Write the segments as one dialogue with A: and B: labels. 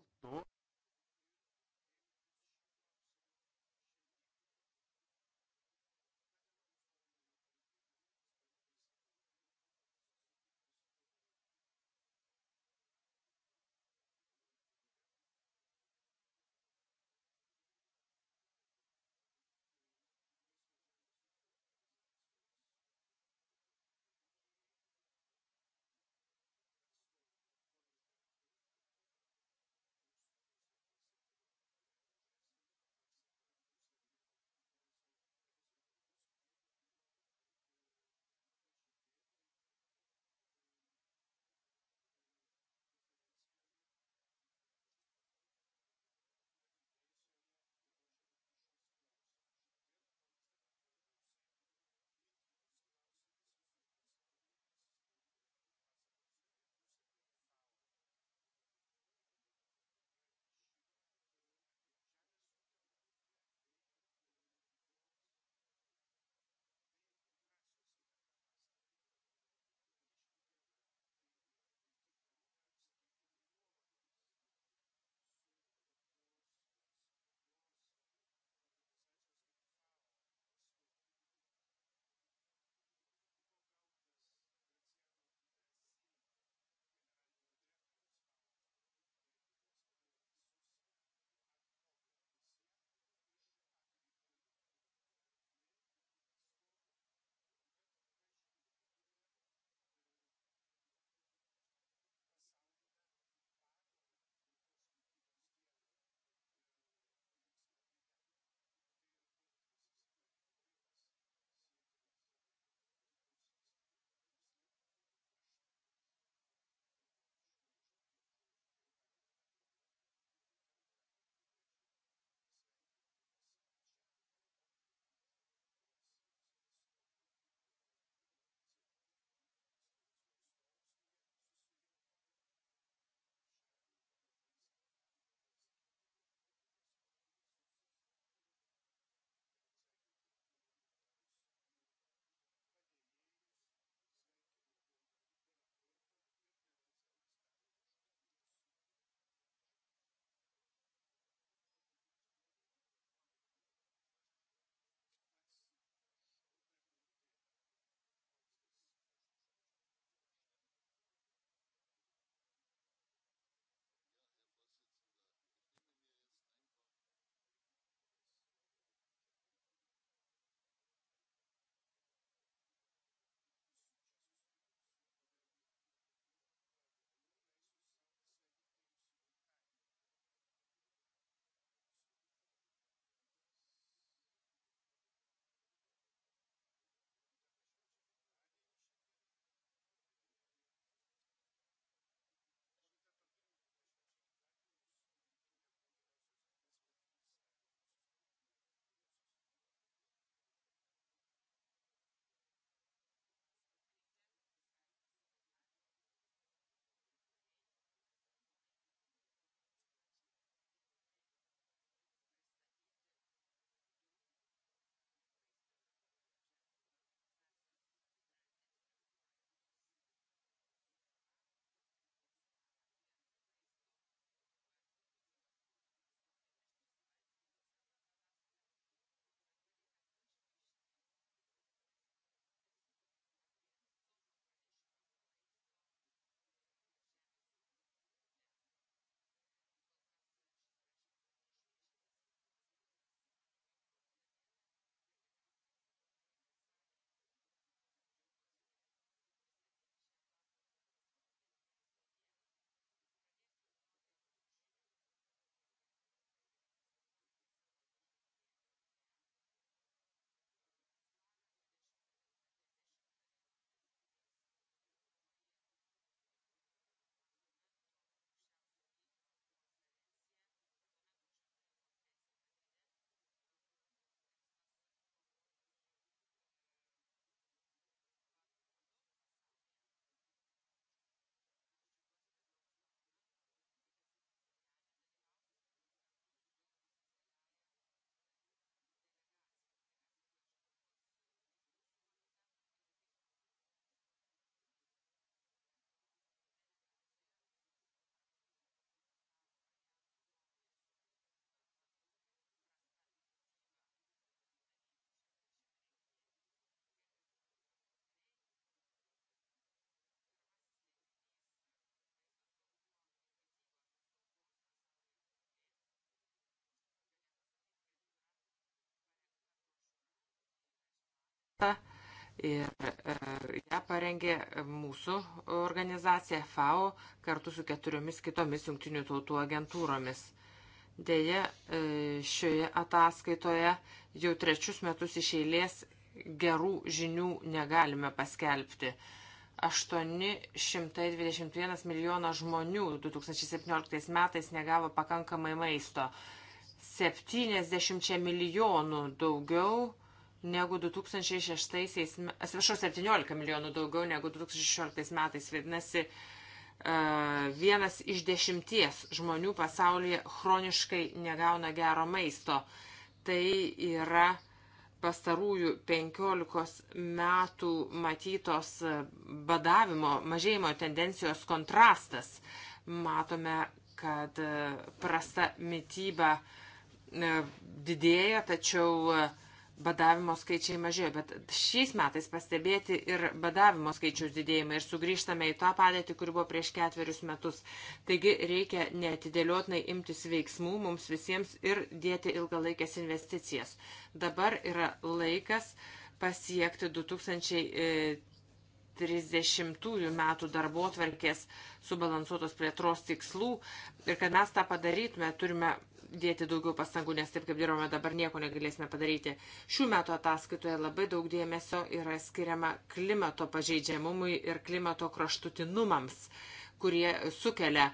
A: dėl to
B: Ir e, ją parengė mūsų organizacija FAO kartu su keturiomis kitomis jungtinių tautų agentūromis. Deja, e, šioje ataskaitoje jau trečius metus iš eilės gerų žinių negalime paskelbti. 821 milijonas žmonių 2017 metais negavo pakankamai maisto. 70 milijonų daugiau negu 2006, atsiprašau, 17 milijonų daugiau negu 2016 metais. Vadinasi, e, vienas iš dešimties žmonių pasaulyje chroniškai negauna gero maisto. Tai yra pastarųjų 15 metų matytos e, badavimo, mažėjimo tendencijos kontrastas. Matome, kad e, prasta mytyba didėja, tačiau badavimo skaičiai mažėjo, bet šiais metais pastebėti ir badavimo skaičiaus didėjimą ir sugrįžtame į tą padėtį, kuri buvo prieš ketverius metus. Taigi reikia neatidėliotinai imtis veiksmų mums visiems ir dėti ilgalaikės investicijas. Dabar yra laikas pasiekti 2030 e, metų darbo atvarkės subalansuotos plėtros tikslų ir kad mes tą padarytume, turime dėti daugiau pastangų, nes taip kaip dirbame dabar nieko negalėsime padaryti. Šių metų ataskaitoje labai daug dėmesio yra skiriama klimato pažeidžiamumui ir klimato kraštutinumams, kurie sukelia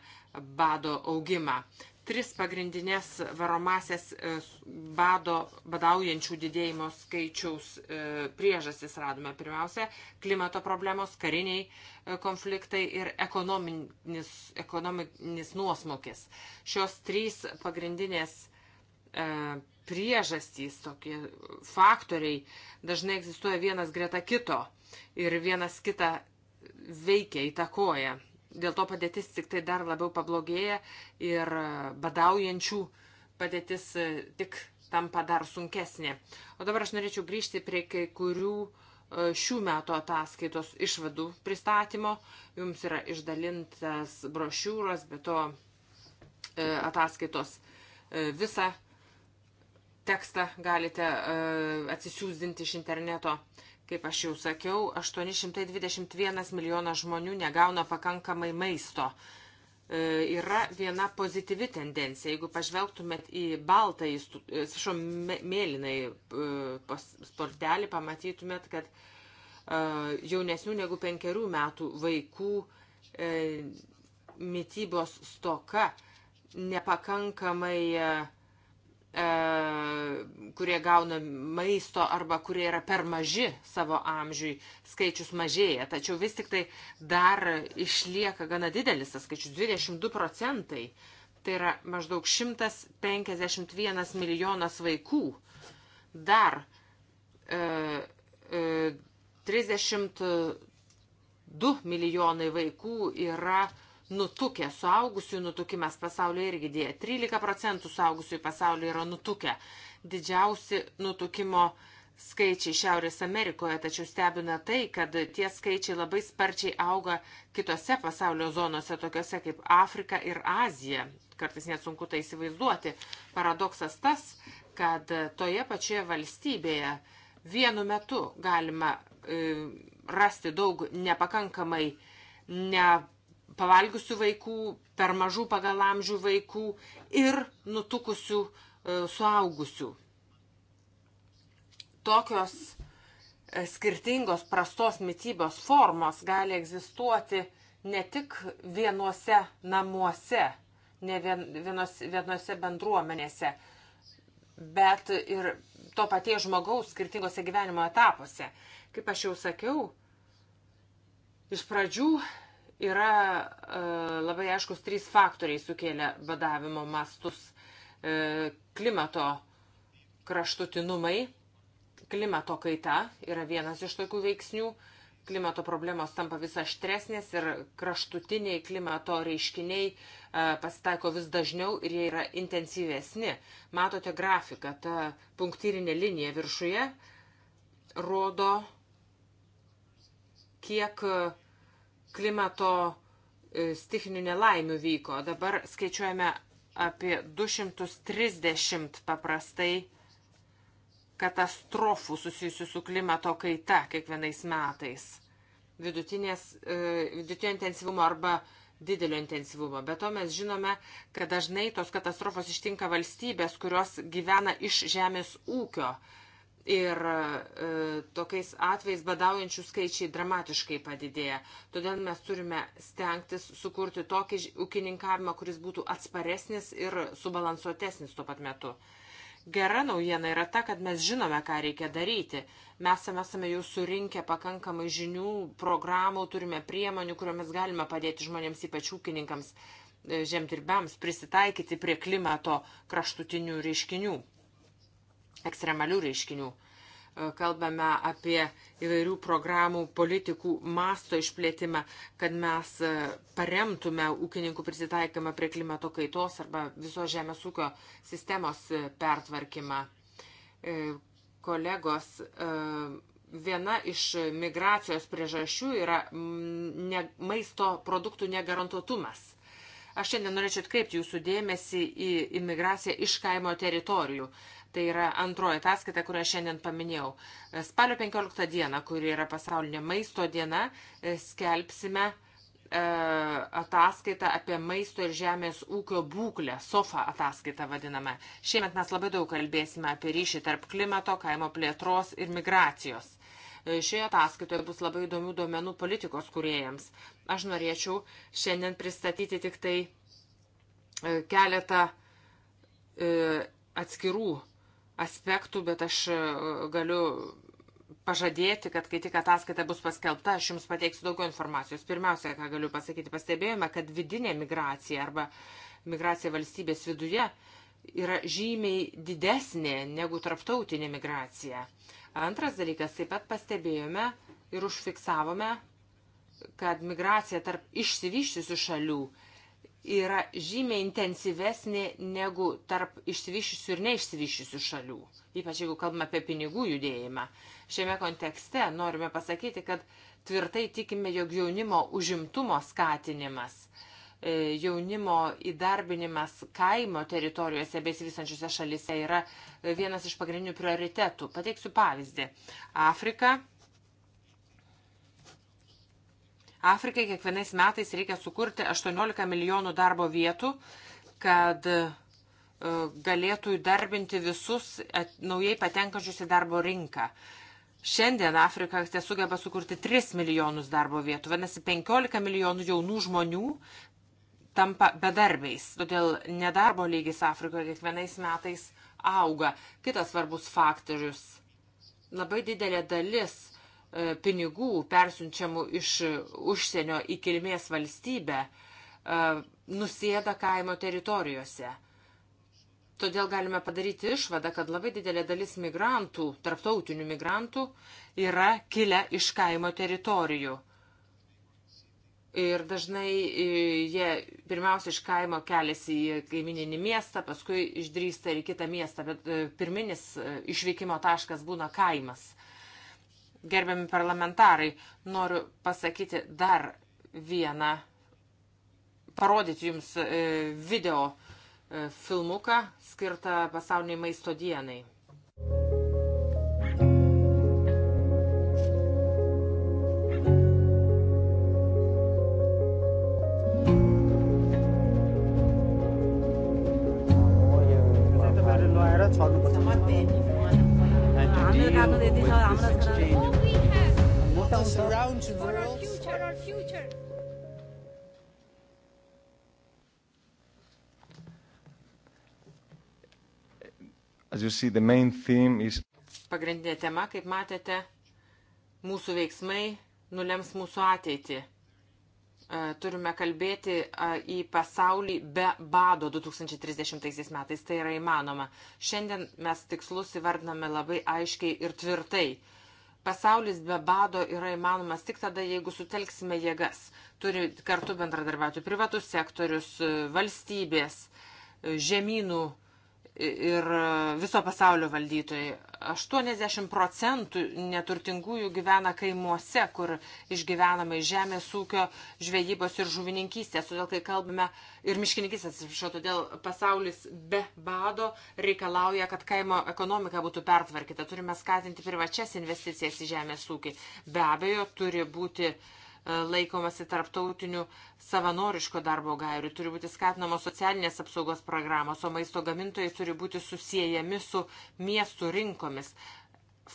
B: bado augimą tris pagrindinės varomasias e, bado, badaujančių didėjimo skaičiaus e, priežastis radome. Pirmiausia, klimato problemos, kariniai e, konfliktai ir ekonominis, ekonominis nuosmukis. Šios trys pagrindinės priežastys, tokie faktoriai dažnai egzistuoja vienas greta kito ir vienas kitą veikia, įtakoja. Dėl to padėtis tik tai dar labiau pablogėja ir badaujančių padėtis e, tik tampa dar sunkesnė. O dabar aš norėčiau grįžti prie kai kurių e, šių metų ataskaitos išvadų pristatymo. Jums yra išdalintas brošiūros, be to e, ataskaitos visą tekstą galite atsisiųsdinti iš interneto. Kaip aš jau sakiau, 821 milijonas žmonių negauna pakankamai maisto. E, yra viena pozityvi tendencija. Jeigu pažvelgtumėt į baltą, e, atsiprašau, mėlynai e, sportelį, pamatytumėt, kad e, jaunesnių negu penkerių metų vaikų e, mytybos stoka nepakankamai e, E, kurie gauna maisto arba kurie yra per maži savo amžiui, skaičius mažėja. Tačiau vis tik tai dar išlieka gana didelis tas skaičius - 22 procentai. Tai yra maždaug 151 milijonas vaikų. Dar e, e, 32 milijonai vaikų yra e, nutukę, suaugusių nutukimas pasaulyje irgi dėja. 13 procentų suaugusių pasaulyje yra nutukę. Didžiausi nutukimo skaičiai Šiaurės Amerikoje, tačiau stebina tai, kad tie skaičiai labai sparčiai auga kitose pasaulio zonose, tokiose kaip Afrika ir Azija. Kartais net sunku tai įsivaizduoti. Paradoksas tas, kad toje pačioje valstybėje vienu metu galima e, rasti daug nepakankamai ne pavalgiusių vaikų, per mažų pagal amžių vaikų ir nutukusių e, suaugusių. Tokios e, skirtingos prastos mytybos formos gali egzistuoti ne tik vienuose namuose, ne vien, vienos, vienose bendruomenėse, bet ir to paties žmogaus skirtingose gyvenimo etapuose. Kaip aš jau sakiau, iš pradžių Yra e, labai aiškus trys faktoriai sukėlė badavimo mastus e, - klimato kraštutinumai, klimato kaita yra vienas iš tokių veiksnių, klimato problemos tampa vis aštresnės ir kraštutiniai klimato reiškiniai e, pasitaiko vis dažniau ir jie yra intensyvesni. Matote grafiką, ta punktyrinė linija viršuje rodo, kiek klimato e, stichinių nelaimių vyko. Dabar skaičiuojame apie 230 paprastai katastrofų susijusių su klimato kaita kiekvienais metais. Vidutinės, e, vidutinio intensyvumo arba didelio intensyvumo. Bet to mes žinome, kad dažnai tos katastrofos ištinka valstybės, kurios gyvena iš žemės ūkio. Uh, Ir e, tokiais atvejais badaujančių skaičiai dramatiškai padidėja. Todėl mes turime stengtis sukurti tokį ūkininkavimą, kuris būtų atsparesnis ir subalansuotesnis tuo pat metu. Gera naujiena yra ta, kad mes žinome, ką reikia daryti. Mes esame jau surinkę pakankamai žinių, programų, turime priemonių, kuriomis galime padėti žmonėms, ypač ūkininkams, e, žemdirbiams, prisitaikyti prie klimato kraštutinių reiškinių ekstremalių reiškinių. E, kalbame apie įvairių programų, politikų masto išplėtimą, kad mes e, paremtume ūkininkų prisitaikymą prie klimato kaitos arba viso žemės ūkio sistemos e, pertvarkymą. Kolegos, viena iš migracijos priežasčių yra ne, maisto produktų negarantuotumas. Aš šiandien norėčiau atkreipti jūsų dėmesį į imigraciją iš kaimo teritorijų. Tai yra antroji ataskaita, kurią šiandien paminėjau. Spalio 15 dieną, kuri yra pasaulinė maisto diena, e, skelbsime e, ataskaitą apie maisto ir žemės ūkio būklę, SOFA ataskaitą vadiname. Šiemet mes labai daug kalbėsime apie ryšį tarp klimato, kaimo plėtros ir migracijos. E, šioje ataskaitoje bus labai įdomių duomenų politikos kuriejams. Aš norėčiau šiandien pristatyti tik tai keletą atskirų aspektų, bet aš e, galiu pažadėti, kad kai tik ataskaita bus paskelbta, aš jums pateiksiu daugiau informacijos. Pirmiausia, ką galiu pasakyti, pastebėjome, kad vidinė migracija arba migracija valstybės viduje yra žymiai didesnė negu tarptautinė migracija. Antras dalykas, taip pat pastebėjome ir užfiksavome, kad migracija tarp išsivyščiusių šalių yra žymiai intensyvesnė negu tarp išsivyščiusių ir neišsivyščiusių šalių, ypač jeigu kalbame apie pinigų judėjimą. Šiame kontekste norime pasakyti, kad tvirtai tikime, jog jaunimo užimtumo skatinimas, e, jaunimo įdarbinimas kaimo teritorijose besivysančiose šalise yra vienas iš pagrindinių prioritetų. Pateiksiu pavyzdį. Afrika Afrikai kiekvienais metais reikia sukurti 18 milijonų darbo vietų, kad e, galėtų įdarbinti visus naujai patenkančius į darbo rinką. Šiandien Afrika sugeba sukurti 3 milijonus darbo vietų, vadinasi 15 milijonų jaunų žmonių tampa bedarbiais. Todėl nedarbo lygis Afrikoje kiekvienais metais auga. Kitas svarbus faktorius. Labai didelė dalis E, pinigų persiunčiamų iš užsienio į kilmės valstybę e, nusėda kaimo teritorijose. Todėl galime padaryti išvadą, kad labai didelė dalis migrantų, tarptautinių migrantų, yra kilę iš kaimo teritorijų. Ir dažnai e, jie pirmiausia iš kaimo keliasi į kaimininį miestą, paskui išdrįsta ir į kitą miestą, bet pirminis išvykimo taškas būna kaimas. Gerbiami parlamentarai, noriu pasakyti dar vieną, parodyti jums e, video e, filmuką skirtą pasauliniai maisto dienai.
C: আমরা টাকা দিতে আমরা
D: us around the world. Future, our future. As you see, the main theme is...
B: Pagrindinė tema, kaip matėte, mūsų veiksmai nulems mūsų ateitį. E, turime kalbėti e, į pasaulį be bado 2030 metais. Tai yra įmanoma. Šiandien mes tikslus įvardiname labai aiškiai ir tvirtai. Pasaulis be bado yra įmanomas tik tada, jeigu sutelksime jėgas. Turi kartu bendradarbiauti privatus sektorius, valstybės, žemynų ir viso pasaulio valdytojai. 80 procentų neturtingųjų gyvena kaimuose, kur išgyvenama iš žemės ūkio, žvejybos ir žuvininkystės. Todėl, kai kalbame ir miškininkystės, atsiprašau, todėl pasaulis be bado reikalauja, kad kaimo ekonomika būtų pertvarkyta. Turime skatinti privačias investicijas į žemės ūkį. Be abejo, turi būti uh, E, laikomasi tarptautinių savanoriško darbo gairių, turi būti skatinamos socialinės apsaugos programos, o maisto gamintojai turi būti susijęjami su miestų rinkomis.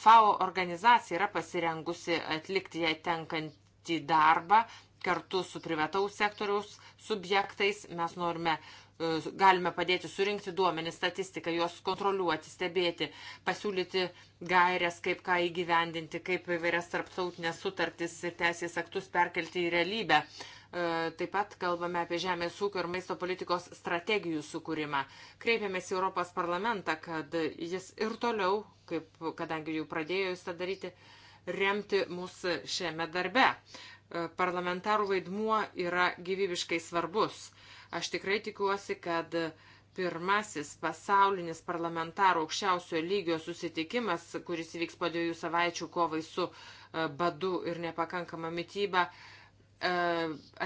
B: FAO organizacija yra pasirengusi atlikti jai tenkantį darbą kartu su privataus sektoriaus subjektais. Mes norime E, galime padėti surinkti duomenis, statistiką, juos kontroliuoti, stebėti, pasiūlyti gairias, kaip ką įgyvendinti, kaip įvairias tarptautinės sutartis ir teisės aktus perkelti į realybę. E, taip pat kalbame apie žemės ūkio ir maisto politikos strategijų sukūrimą. Kreipiamės į Europos parlamentą, kad jis ir toliau, kaip, kadangi jau pradėjo jis tą daryti, remti mūsų šiame darbe. E, parlamentarų vaidmuo yra gyvybiškai svarbus Aš tikrai tikiuosi, kad pirmasis pasaulinis parlamentarų aukščiausio lygio susitikimas, kuris įvyks po dviejų savaičių kovai su e, badu ir nepakankama mytyba, e,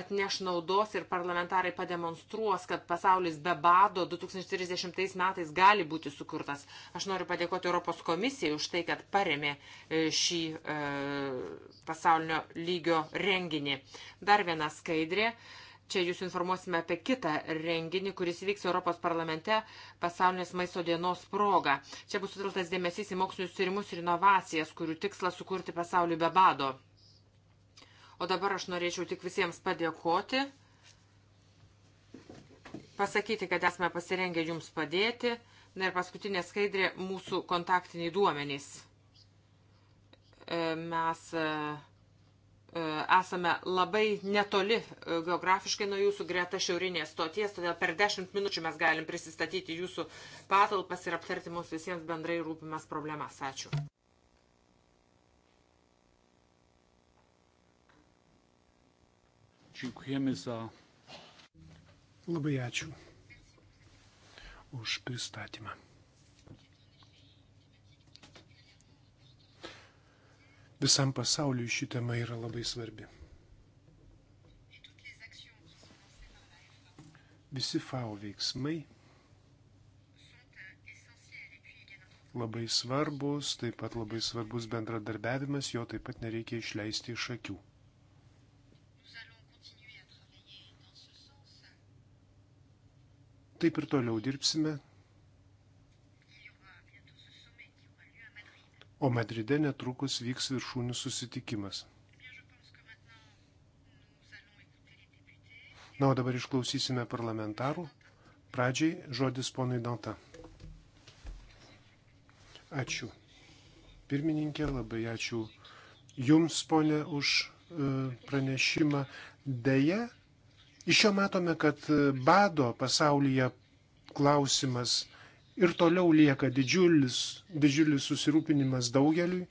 B: atneš naudos ir parlamentarai pademonstruos, kad pasaulis be bado 2030 metais gali būti sukurtas. Aš noriu padėkoti Europos komisijai už tai, kad paremė e, šį pasaulinio lygio renginį. Dar viena skaidrė. Čia jūs informuosime apie kitą renginį, kuris vyks Europos parlamente pasaulinės maisto dienos proga. Čia bus sutiltas dėmesys į mokslinius tyrimus ir inovacijas, kurių tikslas sukurti pasaulį be bado. O dabar aš norėčiau tik visiems padėkoti, pasakyti, kad esame pasirengę jums padėti. Na ir paskutinė skaidrė - mūsų kontaktiniai duomenys. E, mes e, E, esame labai netoli e, geografiškai nuo jūsų greta šiaurinės stoties, todėl per 10 minučių mes galim prisistatyti jūsų patalpas ir aptarti mums visiems bendrai rūpimas problemas. Ačiū.
E: Dziękujemy za.
A: Labai ačiū už pristatymą. Visam pasauliu ši tema yra labai svarbi. Visi FAO veiksmai labai svarbus, taip pat labai svarbus bendradarbiavimas, jo taip pat nereikia išleisti iš akių. Taip ir toliau dirbsime o Madride netrukus vyks viršūnių susitikimas. Na, o dabar išklausysime parlamentarų. Pradžiai žodis ponui Danta. Ačiū. Pirmininkė, labai ačiū Jums, ponė, už e, pranešimą. Deja, iš jo matome, kad e, bado pasaulyje klausimas ir toliau lieka didžiulis, didžiulis susirūpinimas daugeliui.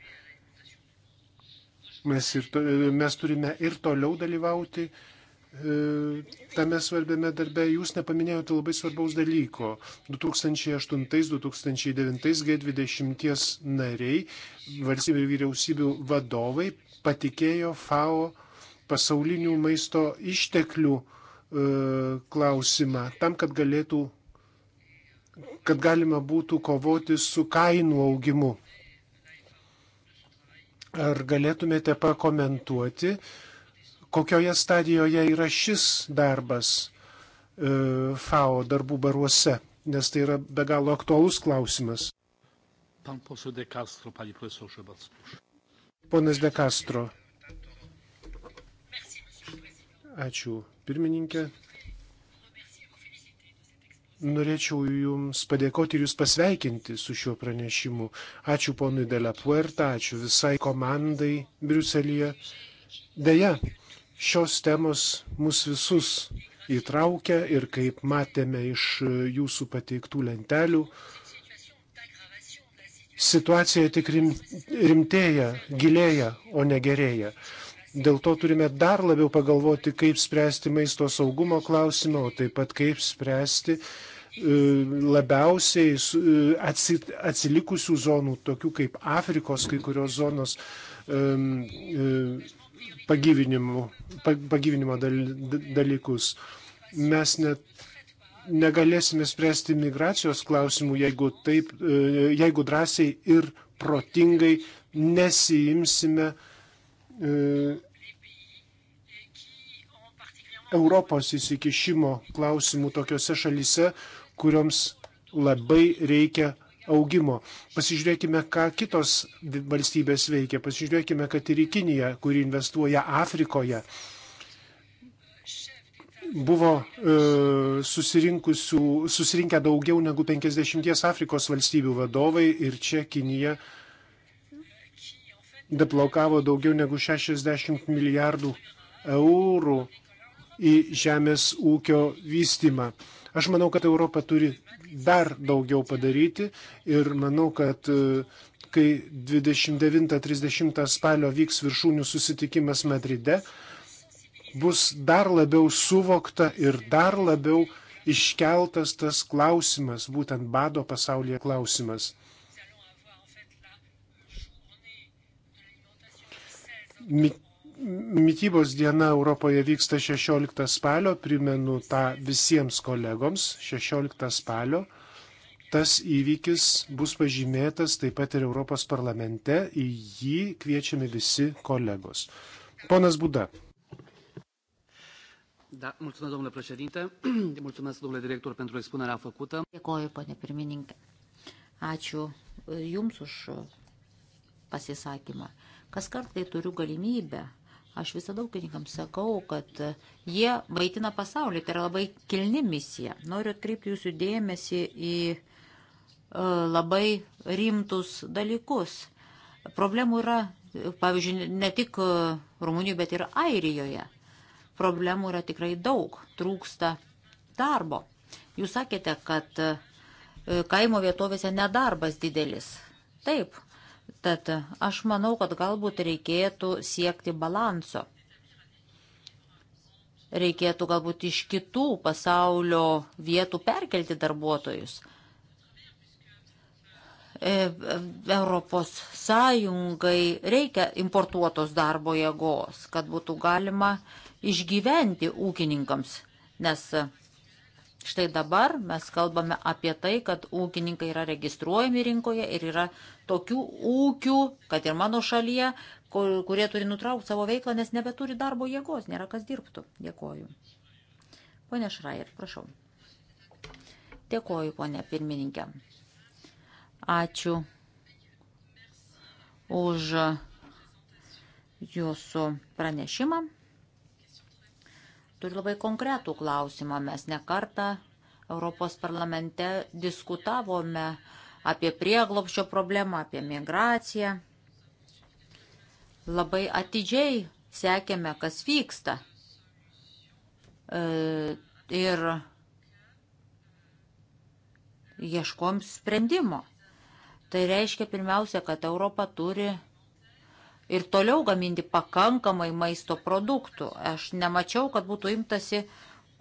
A: Mes, ir, to, mes turime ir toliau dalyvauti e, tame svarbiame darbe. Jūs nepaminėjote labai svarbaus dalyko. 2008-2009 G20 nariai, valstybių ir vyriausybių vadovai patikėjo FAO pasaulinių maisto išteklių e, klausimą tam, kad galėtų kad galima būtų kovoti su kainų augimu. Ar galėtumėte pakomentuoti, kokioje stadijoje yra šis darbas e, FAO darbų baruose, nes tai yra be galo aktuolus klausimas.
E: De Castro,
A: Ponas De Castro. Ačiū, pirmininkė. Norėčiau Jums padėkoti ir Jūs pasveikinti su šiuo pranešimu. Ačiū ponui Dele Puerta, ačiū visai komandai Briuselėje. Deja, šios temos mus visus įtraukia ir kaip matėme iš Jūsų pateiktų lentelių, situacija tik rimtėja, gilėja, o ne gerėja. Dėl to turime dar labiau pagalvoti, kaip spręsti maisto saugumo klausimą, o taip pat kaip spręsti e, labiausiai e, atsilikusių zonų, tokių kaip Afrikos kai kurios zonos e, pagyvinimo, pagyvinimo dalykus. Mes net negalėsime spręsti migracijos klausimų, jeigu, taip, jeigu drąsiai ir protingai nesiimsime Europos įsikišimo klausimų tokiuose šalyse, kurioms labai reikia augimo. Pasižiūrėkime, ką kitos valstybės veikia. Pasižiūrėkime, kad ir į Kiniją, kuri investuoja Afrikoje, buvo e, susirinkę daugiau negu 50 Afrikos valstybių vadovai ir čia Kinija deplaukavo daugiau negu 60 milijardų eurų į žemės ūkio vystimą. Aš manau, kad Europa turi dar daugiau padaryti ir manau, kad e, kai 29-30 spalio vyks viršūnių susitikimas Madride, bus dar labiau suvokta ir dar labiau iškeltas tas klausimas, būtent bado pasaulyje klausimas. Mit Mytybos diena Europoje vyksta 16 spalio, primenu tą visiems kolegoms, 16 spalio. Tas įvykis bus pažymėtas taip pat ir Europos parlamente, į jį kviečiami visi kolegos. Ponas Buda.
E: Da, mulțumesc, domnule președinte, mulțumesc, domnule director, pentru expunerea făcută. Dėkoju, pane pirmininkė.
C: Ačiū Jums už pasisakymą. Kas kart, kai turiu galimybę Aš visada ūkininkams sakau, kad jie vaidina pasaulį, tai yra labai kilni misija. Noriu atkreipti jūsų dėmesį į e, labai rimtus dalykus. Problemų yra, pavyzdžiui, ne tik Rumunijoje, bet ir Airijoje. Problemų yra tikrai daug, trūksta darbo. Jūs sakėte, kad e, kaimo vietovėse nedarbas didelis. Taip, Tad aš manau, kad galbūt reikėtų siekti balanso. Reikėtų galbūt iš kitų pasaulio vietų perkelti darbuotojus. E, Europos Sąjungai reikia importuotos darbo jėgos, kad būtų galima išgyventi ūkininkams, nes Štai dabar mes kalbame apie tai, kad ūkininkai yra registruojami rinkoje ir yra tokių ūkių, kad ir mano šalyje, kur, kurie turi nutraukti savo veiklą, nes nebeturi darbo jėgos, nėra kas dirbtų. Dėkoju. Pone Šrair, prašau. Dėkoju, ponė pirmininkė. Ačiū už jūsų pranešimą. Turiu labai konkretų klausimą. Mes nekartą Europos parlamente diskutavome apie prieglopščio problemą, apie migraciją. Labai atidžiai sekėme, kas vyksta. E, ir ieškom sprendimo. Tai reiškia pirmiausia, kad Europa turi ir toliau gaminti pakankamai maisto produktų. Aš nemačiau, kad būtų imtasi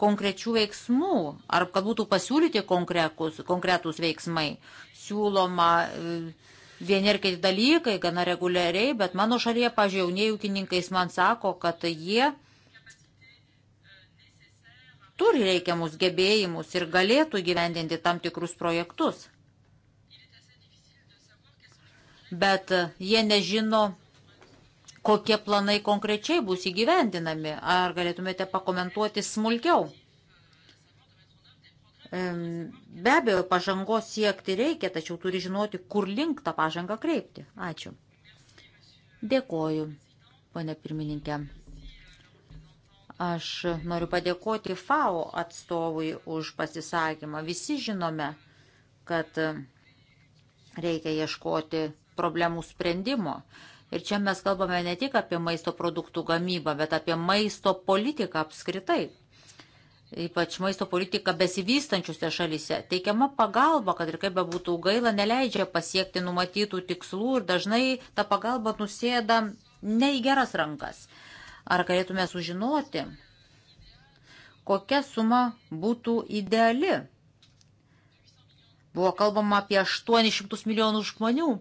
C: konkrečių veiksmų ar kad būtų pasiūlyti konkrekus, konkretus veiksmai. Siūloma e, vieni ar kiti dalykai gana reguliariai, bet mano šalyje, pažiūrėjau, jaunieji ūkininkais man sako, kad jie turi reikiamus gebėjimus ir galėtų gyvendinti tam tikrus projektus. Bet jie nežino, kokie planai konkrečiai bus įgyvendinami. Ar galėtumėte pakomentuoti smulkiau? Be abejo, pažangos siekti reikia, tačiau turi žinoti, kur link tą pažangą kreipti. Ačiū. Dėkoju, ponė pirmininkė. Aš noriu padėkoti FAO atstovui už pasisakymą. Visi žinome, kad reikia ieškoti problemų sprendimo. Ir čia mes kalbame ne tik apie maisto produktų gamybą, bet apie maisto politiką apskritai. Ypač maisto politika besivystančiuose šalyse. Teikiama pagalba, kad ir kaip bebūtų gaila, neleidžia pasiekti numatytų tikslų ir dažnai ta pagalba nusėda ne į geras rankas. Ar galėtume sužinoti, kokia suma būtų ideali? Buvo kalbama apie 800 milijonų žmonių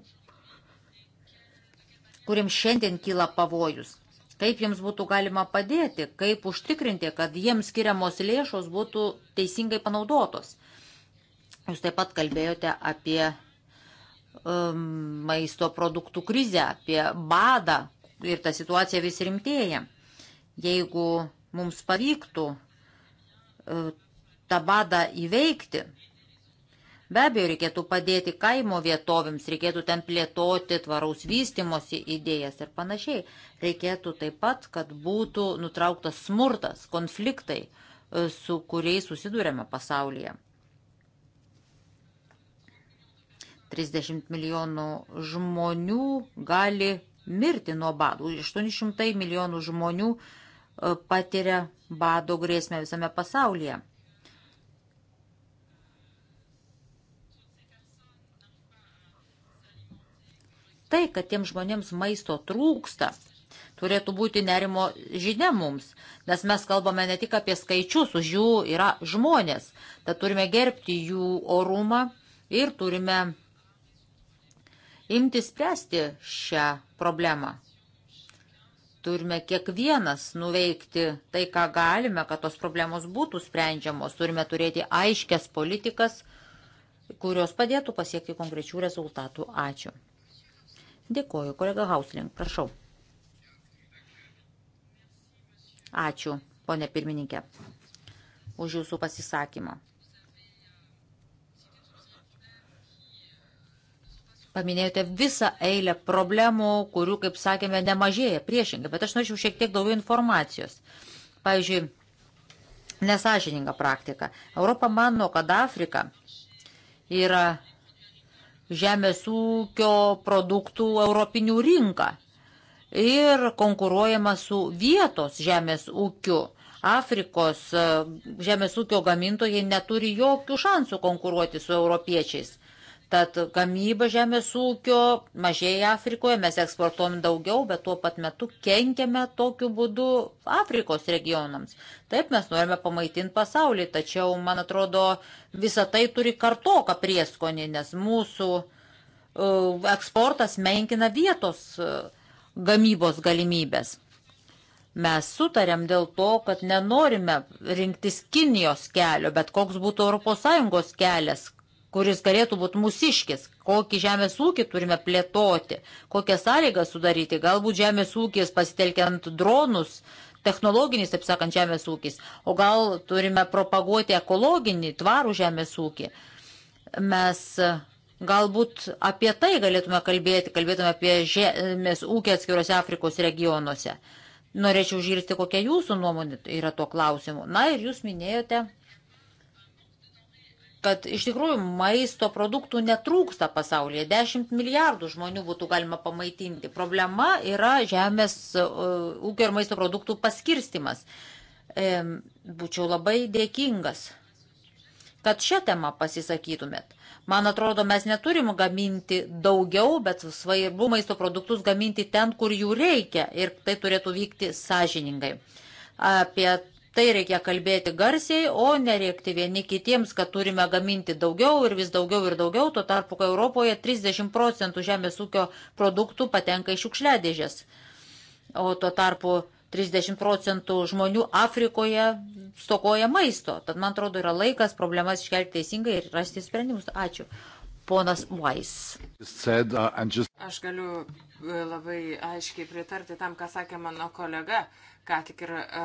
C: kuriems šiandien kyla pavojus. Kaip jiems būtų galima padėti, kaip užtikrinti, kad jiems skiriamos lėšos būtų teisingai panaudotos. Jūs taip pat kalbėjote apie um, maisto produktų krizę, apie badą ir ta situacija vis rimtėja. Jeigu mums pavyktų uh, tą badą įveikti, Be abejo, reikėtų padėti kaimo vietovėms, reikėtų ten plėtoti tvaraus vystimosi idėjas ir panašiai. Reikėtų taip pat, kad būtų nutrauktas smurtas, konfliktai, e, su kuriais susidūrėme pasaulyje. 30 milijonų žmonių gali mirti nuo badų. 800 milijonų žmonių e, patiria bado grėsmę visame pasaulyje. tai, kad tiem žmonėms maisto trūksta, turėtų būti nerimo žinia mums, nes mes kalbame ne tik apie skaičius, už jų yra žmonės, tad turime gerbti jų orumą ir turime imti spręsti šią problemą. Turime kiekvienas nuveikti tai, ką galime, kad tos problemos būtų sprendžiamos. Turime turėti aiškias politikas, kurios padėtų pasiekti konkrečių rezultatų. Ačiū. Dėkoju, kolega Hauslink, prašau. Ačiū, ponė pirmininkė, už jūsų pasisakymą. Paminėjote visą eilę problemų, kurių, kaip sakėme, nemažėja priešingai, bet aš norėčiau šiek tiek daugiau informacijos. Pavyzdžiui, nesažininga praktika. Europa mano, kad Afrika yra žemės ūkio produktų europinių rinką ir konkuruojama su vietos žemės ūkiu. Afrikos e, žemės ūkio gamintojai neturi jokių šansų konkuruoti su europiečiais. Tad gamyba žemės ūkio mažėja Afrikoje, mes eksportuojam daugiau, bet tuo pat metu kenkiame tokiu būdu Afrikos regionams. Taip mes norime pamaitinti pasaulį, tačiau, man atrodo, visa tai turi kartoką prieskonį, nes mūsų uh, eksportas menkina vietos uh, gamybos galimybės. Mes sutarėm dėl to, kad nenorime rinktis Kinijos kelio, bet koks būtų ES kelias, kuris galėtų būti mūsiškis, kokį žemės ūkį turime plėtoti, kokią sąlygą sudaryti, galbūt žemės ūkis pasitelkiant dronus, technologinis, taip sakant, žemės ūkis, o gal turime propaguoti ekologinį, tvarų žemės ūkį. Mes e, galbūt apie tai galėtume kalbėti, kalbėtume apie žemės ūkį atskiruose Afrikos regionuose. Norėčiau žiūrėti, kokia jūsų nuomonė yra tuo klausimu. Na ir jūs minėjote kad iš tikrųjų maisto produktų netrūksta pasaulyje. 10 milijardų žmonių būtų galima pamaitinti. Problema yra žemės e, ūkio ir maisto produktų paskirstimas. E, būčiau labai dėkingas, kad šią temą pasisakytumėt. Man atrodo, mes neturim gaminti daugiau, bet svarbu maisto produktus gaminti ten, kur jų reikia ir tai turėtų vykti sąžiningai. Apie tai reikia kalbėti garsiai, o nereikti vieni kitiems, kad turime gaminti daugiau ir vis daugiau ir daugiau, tuo tarpu, kai Europoje 30 procentų žemės ūkio produktų patenka iš šiukšliadėžės, o tuo tarpu 30 procentų žmonių Afrikoje stokoja maisto. Tad, man atrodo, yra laikas problemas iškelti teisingai ir rasti sprendimus. Ačiū. Ponas
E: Vais. Uh, Aš galiu e,
B: labai aiškiai pritarti tam, ką sakė mano kolega ką tik ir uh,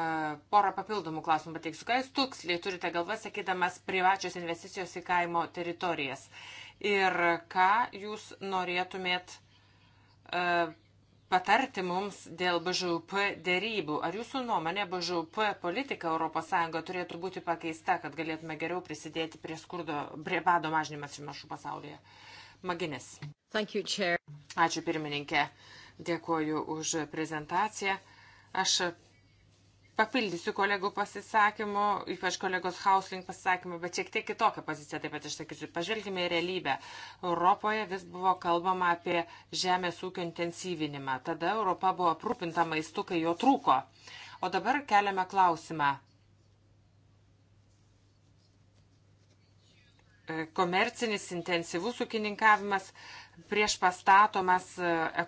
B: porą papildomų klausimų pateiksiu. Ką jūs tuksliai turite galvą, sakydamas privačios investicijos į kaimo teritorijas? Ir ką jūs norėtumėt uh, patarti mums dėl BŽUP dėrybų? Ar jūsų nuomonė BŽUP politika ES turėtų būti pakeista, kad galėtume geriau prisidėti prie skurdo, prie bado mažinimas šimašų pasaulyje? Maginis. You, Ačiū pirmininkė. Dėkuoju už prezentaciją. Aš Papildysiu kolegų pasisakymų, ypač kolegos Hausling pasisakymų, bet šiek tiek kitokią poziciją taip pat išsakysiu. Pažvelgime į realybę. Europoje vis buvo kalbama apie žemės ūkio intensyvinimą. Tada Europa buvo aprūpinta maistu, kai jo trūko. O dabar keliame klausimą. Komercinis intensyvus ūkininkavimas prieš pastatomas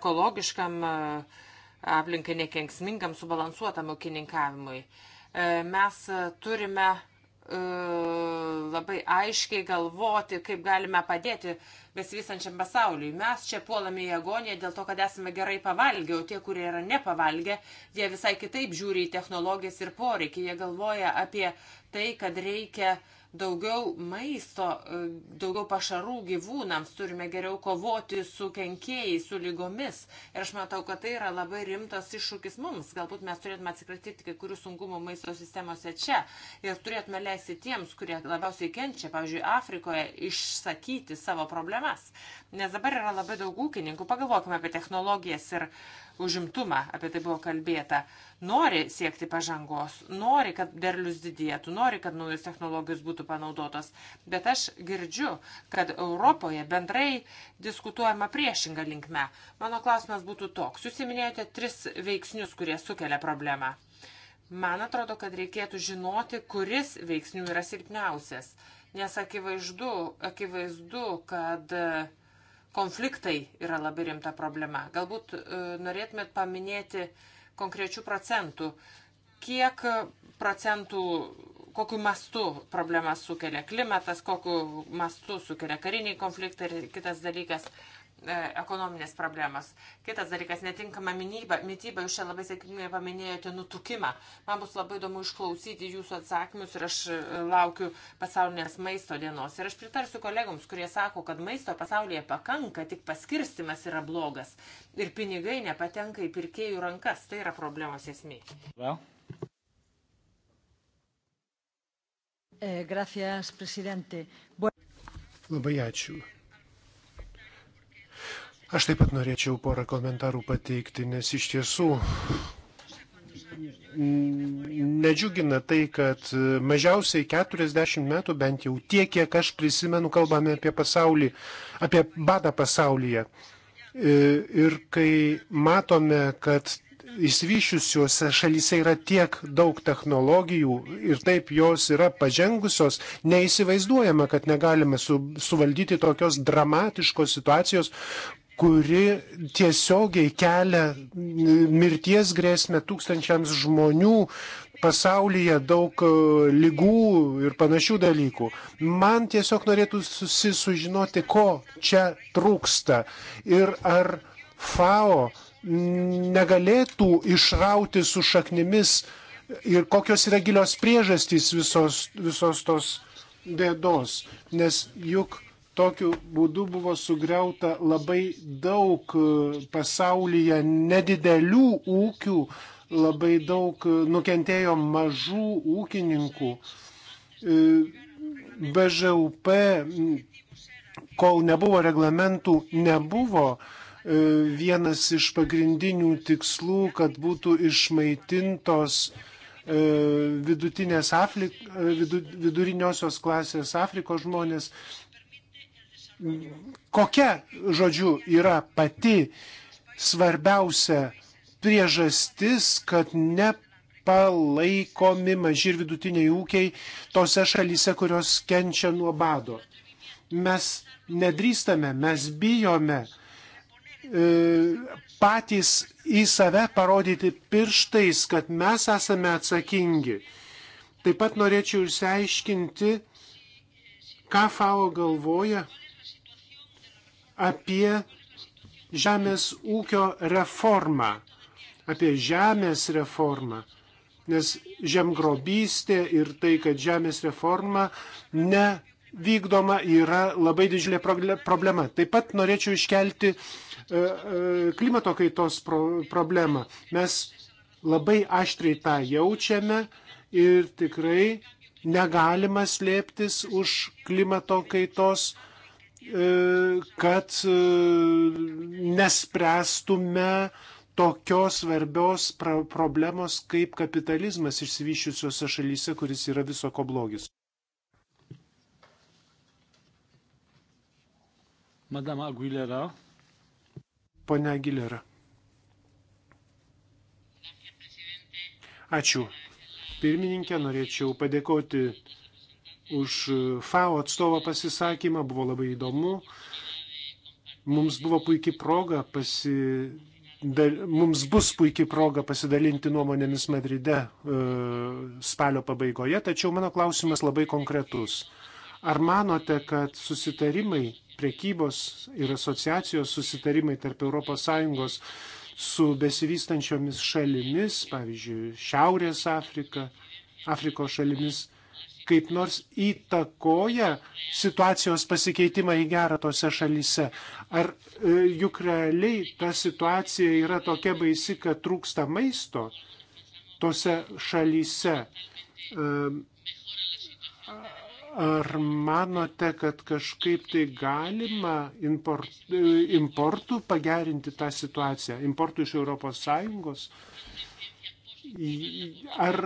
B: ekologiškam uh, aplinkai nekenksmingam, subalansuotam ūkininkavimui. E, mes turime e, labai aiškiai galvoti, kaip galime padėti besivysančiam pasauliui. Mes čia puolame į agoniją dėl to, kad esame gerai pavalgę, o tie, kurie yra nepavalgę, jie visai kitaip žiūri į technologijas ir poreikį. Jie galvoja apie tai, kad reikia uh, daugiau maisto, e, daugiau pašarų gyvūnams, turime geriau kovoti su kenkėjai, su lygomis. Ir aš matau, kad tai yra labai rimtas iššūkis mums. Galbūt mes turėtume atsikratyti kai kurių sunkumų maisto sistemose čia ir turėtume leisti tiems, kurie labiausiai kenčia, pavyzdžiui, Afrikoje, išsakyti savo problemas. Nes dabar yra labai daug ūkininkų. Pagalvokime apie technologijas ir uh, užimtumą, apie tai buvo kalbėta, nori siekti pažangos, nori, kad derlius didėtų, nori, kad naujos technologijos būtų panaudotos. Bet aš girdžiu, kad Europoje bendrai diskutuojama priešinga linkme. Mano klausimas būtų toks. Jūs įminėjote tris veiksnius, kurie sukelia problemą. Man atrodo, kad reikėtų žinoti, kuris veiksnių yra silpniausias. Nes akivaizdu, akivaizdu kad uh, konfliktai yra labai rimta problema. Galbūt e, norėtumėt paminėti konkrečių procentų, kiek procentų, kokiu mastu problemas sukelia klimatas, kokiu mastu sukelia kariniai konfliktai ir kitas dalykas. E, ekonominės problemos. Kitas dalykas - netinkama minyba. Mityba, jūs čia labai sėkmingai paminėjote nutukimą. Man bus labai įdomu išklausyti jūsų atsakymus ir aš e, laukiu pasaulinės maisto dienos. Ir aš pritarsiu kolegoms, kurie sako, kad maisto pasaulyje pakanka, tik paskirstimas yra blogas. Ir pinigai nepatenka į pirkėjų rankas. Tai yra problemos esmė.
E: Well.
A: Eh, gracias, presidente. Bu Labai ačiū. Aš taip pat norėčiau porą komentarų pateikti, nes iš tiesų mm, nedžiugina tai, kad mažiausiai 40 metų, bent jau tiek, kiek aš prisimenu, kalbame apie pasaulį, apie badą pasaulyje. E, ir kai matome, kad įsivyšiusiuose šalyse yra tiek daug technologijų ir taip jos yra pažengusios, neįsivaizduojama, kad negalime su, suvaldyti tokios dramatiškos situacijos, kuri tiesiogiai kelia mirties grėsmę tūkstančiams žmonių, pasaulyje daug e, lygų ir panašių dalykų. Man tiesiog norėtų susižinoti, ko čia trūksta ir ar FAO negalėtų išrauti su šaknimis ir kokios yra gilios priežastys visos, visos tos bėdos. Nes juk Tokiu būdu buvo sugriauta labai daug e, pasaulyje nedidelių ūkių, labai daug e, nukentėjo mažų ūkininkų. E, BŽUP, kol nebuvo reglamentų, nebuvo vienas iš pagrindinių tikslų, kad būtų išmaitintos vidutinės Afrik, viduriniosios klasės Afrikos žmonės kokia, žodžiu, yra pati svarbiausia priežastis, kad nepalaikomi maži ir vidutiniai ūkiai tose šalyse, kurios kenčia nuo bado. Mes nedrįstame, mes bijome e, patys į save parodyti pirštais, kad mes esame atsakingi. Taip pat norėčiau išsiaiškinti, ką FAO galvoja apie žemės ūkio reformą, apie žemės reformą. Nes žemgrobystė ir tai, kad žemės reforma nevykdoma, yra labai didžiulė problema. Taip pat norėčiau iškelti e, e, klimato kaitos problemą. Mes labai aštriai tą jaučiame ir tikrai negalima slėptis už klimato kaitos problemą E, kad e, nespręstume tokios svarbios problemos kaip kapitalizmas išsivyščiusiuose šalyse, kuris yra viso ko blogis. Madame Aguilera. Pone Aguilera. Ačiū. Pirmininkė, norėčiau padėkoti už e, FAO atstovo pasisakymą, buvo labai įdomu. Mums buvo puikiai proga pasi... Dal, mums bus puikiai proga pasidalinti nuomonėmis Madride e, spalio pabaigoje, tačiau mano klausimas labai konkretus. Ar manote, kad susitarimai, prekybos ir asociacijos susitarimai tarp ES su besivystančiomis šalimis, pavyzdžiui, Šiaurės Afrika, Afrikos šalimis, kaip nors įtakoja situacijos pasikeitimą į gerą tose šalyse? Ar e, juk realiai ta situacija yra tokia baisi, kad trūksta maisto tose šalyse? Ar manote, kad kažkaip tai galima import, e, importų pagerinti tą situaciją, importų iš ES? Ar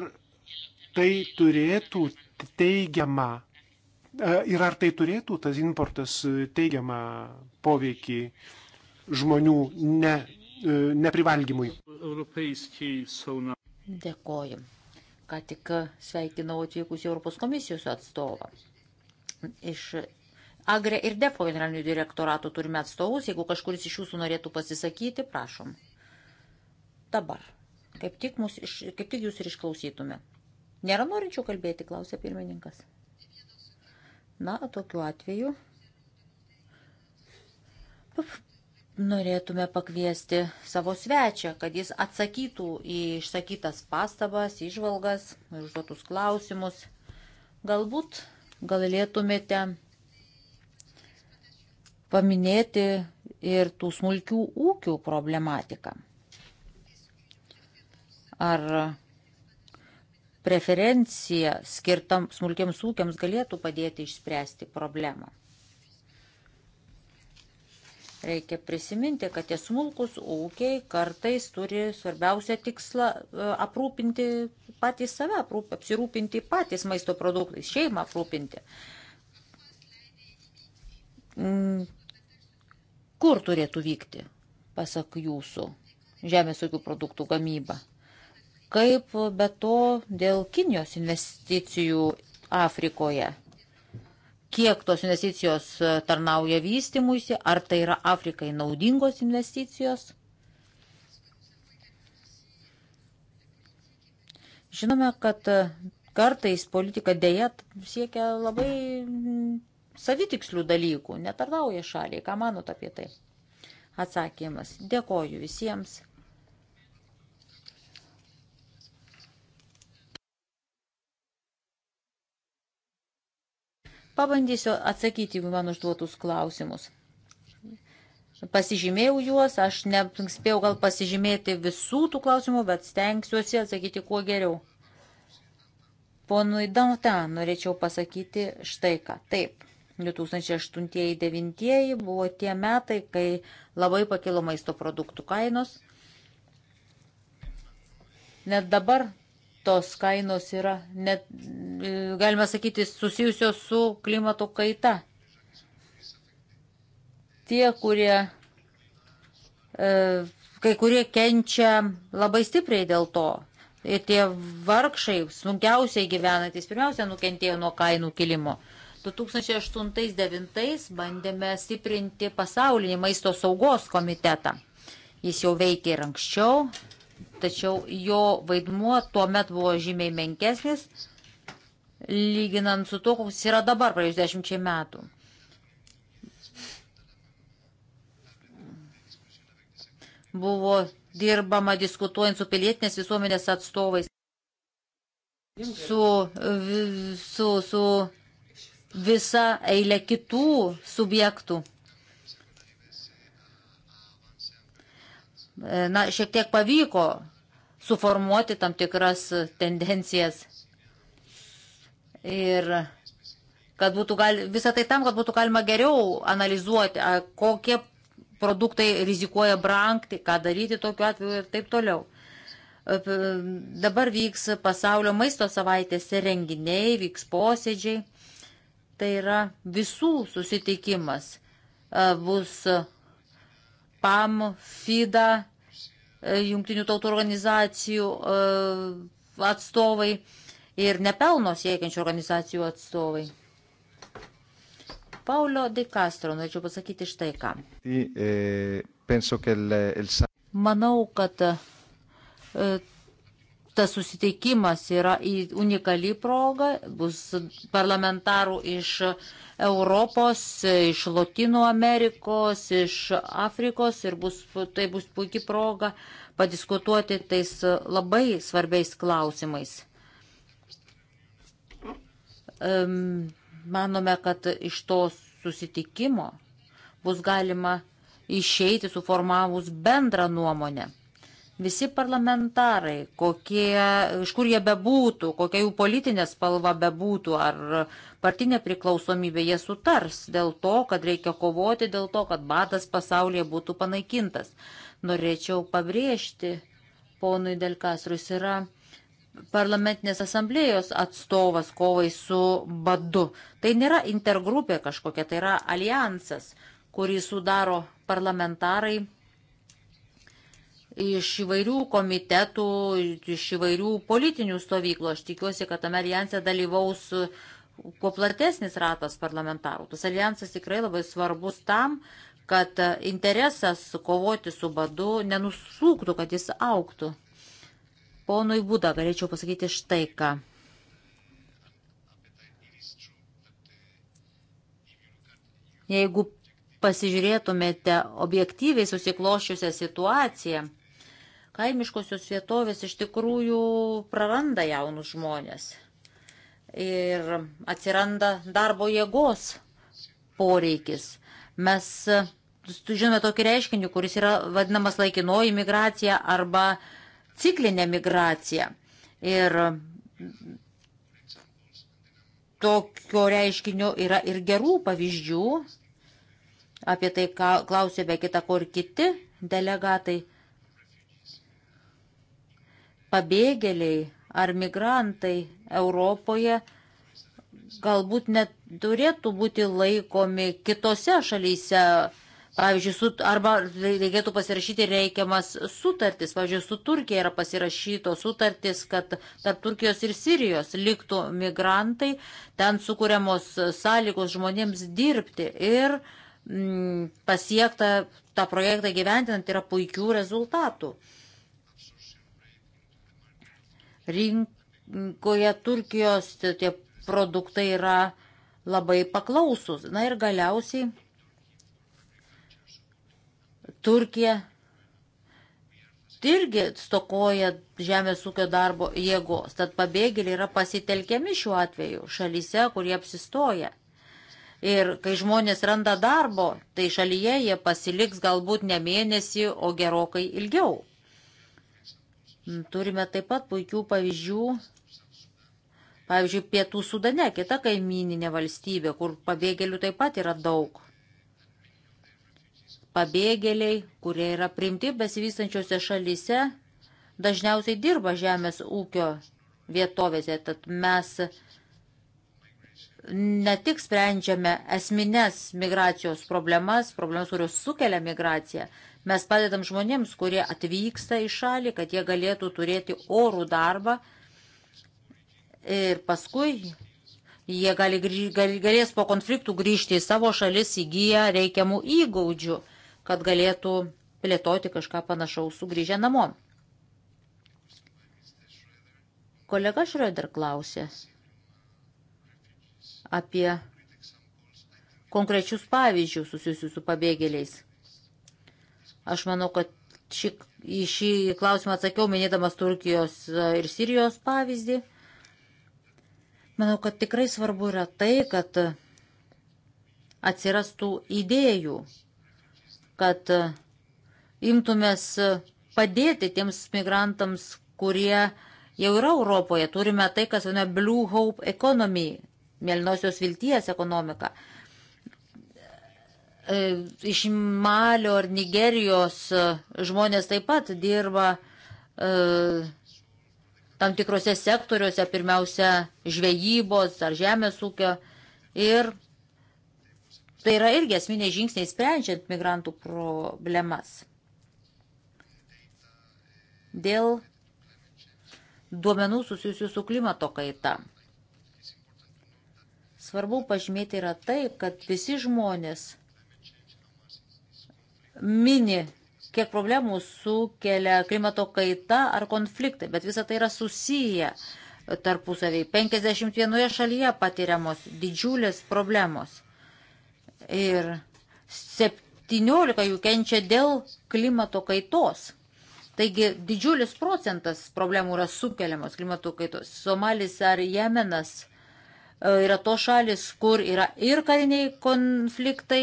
A: tai turėtų teigiamą e, ir ar tai turėtų tas importas e, teigiamą poveikį žmonių ne, e, neprivalgymui.
C: Dėkoju. Ką tik sveikinau atvykusi Europos komisijos atstovą. Iš Agre ir Depo generalinių direktoratų turime atstovus. Jeigu kažkuris iš jūsų norėtų pasisakyti, prašom. Dabar. Kaip tik, mus, kaip tik jūs ir išklausytume. Nėra norinčių kalbėti, klausė pirmininkas. Na, tokiu atveju norėtume pakviesti savo svečią, kad jis atsakytų į išsakytas pastabas, išvalgas, užduotus klausimus. Galbūt galėtumėte paminėti ir tų smulkių ūkių problematiką. Ar preferencija skirtam smulkiams ūkiams galėtų padėti išspręsti problemą. Reikia prisiminti, kad tie smulkus ūkiai kartais turi svarbiausią tikslą e, aprūpinti patys save, aprūp, apsirūpinti patys maisto produktais, šeimą aprūpinti. Mm, kur turėtų vykti, pasak jūsų, žemės ūkių produktų gamyba? Kaip be to dėl Kinijos investicijų Afrikoje? Kiek tos investicijos tarnauja vystimuisi, ar tai yra Afrikai naudingos investicijos? Žinome, kad kartais politika dėja siekia labai mm, savitikslių dalykų, netarnauja šaliai. Ką manot apie tai? Atsakymas. Dėkoju visiems. Pabandysiu atsakyti į man užduotus klausimus. Pasižymėjau juos, aš nespėjau gal pasižymėti visų tų klausimų, bet stengsiuosi atsakyti kuo geriau. Ponui Dantan norėčiau pasakyti štai ką. Taip, 2008-2009 buvo tie metai, kai labai pakilo maisto produktų kainos. Net dabar tos kainos yra, net, e, galima sakyti, susijusios su klimato kaita. Tie, kurie, e, kai kurie kenčia labai stipriai dėl to. Ir tie vargšai, sunkiausiai gyvenantis, pirmiausia, nukentėjo nuo kainų kilimo. 2008-2009 bandėme stiprinti pasaulinį maisto saugos komitetą. Jis jau veikia ir anksčiau, tačiau jo vaidmuo tuo met buvo žymiai menkesnis, lyginant su to, koks yra dabar praėjus dešimčiai metų. Buvo dirbama diskutuojant su pilietinės visuomenės atstovais, su, su, su visa eilė kitų subjektų. E, na, šiek tiek pavyko suformuoti tam tikras tendencijas. Ir kad būtų gal, visą tai tam, kad būtų galima geriau analizuoti, a, kokie produktai rizikuoja brangti, ką daryti tokiu atveju ir taip toliau. E, dabar vyks pasaulio maisto savaitės renginiai, vyks posėdžiai. Tai yra visų susitikimas. E, bus PAM, FIDA, e, jungtinių tautų organizacijų e, atstovai ir nepelno siekiančių organizacijų atstovai. Paulio De Castro, norėčiau pasakyti štai ką.
D: Eh,
C: Manau, kad e, tas susitikimas yra unikali proga, bus parlamentarų iš Europos, iš Latino Amerikos, iš Afrikos ir bus, tai bus puikia proga padiskutuoti tais labai svarbiais klausimais. Manome, kad iš to susitikimo bus galima išeiti suformavus bendrą nuomonę Visi parlamentarai, kokie, iš kur jie bebūtų, kokia jų politinė spalva bebūtų, ar partinė priklausomybė, jie sutars dėl to, kad reikia kovoti, dėl to, kad badas pasaulyje būtų panaikintas. Norėčiau pabrėžti, ponui Delkasrus yra parlamentinės asamblėjos atstovas kovai su badu. Tai nėra intergrupė kažkokia, tai yra alijansas, kurį sudaro parlamentarai iš įvairių komitetų, iš įvairių politinių stovyklų. Aš tikiuosi, kad tame alijanse dalyvaus kuo platesnis ratas parlamentarų. Tas alijansas tikrai labai svarbus tam, kad interesas kovoti su badu nenusūktų, kad jis auktų. Ponui Būda galėčiau pasakyti štai ką. Jeigu pasižiūrėtumėte objektyviai susikloščiusią situaciją, Kaimiškosios vietovės iš tikrųjų praranda jaunus žmonės ir atsiranda darbo jėgos poreikis. Mes žinome tokį reiškinį, kuris yra vadinamas laikinoji migracija arba ciklinė migracija. Ir tokio reiškinio yra ir gerų pavyzdžių, apie tai klausė be kita ko ir kiti delegatai pabėgėliai ar migrantai Europoje galbūt neturėtų būti laikomi kitose šalyse. Pavyzdžiui, su, arba reikėtų pasirašyti reikiamas sutartis. Pavyzdžiui, su Turkija yra pasirašyto sutartis, kad tarp Turkijos ir Sirijos liktų migrantai, ten sukūriamos sąlygos žmonėms dirbti ir m, mm, pasiektą tą projektą gyventinant yra puikių rezultatų. Uh, Rinkoje Turkijos tie produktai yra labai paklausus. Na ir galiausiai Turkija irgi stokoja žemės ūkio darbo jėgos, tad pabėgėliai yra pasitelkiami šiuo atveju šalyse, kur jie apsistoja. Ir kai žmonės randa darbo, tai šalyje jie pasiliks galbūt ne mėnesį, o gerokai ilgiau. Mm, turime taip pat puikių pavyzdžių, pavyzdžiui, Pietų Sudane, kita kaimininė valstybė, kur pabėgėlių taip pat yra daug. Pabėgėliai, kurie yra primti besivystančiose šalyse, dažniausiai dirba žemės ūkio vietovėse, tad mes ne tik sprendžiame esminės migracijos problemas, problemas, kurios sukelia migraciją, mes padedam žmonėms, kurie atvyksta į šalį, kad jie galėtų turėti orų darbą ir paskui jie gali, gali, galės po konfliktų grįžti į savo šalis įgyję reikiamų įgaudžių, kad galėtų plėtoti kažką panašaus sugrįžę namo. Kolega Šrioder klausė apie konkrečius pavyzdžius susijusius su pabėgėliais. Aš manau, kad šį, į šį klausimą atsakiau, minėdamas Turkijos e, ir Sirijos pavyzdį. Manau, kad tikrai svarbu yra tai, kad atsirastų idėjų, kad e, imtumės e, padėti tiems migrantams, kurie jau yra Europoje. Turime tai, kas vadiname Blue Hope Economy mėlynosios vilties ekonomiką. E, iš Malio ar Nigerijos e, žmonės taip pat dirba e, tam tikrose sektoriuose, pirmiausia, žvejybos ar žemės ūkio. Ir tai yra irgi esminiai žingsniai sprendžiant migrantų problemas. Dėl duomenų susijusių su klimato kaita. Svarbu pažymėti yra tai, kad visi žmonės mini, kiek problemų sukelia klimato kaita ar konfliktai, bet visa tai yra susiję tarpusaviai. 51 šalyje patiriamos didžiulės problemos. Ir 17 jų kenčia dėl klimato kaitos. Taigi didžiulis procentas problemų yra sukeliamos klimato kaitos. Somalis ar Jemenas E, yra to šalis, kur yra ir kariniai konfliktai,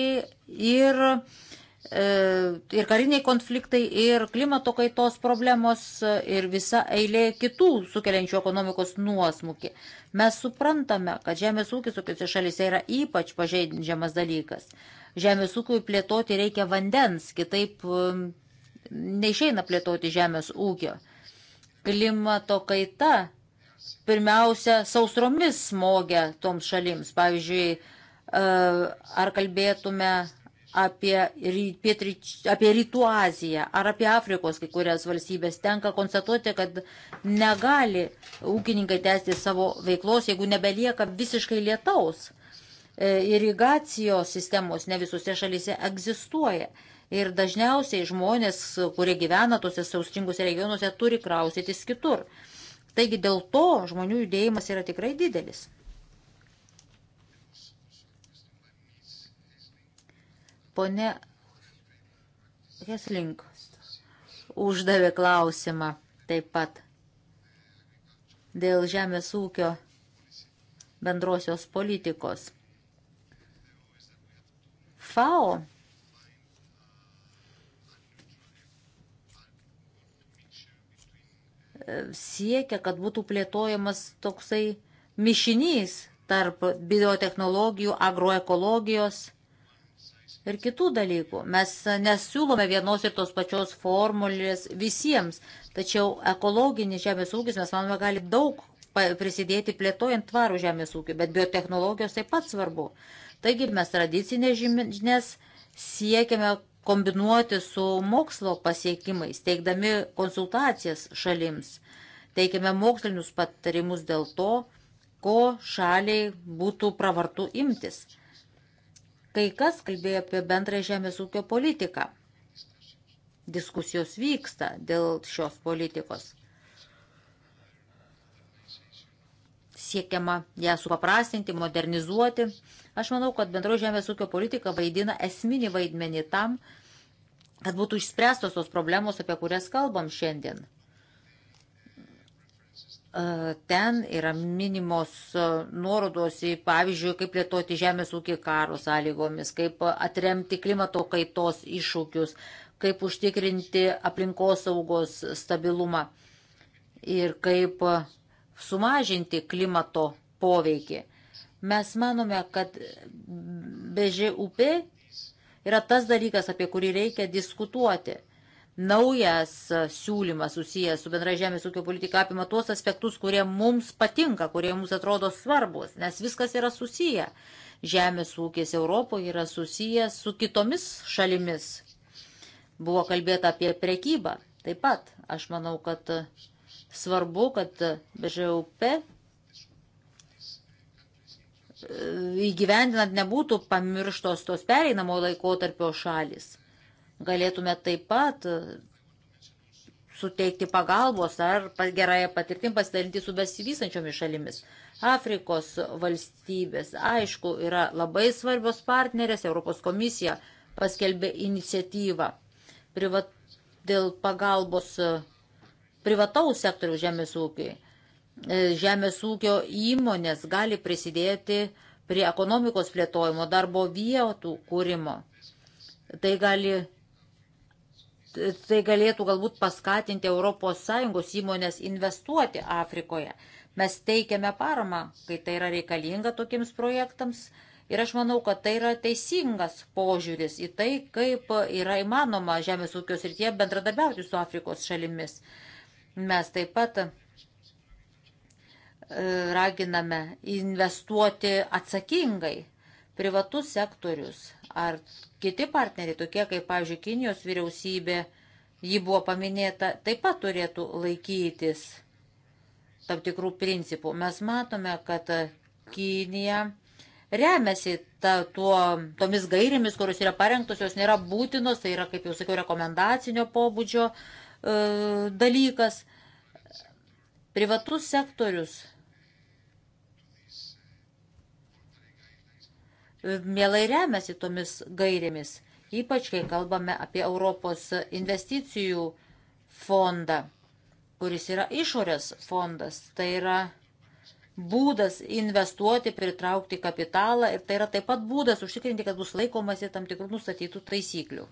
C: ir, e, ir kariniai konfliktai, ir klimato kaitos problemos, ir visa eilė kitų sukeliančių ekonomikos nuosmukį. Mes suprantame, kad žemės ūkis tokiuose šalise yra ypač pažeidžiamas dalykas. Žemės ūkiui plėtoti reikia vandens, kitaip e, neišeina plėtoti žemės ūkio. Klimato kaita pirmiausia sausromis smogia toms šalims. Pavyzdžiui, e, ar kalbėtume apie, pietryč, apie Rytų Aziją ar apie Afrikos kai kurias valstybės, tenka konstatuoti, kad negali ūkininkai tęsti savo veiklos, jeigu nebelieka visiškai lietaus. E, irigacijos sistemos ne visose šalyse egzistuoja. Ir dažniausiai žmonės, kurie gyvena tose saustringose regionuose, turi kraustytis kitur. Uh, Taigi dėl to žmonių judėjimas yra tikrai didelis. Pone Heslink uždavė klausimą taip pat dėl žemės ūkio bendrosios politikos. FAO siekia, kad būtų plėtojamas toksai mišinys tarp biotehnologijų, agroekologijos ir kitų dalykų. Mes nesiūlome vienos ir tos pačios formulės visiems, tačiau ekologinis žemės ūkis, mes manome, gali daug prisidėti plėtojant tvarų žemės ūkį, bet biotehnologijos taip pat svarbu. Taigi mes tradicinės žinias siekiame kombinuoti su mokslo pasiekimais, teikdami konsultacijas šalims. Teikiame mokslinius patarimus dėl to, ko šaliai būtų pravartu imtis. Kai kas kalbėjo apie bendrą žemės ūkio politiką. Diskusijos vyksta dėl šios politikos. Siekiama ją supaprastinti, modernizuoti Aš manau, kad bendro žemės ūkio politika vaidina esminį vaidmenį tam, kad būtų išspręstos tos problemos, apie kurias kalbam šiandien. E, ten yra minimos e, nuorodos į, pavyzdžiui, kaip lietoti žemės ūkį karo sąlygomis, kaip atremti klimato kaitos iššūkius, kaip užtikrinti aplinkos saugos stabilumą ir kaip sumažinti klimato poveikį. Mes manome, kad BŽUP yra tas dalykas, apie kurį reikia diskutuoti. Naujas siūlymas susijęs su bendra žemės ūkio politika apima tuos aspektus, kurie mums patinka, kurie mums atrodo svarbus, nes viskas yra susiję. Žemės ūkis Europoje yra susijęs su kitomis šalimis. Buvo kalbėta apie prekybą. Taip pat aš manau, kad svarbu, kad BŽUP įgyvendinant nebūtų pamirštos tos pereinamo laikotarpio šalis. Galėtume taip pat e, suteikti pagalbos ar gerąją patirtim pasidalinti su besivysančiomis šalimis. Afrikos valstybės, aišku, yra labai svarbios partnerės, Europos komisija paskelbė iniciatyvą privat, dėl pagalbos e, privataus sektorių žemės ūkiai. E, žemės ūkio įmonės gali prisidėti prie ekonomikos plėtojimo, darbo vietų kūrimo. Tai, gali, tai galėtų galbūt paskatinti ES įmonės investuoti Afrikoje. Mes teikiame paramą, kai tai yra reikalinga tokiems projektams. Ir aš manau, kad tai yra teisingas požiūris į tai, kaip yra įmanoma žemės ūkio srityje bendradarbiauti su Afrikos šalimis. Mes taip pat E, raginame investuoti atsakingai. Privatus sektorius ar kiti partneriai, tokie kaip, pavyzdžiui, Kinijos vyriausybė, ji buvo paminėta, taip pat turėtų laikytis tam tikrų principų. Mes matome, kad Kinija remiasi ta, tuo, tomis gairėmis, kurios yra parengtos, jos nėra būtinos, tai yra, kaip jau sakiau, rekomendacinio pobūdžio e, dalykas. Privatus sektorius mielai remiasi tomis gairėmis, ypač kai kalbame apie Europos investicijų fondą, kuris yra išorės fondas. Tai yra būdas investuoti, pritraukti kapitalą ir tai yra taip pat būdas užtikrinti, kad bus laikomasi tam tikrų nustatytų taisyklių.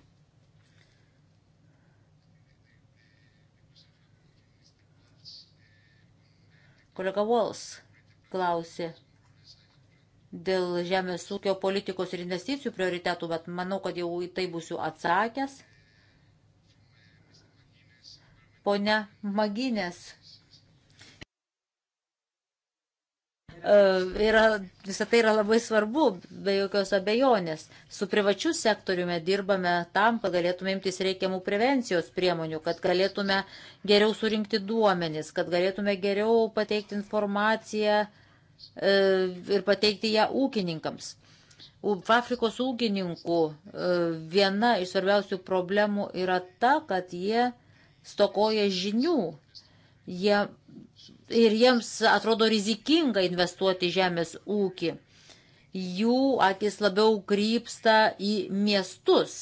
C: Kolega Walls klausė dėl žemės ūkio politikos ir investicijų prioritetų, bet manau, kad jau į tai būsiu atsakęs. Pone Maginės e, yra, visą tai yra labai svarbu, be jokios abejonės. Su privačiu sektoriumi dirbame tam, kad galėtume imtis reikiamų prevencijos priemonių, kad galėtume geriau surinkti duomenis, kad galėtume geriau pateikti informaciją E, ir pateikti ją ūkininkams. Afrikos ūkininkų e, viena iš svarbiausių problemų yra ta, kad jie stokoja žinių. Jie, ir jiems atrodo rizikinga investuoti žemės ūkį. Jų akis labiau krypsta į miestus.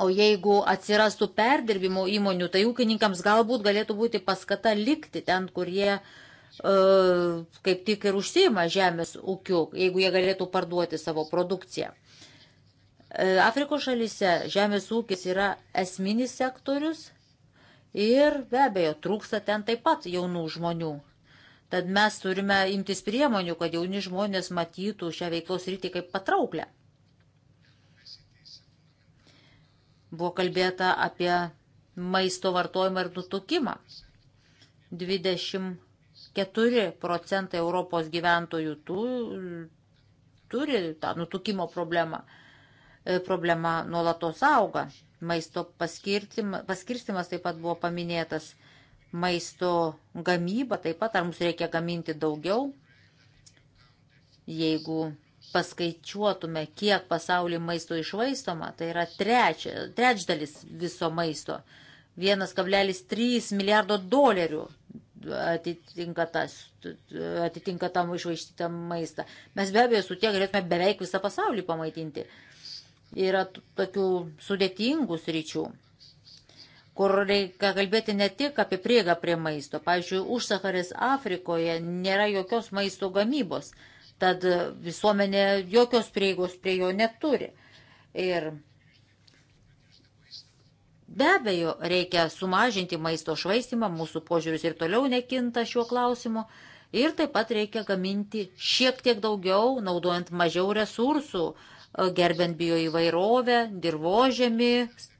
C: O jeigu atsirastų perdirbimo įmonių, tai ūkininkams galbūt galėtų būti paskata likti ten, kur jie uh, E, kaip tik ir užsima žemės ūkiu, jeigu jie galėtų parduoti savo produkciją. E, Afrikos šalyse žemės ūkis yra esminis sektorius ir be abejo trūksta ten taip pat jaunų žmonių. Tad mes turime imtis priemonių, kad jauni žmonės matytų šią veiklos rytį kaip patrauklę. Buvo kalbėta apie maisto vartojimą ir nutukimą. 20 4 procentai Europos gyventojų tų, turi tą nutukimo problemą. E, problema nuolatos auga. Maisto paskirstimas taip pat buvo paminėtas. Maisto gamyba taip pat, ar mums reikia gaminti daugiau, jeigu paskaičiuotume, kiek pasaulyje maisto išvaistoma, tai yra trečia, trečdalis viso maisto. 1,3 milijardo dolerių atitinka, tas, atitinka tam išvaištytą maistą. Mes be abejo su tiek galėtume beveik visą pasaulį pamaitinti. Yra tokių sudėtingų sričių, kur reikia kalbėti ne tik apie priegą prie maisto. Pavyzdžiui, užsakarės Afrikoje nėra jokios maisto gamybos, tad visuomenė jokios prieigos prie jo neturi. Ir Be abejo, reikia sumažinti maisto švaistimą, mūsų požiūris ir toliau nekinta šiuo klausimu. Ir taip pat reikia gaminti šiek tiek daugiau, naudojant mažiau resursų, e, gerbent bio įvairovę, dirbožėmį,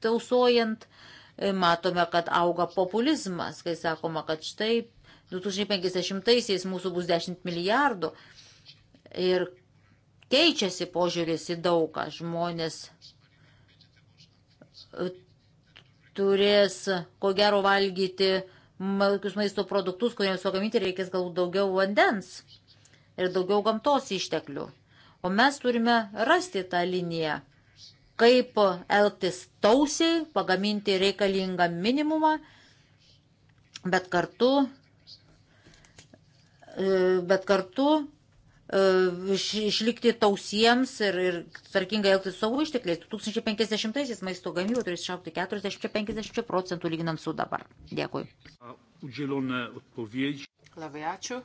C: tausojant. E, matome, kad auga populizmas, kai sakoma, kad štai 2050-aisiais mūsų bus 10 milijardų. Ir keičiasi požiūris į daugą. Žmonės turės ko gero valgyti maisto produktus, kuriems pagaminti reikės galbūt daugiau vandens ir daugiau gamtos išteklių. O mes turime rasti tą liniją, kaip elgtis tausiai, pagaminti reikalingą minimumą, bet kartu, e, bet kartu E, išlikti tausiems ir, ir tvarkingai elgtis savo ištekliais. 2050-aisiais maisto gamyba turės išaukti 40-50 procentų lyginant su dabar.
E: Dėkui. Labai ačiū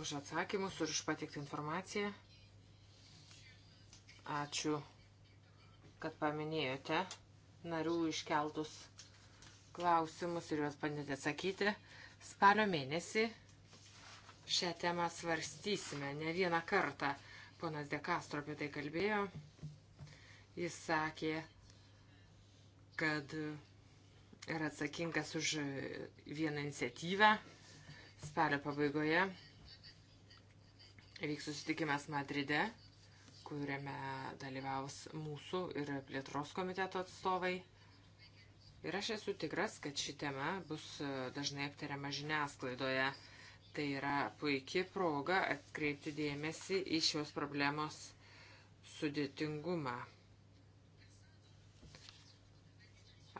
E: už atsakymus ir už
B: patiktą informaciją. Ačiū, kad paminėjote narių iškeltus klausimus ir juos bandėte atsakyti. Spalio mėnesį šią temą svarstysime ne vieną kartą. Ponas Dekastro apie tai kalbėjo. Jis sakė, kad yra atsakingas už vieną iniciatyvą spalio pabaigoje. Vyks susitikimas Madride, kuriame dalyvaus mūsų ir plėtros komiteto atstovai. Ir aš esu tikras, kad ši tema bus dažnai aptariama žiniasklaidoje Tai yra puikia proga atkreipti dėmesį į šios problemos sudėtingumą.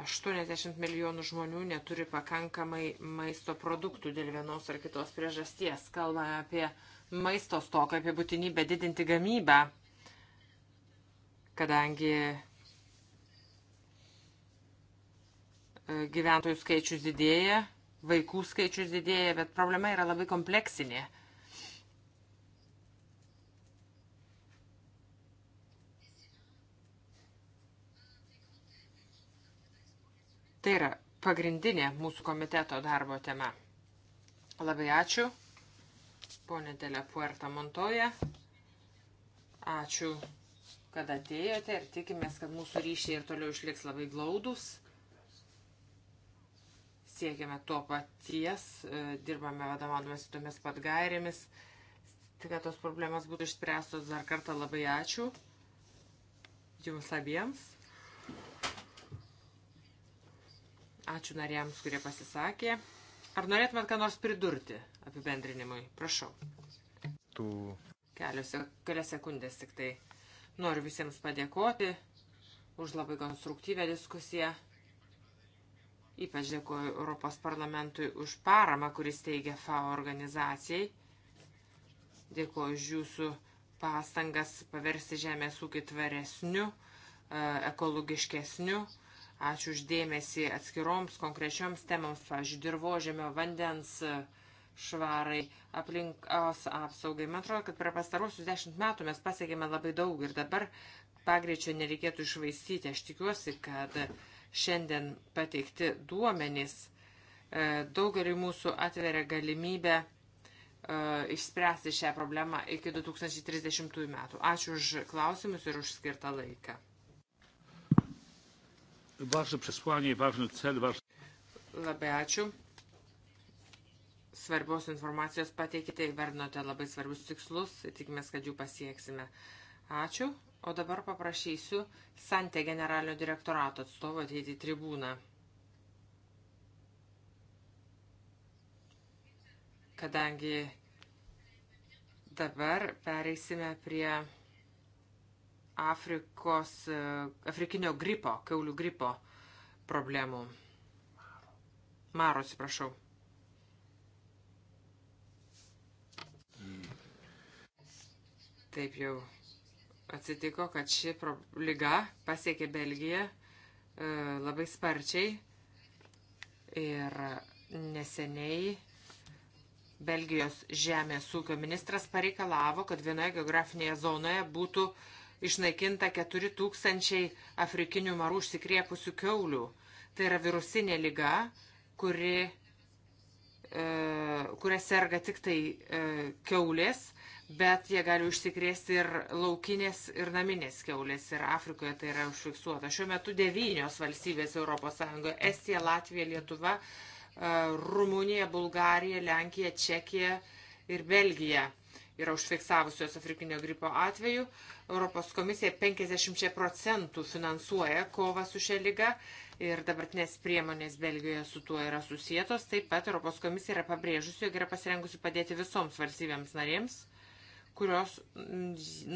B: 80 milijonų žmonių neturi pakankamai maisto produktų dėl vienos ar kitos priežasties. Kalbame apie maisto stoką, apie būtinybę didinti gamybą, kadangi e, gyventojų skaičius didėja vaikų skaičius didėja, bet problema yra labai kompleksinė. Tai yra pagrindinė mūsų komiteto darbo tema. Labai ačiū, ponė Delė Puerta Montoja. Ačiū, kad atėjote ir tikimės, kad mūsų ryšiai ir toliau išliks labai glaudus siekiame to paties, e, dirbame vadovaudamas tomis pat gairėmis. Tik, kad tos problemas būtų išspręstos, dar kartą labai ačiū jums abiems. Ačiū nariams, kurie pasisakė. Ar norėtumėt ką nors pridurti apibendrinimui? Prašau. Tu. Kelios, kelias sekundės tik tai. Noriu visiems padėkoti už labai konstruktyvę diskusiją. Ypač dėkuoju Europos parlamentui už paramą, kuris teigia FAO organizacijai. Dėkuoju už jūsų pastangas paversti žemės ūkį tvaresniu, e, ekologiškesniu. Ačiū uždėmesi atskiroms konkrečioms temams, pavyzdžiui, dirbožėmio vandens e, švarai, aplinkos apsaugai. Man atrodo, kad per pastarosius dešimt metų mes pasiekėme labai daug ir dabar pagreičio nereikėtų išvaistyti. Aš tikiuosi, kad uh, šiandien pateikti duomenys e, daugeliu mūsų atveria galimybę e, išspręsti šią problemą iki 2030 metų. Ačiū už klausimus ir už skirtą laiką. Labai ačiū. Svarbios informacijos pateikite, įvardinote labai svarbius tikslus, tikimės, kad jų pasieksime. Ačiū. O dabar paprašysiu Santė generalinio direktorato atstovo ateiti į tribūną. Kadangi dabar pereisime prie Afrikos, e, afrikinio gripo, kaulių gripo problemų. Maro, atsiprašau. Taip jau atsitiko, kad ši lyga pasiekė Belgiją e, labai sparčiai ir neseniai Belgijos žemės ūkio ministras pareikalavo, kad vienoje geografinėje zonoje būtų išnaikinta 4000 afrikinių marų užsikrėpusių keulių. Tai yra virusinė lyga, kuri, e, kuria serga tik tai e, keulės bet jie gali užsikrėsti ir laukinės, ir naminės keulės, ir Afrikoje tai yra užfiksuota. Šiuo metu devynios valstybės ES - Estija, Latvija, Lietuva, e, Rumunija, Bulgarija, Lenkija, Čekija ir Belgija yra užfiksavusios afrikinio gripo atveju. Europos komisija 50 procentų finansuoja kovą su šia lyga ir dabartinės priemonės Belgijoje su tuo yra susijėtos. Taip pat Europos komisija yra pabrėžusi, jog yra pasirengusi padėti visoms valstybėms narėms kurios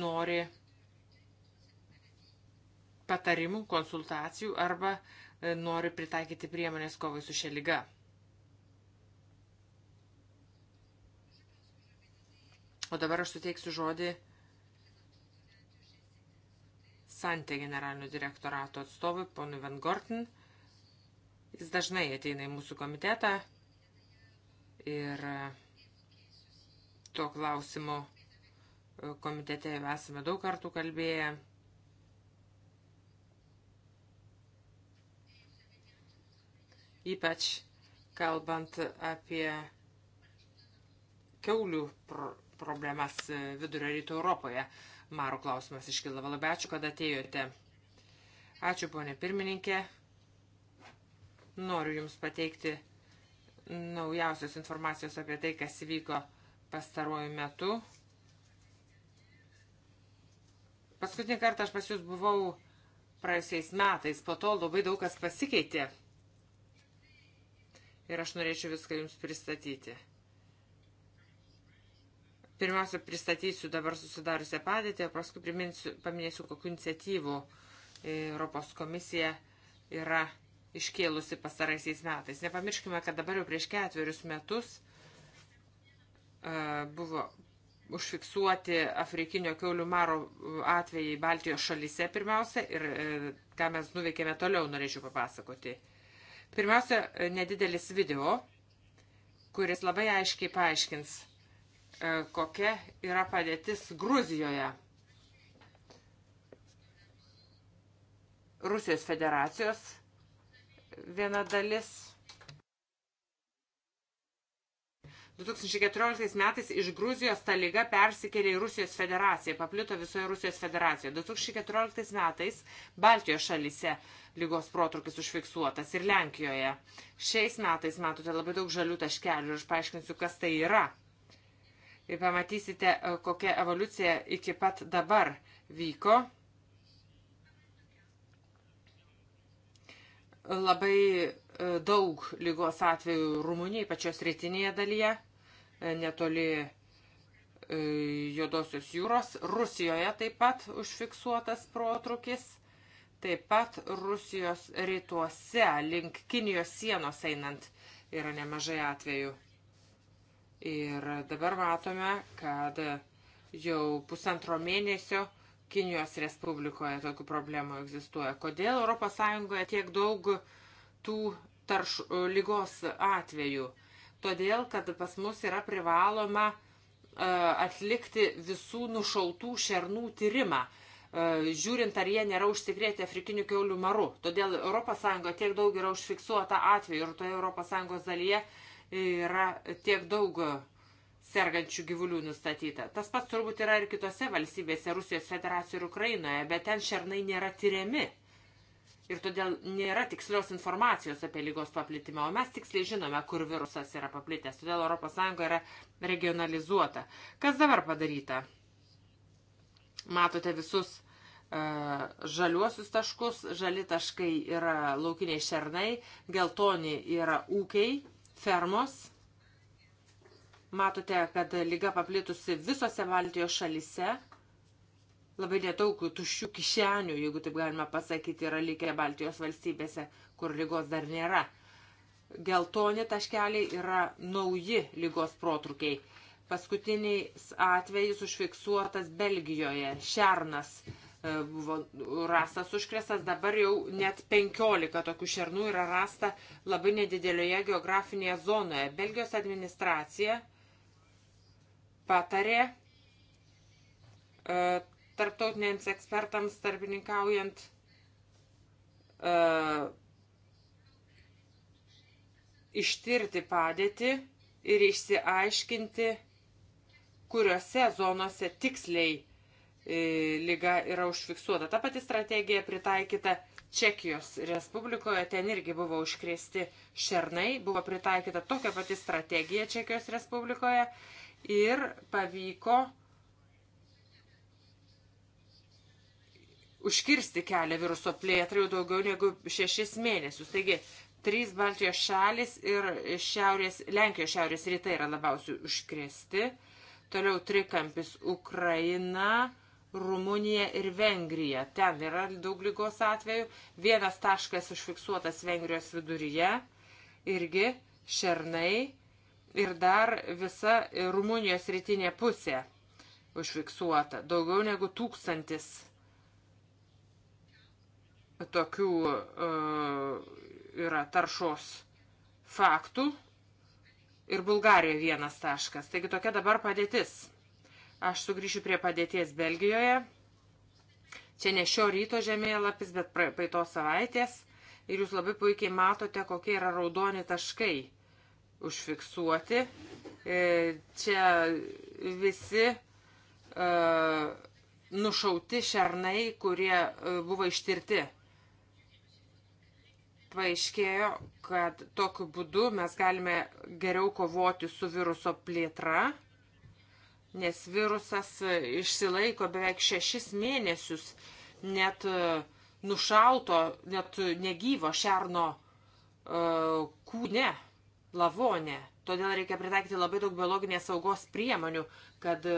B: nori patarimų, konsultacijų arba e, nori pritaikyti priemonės kovai su šia lyga. O dabar aš suteiksiu žodį Santė generalinio direktorato atstovui, ponui Van Gorten. Jis dažnai ateina į mūsų komitetą ir e, tuo klausimu komitete jau esame daug kartų kalbėję. Ypač kalbant apie keulių pro problemas vidurio rytų Europoje. Maro klausimas iškilavo. Labai ačiū, kad atėjote. Ačiū, ponė pirmininkė. Noriu Jums pateikti naujausios informacijos apie tai, kas įvyko pastaruoju metu. Paskutinį kartą aš pas jūs buvau praėjusiais metais, po to labai daug kas pasikeitė. Ir aš norėčiau viską jums pristatyti. Pirmiausia, pristatysiu dabar susidariusią padėtį, o paskui priminsiu, paminėsiu, kokiu iniciatyvu e, Europos komisija yra iškėlusi pastaraisiais metais. Nepamirškime, kad dabar jau prieš ketverius metus uh, buvo užfiksuoti afrikinio keulių maro atvejai Baltijos šalyse pirmiausia ir e, ką mes nuveikėme toliau, norėčiau papasakoti. Pirmiausia, e, nedidelis video, kuris labai aiškiai paaiškins, e, kokia yra padėtis Gruzijoje. Rusijos federacijos viena dalis 2014 metais iš Gruzijos ta lyga persikėlė į Rusijos federaciją, paplito visoje Rusijos federacijoje. 2014 metais Baltijos šalyse lygos protrukis užfiksuotas ir Lenkijoje. Šiais metais matote labai daug žalių taškelių ir aš paaiškinsiu, kas tai yra. Ir pamatysite, e, kokia evoliucija iki pat dabar vyko. Labai e, daug lygos atvejų Rumunijoje, pačios rytinėje dalyje netoli e, Jodosios jūros. Rusijoje taip pat užfiksuotas protrukis. Taip pat Rusijos rytuose link Kinijos sienos einant yra nemažai atvejų. Ir dabar matome, kad jau pusantro mėnesio Kinijos Respublikoje tokių problemų egzistuoja. Kodėl ES tiek daug tų tarš, lygos atvejų? todėl kad pas mus yra privaloma e, atlikti visų nušautų šernų tyrimą, e, žiūrint, ar jie nėra užsikrėtę afrikinių keulių maru. Todėl ES tiek daug yra užfiksuota atveju ir toje ES dalyje yra tiek daug sergančių gyvulių nustatyta. Tas pats turbūt yra ir kitose valstybėse, Rusijos federacijoje ir Ukrainoje, bet ten šernai nėra tyriami ir todėl nėra tikslios informacijos apie lygos paplitimą, o mes tiksliai žinome, kur virusas yra paplitęs, todėl ES yra regionalizuota. Kas dabar padaryta? Matote visus uh, žaliuosius taškus, žali taškai yra laukiniai šernai, geltoni yra ūkiai, fermos. Matote, kad lyga paplitusi visose Baltijos šalise Labai nedaug tuščių kišenių, jeigu taip galima pasakyti, yra likę Baltijos valstybėse, kur lygos dar nėra. Geltoni taškeliai yra nauji lygos protrukiai. Paskutiniais atvejais užfiksuotas Belgijoje. Šernas e, buvo rastas užkresas, dabar jau net 15 tokių šernų yra rasta labai nedidelioje geografinėje zonoje. Belgijos administracija patarė e, tarptautiniams ekspertams tarpininkaujant uh, ištirti padėtį ir išsiaiškinti, kuriuose zonose tiksliai e, lyga yra užfiksuota. Ta pati strategija pritaikyta Čekijos Respublikoje, ten irgi buvo užkrėsti šernai, buvo pritaikyta tokia pati strategija Čekijos Respublikoje ir pavyko užkirsti kelią viruso plėtrai jau daugiau negu šešis mėnesius. Taigi, trys Baltijos šalis ir šiaurės, Lenkijos šiaurės rytai yra labiausiai užkrėsti. Toliau trikampis Ukraina, Rumunija ir Vengrija. Ten yra daug lygos atvejų. Vienas taškas užfiksuotas Vengrijos viduryje. Irgi šernai. Ir dar visa Rumunijos rytinė pusė užfiksuota. Daugiau negu tūkstantis tokių e, yra taršos faktų ir Bulgarijoje vienas taškas. Taigi tokia dabar padėtis. Aš sugrįšiu prie padėties Belgijoje. Čia ne šio ryto žemėlapis, bet praeitos savaitės. Ir jūs labai puikiai matote, kokie yra raudoni taškai užfiksuoti. E, čia visi e, nušauti šernai, kurie buvo ištirti paaiškėjo, kad tokiu būdu mes galime geriau kovoti su viruso plėtra, nes virusas išsilaiko beveik šešis mėnesius net e, nušauto, net negyvo šerno e, kūne, lavone. Todėl reikia pritaikyti labai daug biologinės saugos priemonių, kad e,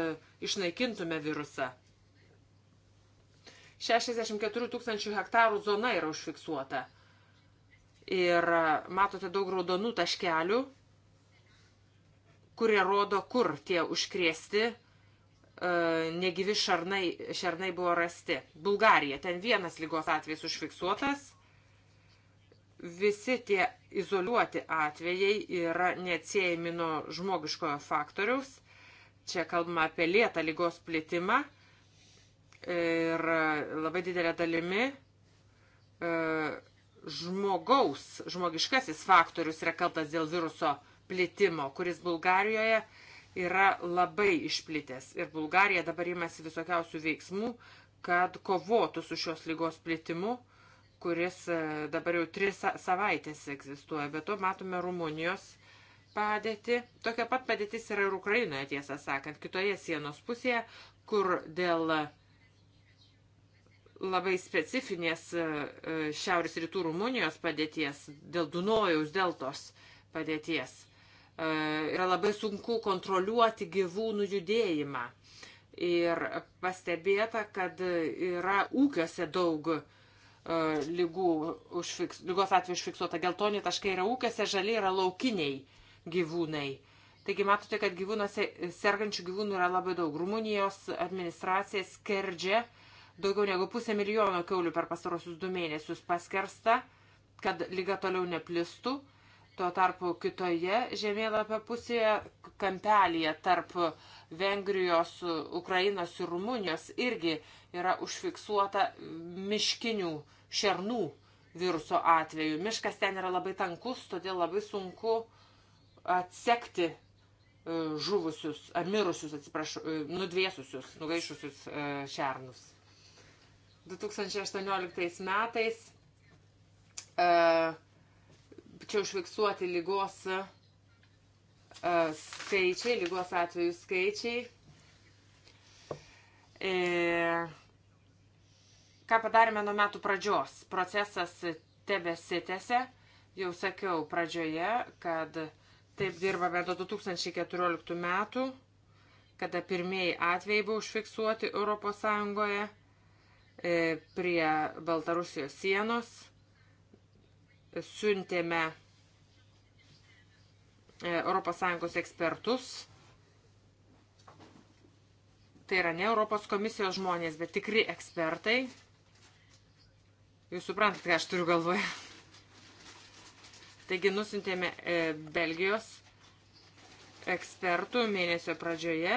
B: išnaikintume virusą. 64 tūkstančių hektarų zona yra užfiksuota. Ir matote daug raudonų taškelių, kurie rodo, kur tie užkrėsti e, negyvi šarnai, šarnai buvo rasti. Bulgarija, ten vienas lygos atvejis užfiksuotas. Visi tie izoliuoti atvejai yra neatsiejami nuo žmogiškojo faktoriaus. Čia kalbama apie lėtą lygos plitimą ir labai didelė dalimi e, žmogaus, žmogiškasis faktorius yra kaltas dėl viruso plitimo, kuris Bulgarijoje yra labai išplitęs. Ir Bulgarija dabar imasi visokiausių veiksmų, kad kovotų su šios lygos plitimu, kuris e, dabar jau tris savaitės egzistuoja. Bet to matome Rumunijos padėtį. Tokia pat padėtis yra ir Ukrainoje, tiesą sakant, kitoje sienos pusėje, kur dėl labai specifinės e, e, šiaurės rytų Rumunijos padėties, dėl Dunojaus deltos padėties. E, yra labai sunku kontroliuoti gyvūnų judėjimą. Ir pastebėta, kad yra ūkiuose daug lygų, užfiks, lygos atveju užfiksuota. Geltoni taškai yra ūkiuose, žaliai yra laukiniai gyvūnai. Taigi matote, kad gyvūnose, sergančių gyvūnų yra labai daug. Rumunijos administracija skerdžia uh, Daugiau negu pusę milijono keulių per pastarosius du mėnesius paskersta, kad lyga toliau neplistų. Tuo tarpu kitoje žemėlapio pusėje, kampelėje tarp Vengrijos, Ukrainos ir Rumunijos irgi yra užfiksuota miškinių šernų viruso atveju. Miškas ten yra labai tankus, todėl labai sunku atsekti e, žuvusius, ar mirusius, atsiprašau, e, nudvėsusius, nugaišusius e, šernus. 2018 metais e, čia užfiksuoti lygos e, skaičiai, lygos atvejų skaičiai. E, ką padarėme nuo metų pradžios? Procesas tebesitėse. Jau sakiau pradžioje, kad taip dirbame nuo 2014 metų, kada pirmieji atvejai buvo užfiksuoti ES E, prie Baltarusijos sienos. Siuntėme ES ekspertus. Tai yra ne Europos komisijos žmonės, bet tikri ekspertai. Jūs suprantate, ką aš turiu galvoje. Taigi nusintėme e, Belgijos ekspertų mėnesio pradžioje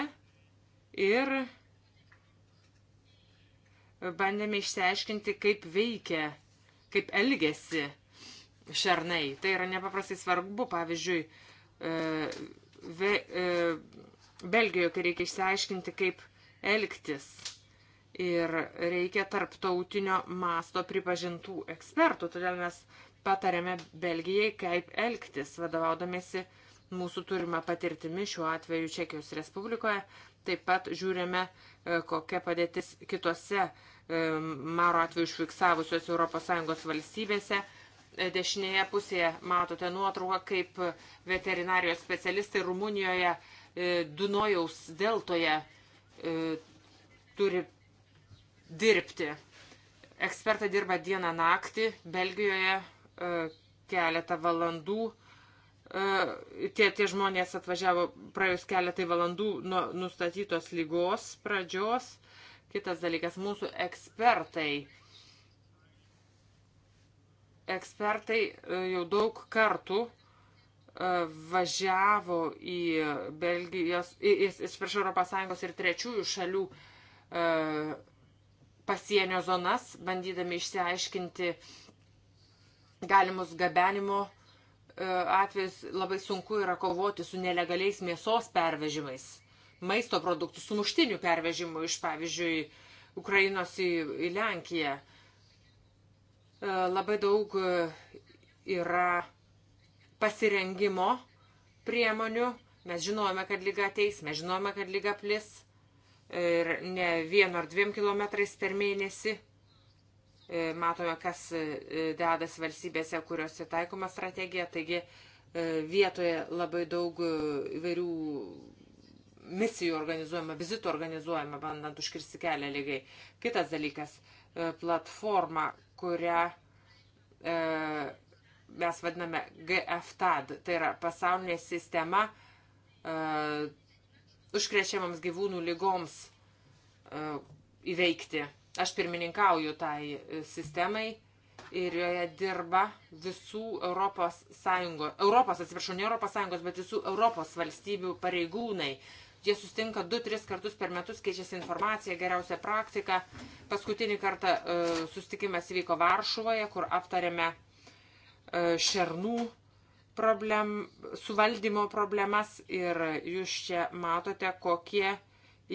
B: ir bandėme išsiaiškinti, kaip veikia, kaip elgesi šernai. Tai yra nepaprastai svarbu, pavyzdžiui, e, ve, e, Belgijoje, kai reikia išsiaiškinti, kaip elgtis. Ir reikia tarptautinio masto pripažintų ekspertų, todėl mes patarėme Belgijai, kaip elgtis, vadovaudomėsi mūsų turimą patirtimi šiuo atveju Čekijos Respublikoje. Taip pat žiūrime, E, kokia padėtis kitose e, maro atveju užfiksavusios ES valstybėse. E, dešinėje pusėje matote nuotrauką, kaip veterinarijos specialistai Rumunijoje Dunojaus deltoje turi dirbti. Ekspertai dirba dieną naktį, Belgijoje keletą valandų E, tie, tie žmonės atvažiavo praėjus keletai valandų nuo nustatytos lygos pradžios. Kitas dalykas, mūsų ekspertai. Ekspertai e, jau daug kartų e, važiavo į Belgijos, atsiprašau, Europos Sąjungos ir trečiųjų šalių pasienio zonas, bandydami išsiaiškinti galimus gabenimo uh, E, atvejais labai sunku yra kovoti su nelegaliais mėsos pervežimais, maisto produktų, sumuštinių pervežimų iš, pavyzdžiui, Ukrainos į, į Lenkiją. E, labai daug e, yra pasirengimo priemonių. Mes žinojame, kad lyga ateis, mes žinojame, kad lyga plis ir ne vienu ar dviem kilometrais per mėnesį E, matome, kas e, dedas valstybėse, kuriuose taikoma strategija, taigi e, vietoje labai daug įvairių misijų organizuojama, vizitų organizuojama, bandant užkirsti kelią lygai. Kitas dalykas - platforma, kurią mes vadiname GFTAD, tai yra pasaulinė sistema užkrečiamams gyvūnų lygoms įveikti. Aš pirmininkauju tai e, sistemai ir joje dirba visų Europos Sąjungos, Europos, atsiprašau, ne Europos Sąjungos, bet visų Europos valstybių pareigūnai. Jie sustinka 2-3 kartus per metus, keičiasi informacija, geriausia praktika. Paskutinį kartą e, sustikimas vyko Varšuvoje, kur aptarėme e, šernų problem, suvaldymo problemas ir jūs čia matote, kokie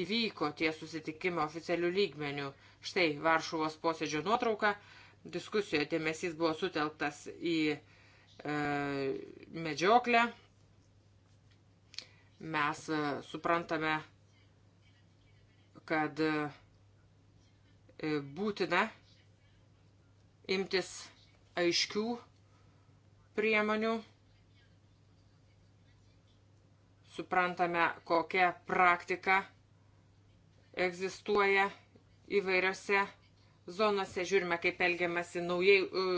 B: įvyko tie susitikimai oficialių lygmenių. E, Štai Varšuvos posėdžio nuotrauka. Diskusijoje dėmesys buvo sutelktas į e, medžioklę. Mes e, suprantame, kad e, būtina imtis aiškių priemonių. Suprantame, kokia praktika egzistuoja įvairiose zonose, žiūrime, kaip elgiamasi naujai, e,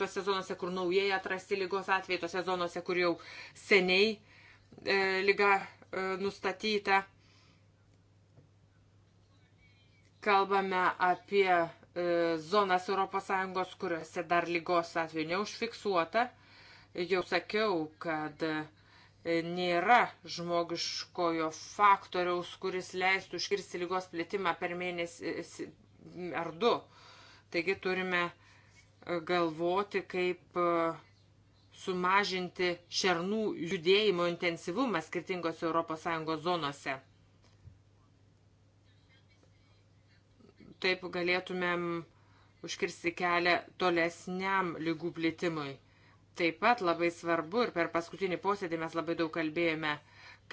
B: tose zonose, kur naujai atrasti lygos atvejai, tose zonose, kur jau seniai e, lyga e, nustatyta. Kalbame apie e, zonas ES, kuriuose dar lygos atveju neužfiksuota. Jau sakiau, kad e, nėra žmogiškojo faktoriaus, kuris leistų užkirsti lygos plėtimą per mėnesį ar du. Taigi turime e, galvoti, kaip e, sumažinti šernų judėjimo intensyvumą skirtingose ES zonose. Taip galėtumėm užkirsti kelią tolesniam lygų plėtimui. Taip pat labai svarbu ir per paskutinį posėdį mes labai daug kalbėjome,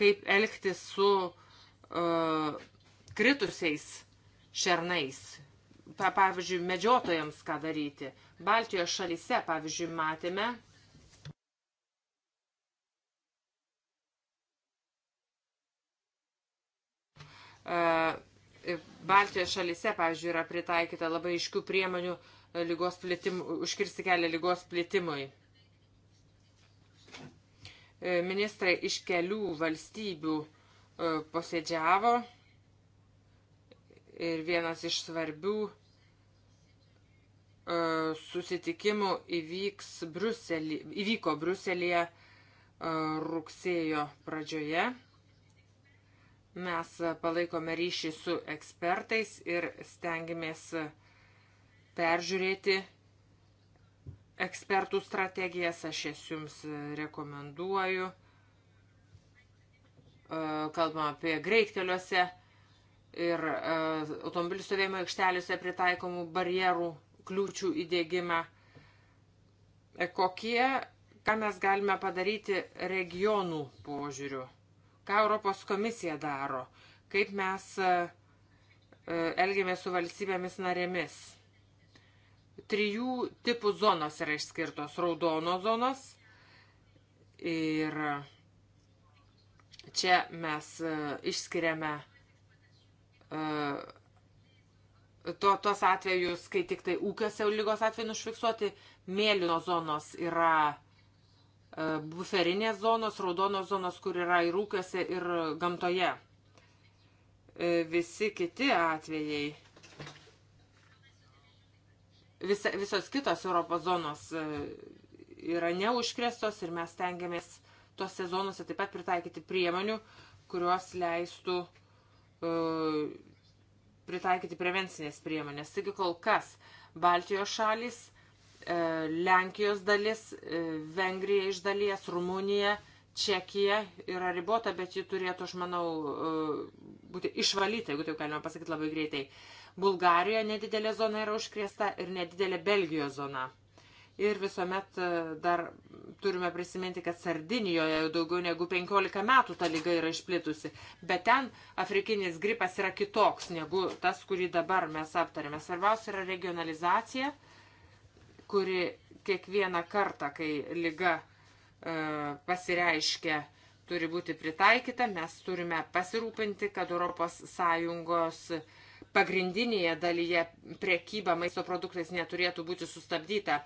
B: kaip elgtis su uh, kritusiais šernais. Pa, pavyzdžiui, medžiotojams ką daryti. Baltijos šalyse, pavyzdžiui, matėme, uh, Baltijos šalise, pavyzdžiui, yra pritaikyta labai iškių priemonių uh, lygos plitim, užkirsti kelią lygos plitimui. E, ministrai iš kelių valstybių e, posėdžiavo ir vienas iš svarbių e, susitikimų įvyks Bruselį, įvyko Bruselėje rugsėjo pradžioje. Mes palaikome ryšį su ekspertais ir stengiamės peržiūrėti ekspertų strategijas, aš jas jums e, rekomenduoju. E, kalbam apie greitkeliuose ir e, automobilių stovėjimo aikšteliuose pritaikomų barjerų, kliūčių įdėgymą. Kokie, ką mes galime padaryti regionų požiūriu? Ką Europos komisija daro? Kaip mes elgiamės su valstybėmis narėmis? trijų tipų zonos yra išskirtos. Raudono zonos ir čia mes e, išskiriame e, to, tos atvejus, kai tik tai ūkiuose lygos atveju nušfiksuoti, mėlyno zonos yra e, buferinės zonos, raudonos zonos, kur yra ir ūkiuose, ir gamtoje. Visi kiti atvejai visa, visos kitos Europos zonos e, yra neužkrestos ir mes tengiamės tos sezonuose taip pat pritaikyti priemonių, kurios leistų uh, pritaikyti prevencinės priemonės. Taigi kol kas Baltijos šalis, uh, Lenkijos dalis, uh, Vengrija iš dalies, Rumunija, Čekija yra ribota, bet ji turėtų, aš manau, būti išvalyta, jeigu taip galima pasakyti labai greitai. Uh, Bulgarijoje nedidelė zona yra užkrėsta ir nedidelė Belgijos zona. Ir visuomet e, dar turime prisiminti, kad Sardinijoje jau daugiau negu 15 metų ta lyga yra išplitusi. Bet ten afrikinis gripas yra kitoks negu tas, kurį dabar mes aptarėme. Svarbiausia yra regionalizacija, kuri kiekvieną kartą, kai lyga e, pasireiškia, turi būti pritaikyta. Mes turime pasirūpinti, kad ES pagrindinėje dalyje prekyba maisto produktais neturėtų būti sustabdyta.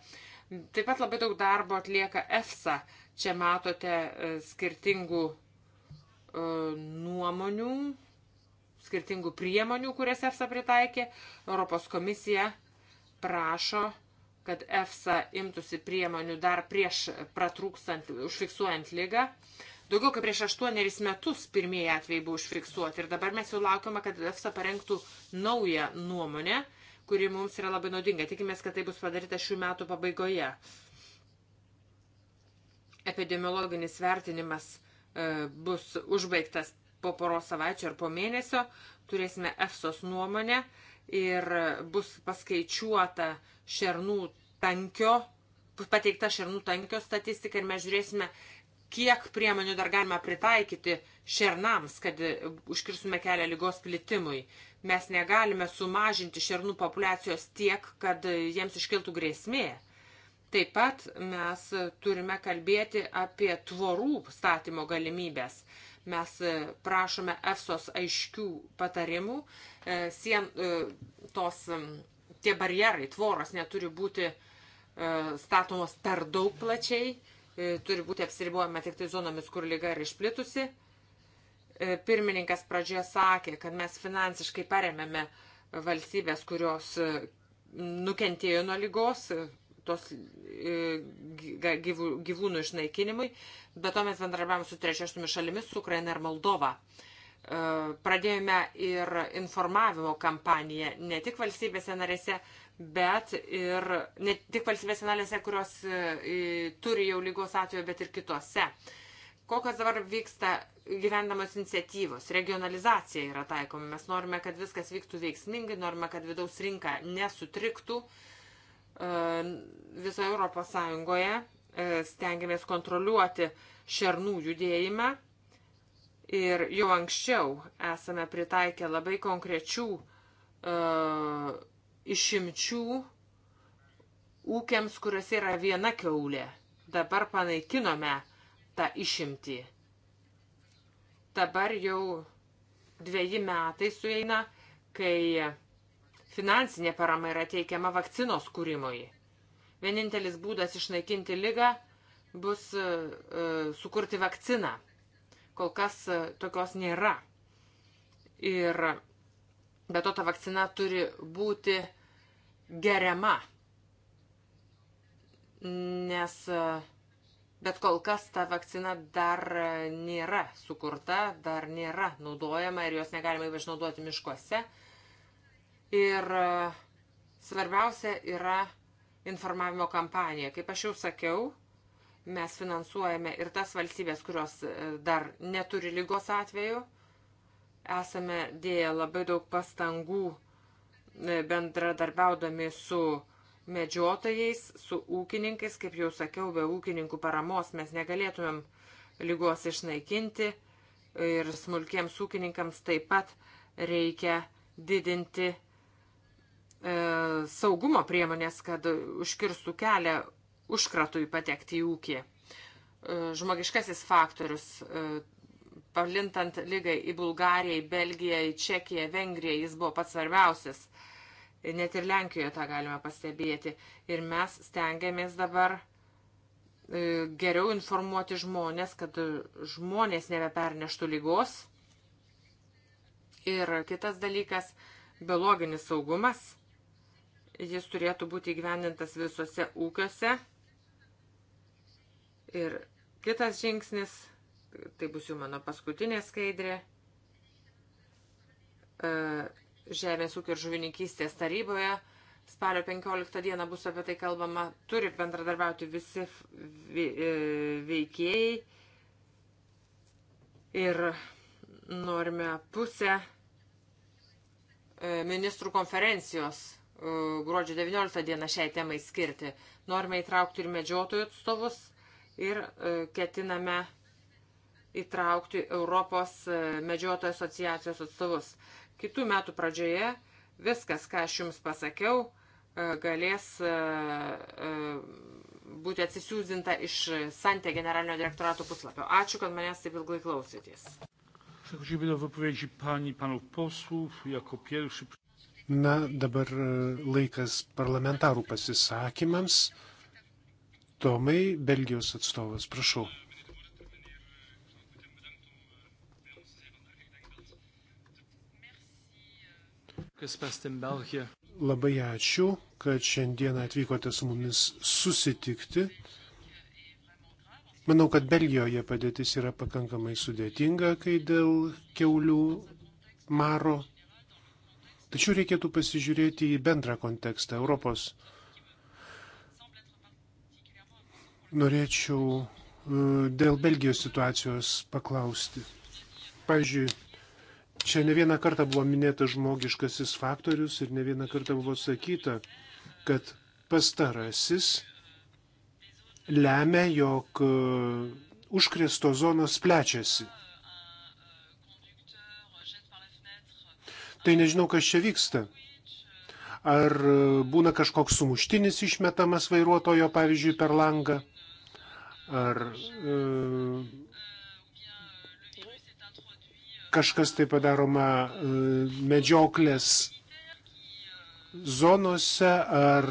B: Taip pat labai daug darbo atlieka EFSA. Čia matote e, skirtingų e, nuomonių, skirtingų priemonių, kurias EFSA pritaikė. Europos komisija prašo, kad EFSA imtųsi priemonių dar prieš pratrūkstant, užfiksuojant lygą. Daugiau kaip prieš aštuoneris metus pirmieji atvejai buvo užfiksuoti ir dabar mes jau laukiame, kad EFSA parengtų naują nuomonę, kuri mums yra labai naudinga. Tikimės, kad tai bus padaryta šių metų pabaigoje. Epidemiologinis vertinimas e, bus užbaigtas po poros savaičių ar po mėnesio. Turėsime EFSOS nuomonę ir bus paskaičiuota šernų tankio, pateikta šernų tankio statistika ir mes žiūrėsime, kiek priemonių dar galima pritaikyti šernams, kad e, užkirstume kelią lygos plitimui. Mes negalime sumažinti šernų populacijos tiek, kad e, jiems iškiltų grėsmė. Taip pat mes turime kalbėti apie tvorų statymo galimybės. Mes e, prašome EFSOS aiškių patarimų. Sien, tos, tie barjerai, tvoros neturi būti statomos per daug plačiai E, turi būti apsiribuojama tik tai zonomis, kur lyga yra išplitusi. E, pirmininkas pradžioje sakė, kad mes finansiškai paremėme valstybės, kurios e, nukentėjo nuo lygos, tos gyvūnų išnaikinimui, bet to mes bendrabiavome su trečiosiomis šalimis, su Ukraina ir Moldova. Pradėjome ir informavimo kampaniją ne tik valstybėse narėse, bet ir ne tik valstybės analėse, kurios e, turi jau lygos atveju, bet ir kitose. Kokios dabar vyksta gyvendamos iniciatyvos? Regionalizacija yra taikoma. Mes norime, kad viskas vyktų veiksmingai, norime, kad vidaus rinka nesutriktų e, visoje Europos Sąjungoje. E, stengiamės kontroliuoti šernų judėjimą. Ir jau anksčiau esame pritaikę labai konkrečių uh, išimčių ūkiams, kuriuose yra viena keulė. Dabar panaikinome tą išimtį. Dabar jau dviejį metai sueina, kai finansinė parama yra teikiama vakcinos kūrimui. Vienintelis būdas išnaikinti lygą bus e, e, sukurti vakciną. Kol kas e, tokios nėra. Ir be to ta vakcina turi būti uh, geriama. Nes e, bet kol kas ta vakcina dar e, nėra sukurta, dar nėra naudojama ir jos negalima išnaudoti miškuose. Ir e, svarbiausia yra informavimo kampanija. Kaip aš jau sakiau, mes finansuojame ir tas valstybės, kurios dar neturi lygos atveju. Esame dėję labai daug pastangų E, bendradarbiaudami su medžiotojais, su ūkininkais, kaip jau sakiau, be ūkininkų paramos mes negalėtumėm lygos išnaikinti ir smulkiems ūkininkams taip pat reikia didinti e, saugumo priemonės, kad užkirstų kelią užkratui patekti į ūkį. E, žmogiškasis faktorius, e, pavlintant lygai į Bulgariją, į Belgiją, į Čekiją, Vengriją, jis buvo pats svarbiausias Net ir Lenkijoje tą galime pastebėti. Ir mes stengiamės dabar e, geriau informuoti žmonės, kad žmonės nebeperneštų lygos. Ir kitas dalykas - biologinis saugumas. Jis turėtų būti įgyvendintas visuose ūkiuose. Ir kitas žingsnis, tai bus jau mano paskutinė skaidrė, e, Žemės ūkio ir žuvininkystės taryboje. Spalio 15 dieną bus apie tai kalbama. Turi bendradarbiauti visi e, veikėjai. Ir norime pusę e, ministrų konferencijos e, gruodžio 19 dieną šiai temai skirti. Norime įtraukti ir medžiotojų atstovus ir ketiname įtraukti Europos medžiotojų asociacijos atstovus. Kitų metų pradžioje viskas, ką aš jums pasakiau, e, galės e, e, būti atsisiūzinta iš Santė generalinio direktorato puslapio. Ačiū, kad manęs taip ilgai
E: klausytės.
A: Na, dabar laikas parlamentarų pasisakymams. Tomai, Belgijos atstovas, prašau. Labai ačiū, kad šiandien atvykote su mumis susitikti. Manau, kad Belgijoje padėtis yra pakankamai sudėtinga, kai dėl keulių maro. Tačiau reikėtų pasižiūrėti į bendrą kontekstą Europos. Norėčiau e, dėl Belgijos situacijos paklausti. Pavyzdžiui, Čia ne vieną kartą buvo minėtas žmogiškasis faktorius ir ne vieną kartą buvo sakyta, kad pastarasis lemia, jog e, užkresto zonos plečiasi. Tai nežinau, kas čia vyksta. Ar e, būna kažkoks sumuštinis išmetamas vairuotojo, pavyzdžiui, per langą, ar e, kažkas tai padaroma e, medžioklės zonose ar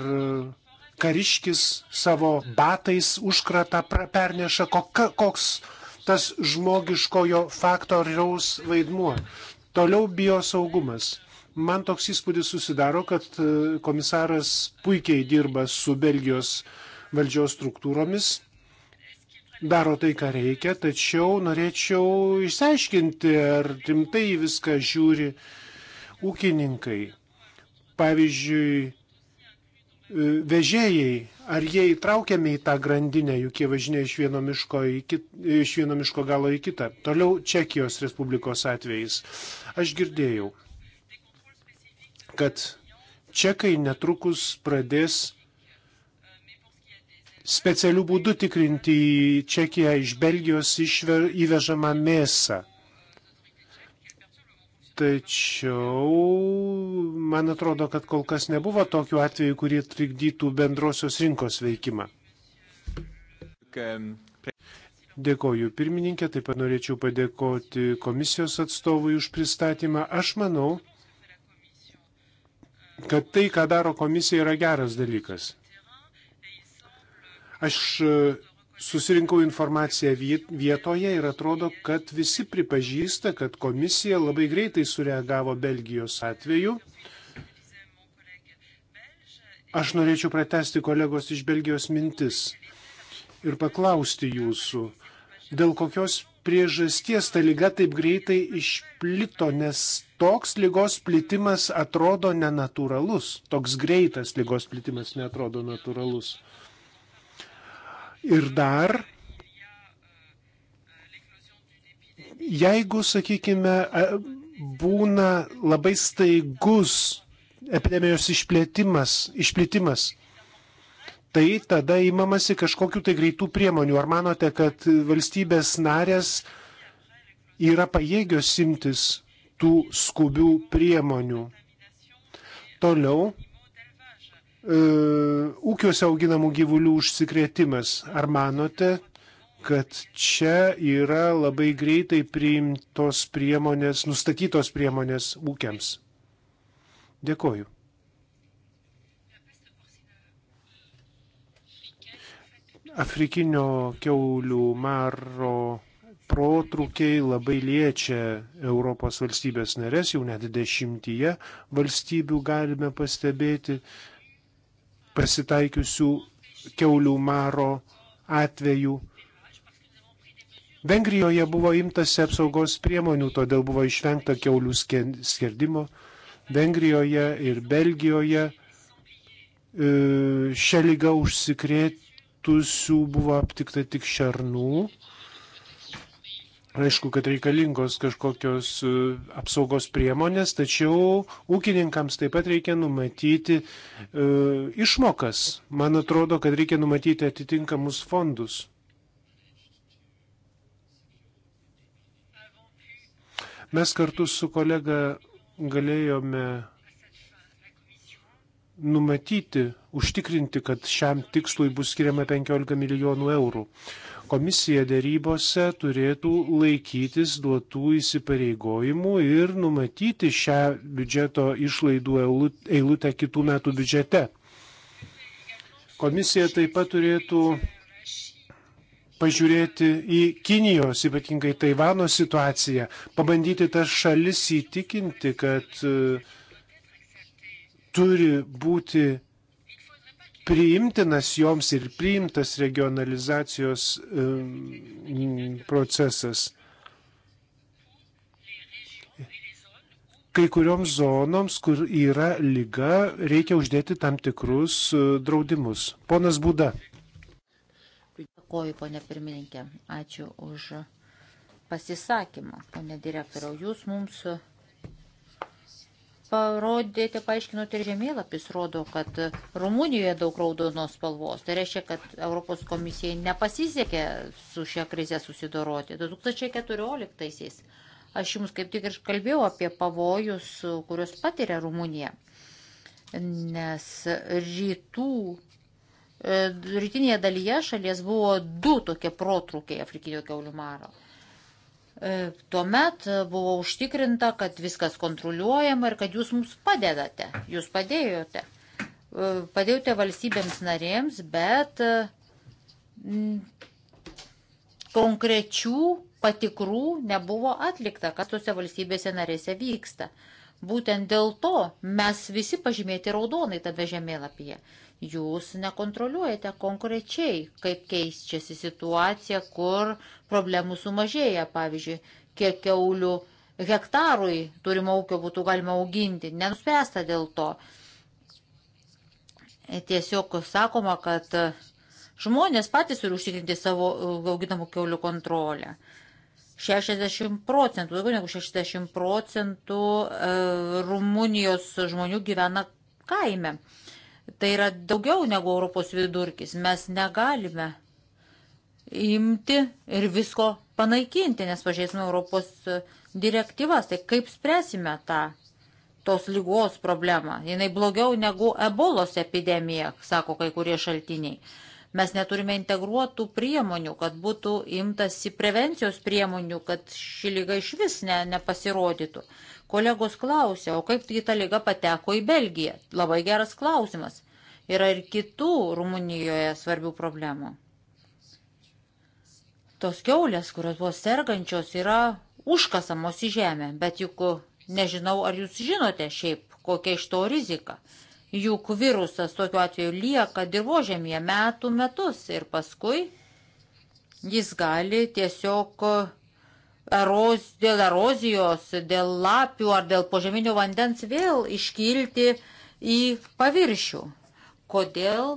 A: kariškis savo batais užkratą perneša, koks tas žmogiškojo faktoriaus vaidmuo. Toliau biosaugumas. Man toks įspūdis susidaro, kad e, komisaras puikiai dirba su Belgijos valdžios struktūromis daro tai, ką reikia, tačiau norėčiau išsiaiškinti, ar rimtai viską žiūri ūkininkai. Pavyzdžiui, e, vežėjai, ar jie įtraukiami į tą grandinę, juk jie važinėja iš vieno miško, kit, iš vieno miško galo į kitą. Toliau Čekijos Respublikos atvejais. Aš girdėjau, kad čekai netrukus pradės specialių būdų tikrinti į Čekiją iš Belgijos išver, įvežamą mėsą. Tačiau man atrodo, kad kol kas nebuvo tokių atvejų, kurie trikdytų bendrosios rinkos veikimą. Dėkoju pirmininkė, taip pat norėčiau padėkoti komisijos atstovui už pristatymą. Aš manau, kad tai, ką daro komisija, yra geras dalykas. Aš e, susirinkau informaciją vietoje ir atrodo, kad visi pripažįsta, kad komisija labai greitai sureagavo Belgijos atveju. Aš norėčiau pratesti kolegos iš Belgijos mintis ir paklausti jūsų, dėl kokios priežasties ta lyga taip greitai išplito, nes toks lygos plitimas atrodo nenatūralus, toks greitas lygos plitimas netrodo natūralus. Ir dar, jeigu, sakykime, e, būna labai staigus epidemijos išplėtimas, išplėtimas tai tada įmamasi kažkokiu tai greitų priemonių. Ar manote, kad valstybės narės yra pajėgios simtis tų skubių priemonių? Toliau E, ūkiuose auginamų gyvulių užsikrėtimas. Ar manote, kad čia yra labai greitai priimtos priemonės, nustatytos priemonės ūkiams? Dėkoju. Afrikinio keulių maro protrukiai labai liečia Europos valstybės narės, jau net dešimtyje valstybių galime pastebėti, uh, pasitaikiusių keulių maro atvejų. Vengrijoje buvo imtasi apsaugos priemonių, todėl buvo išvengta keulių skerdimo. Vengrijoje ir Belgijoje e, šią lygą užsikrėtusių buvo aptikta tik šernų. Aišku, kad reikalingos kažkokios e, apsaugos priemonės, tačiau ūkininkams taip pat reikia numatyti e, išmokas. Man atrodo, kad reikia numatyti atitinkamus fondus. Mes kartu su kolega galėjome numatyti, užtikrinti, kad šiam tikslui bus skiriama 15 milijonų eurų. Komisija dėrybose turėtų laikytis duotų įsipareigojimų ir numatyti šią biudžeto išlaidų eilutę kitų metų biudžete. Komisija taip pat turėtų pažiūrėti į Kinijos, ypatingai Taivano situaciją, pabandyti tas šalis įtikinti, kad e, turi būti priimtinas joms ir priimtas regionalizacijos procesas. Kai kurioms zonoms, kur yra lyga, reikia uždėti tam tikrus e, draudimus. Ponas Būda.
C: Dėkoju, ponė pirmininkė. Ačiū už pasisakymą, ponė direktoriau. Jūs mums parodėte, paaiškinote ir žemėlapis rodo, kad Rumunijoje daug raudonos spalvos. Tai reiškia, kad Europos komisijai nepasisekė su šia krize susidoroti. 2014-aisiais aš jums kaip tik ir kalbėjau apie pavojus, kuriuos patiria Rumunija. Nes rytų, e, rytinėje dalyje šalies buvo du tokie protrukiai Afrikinio keulių maro. E, tuomet buvo užtikrinta, kad viskas kontroliuojama ir kad jūs mums padedate. Jūs padėjote. E, padėjote valstybėms narėms, bet e, konkrečių patikrų nebuvo atlikta, kas tose valstybėse narėse vyksta. Būtent dėl to mes visi pažymėti raudonai tame žemėlapyje jūs nekontroliuojate konkrečiai, kaip keičiasi situacija, kur problemų sumažėja, pavyzdžiui, kiek keulių hektarui turimo ūkio būtų galima auginti, nenuspręsta dėl to. Tiesiog sakoma, kad žmonės patys turi užtikrinti savo uh, auginamų keulių kontrolę. 60 procentų, daugiau negu 60 procentų uh, Rumunijos žmonių gyvena kaime. Tai yra daugiau negu Europos vidurkis. Mes negalime imti ir visko panaikinti, nes pažeisime Europos direktyvas. Tai kaip spręsime tą tos lygos problemą? Jis blogiau negu ebolos epidemija, sako kai kurie šaltiniai. Mes neturime integruotų priemonių, kad būtų imtasi prevencijos priemonių, kad ši lyga iš vis ne, nepasirodytų. Kolegos klausė, o kaip ta lyga pateko į Belgiją? Labai geras klausimas. Yra ir kitų Rumunijoje svarbių problemų. Tos keulės, kurios buvo sergančios, yra užkasamos į žemę, bet juk nežinau, ar jūs žinote šiaip, kokia iš to rizika juk virusas tokiu atveju lieka dirbožėmėje metų metus ir paskui jis gali tiesiog e, eroz, dėl erozijos, dėl lapių ar dėl požeminio vandens vėl iškilti į paviršių. Kodėl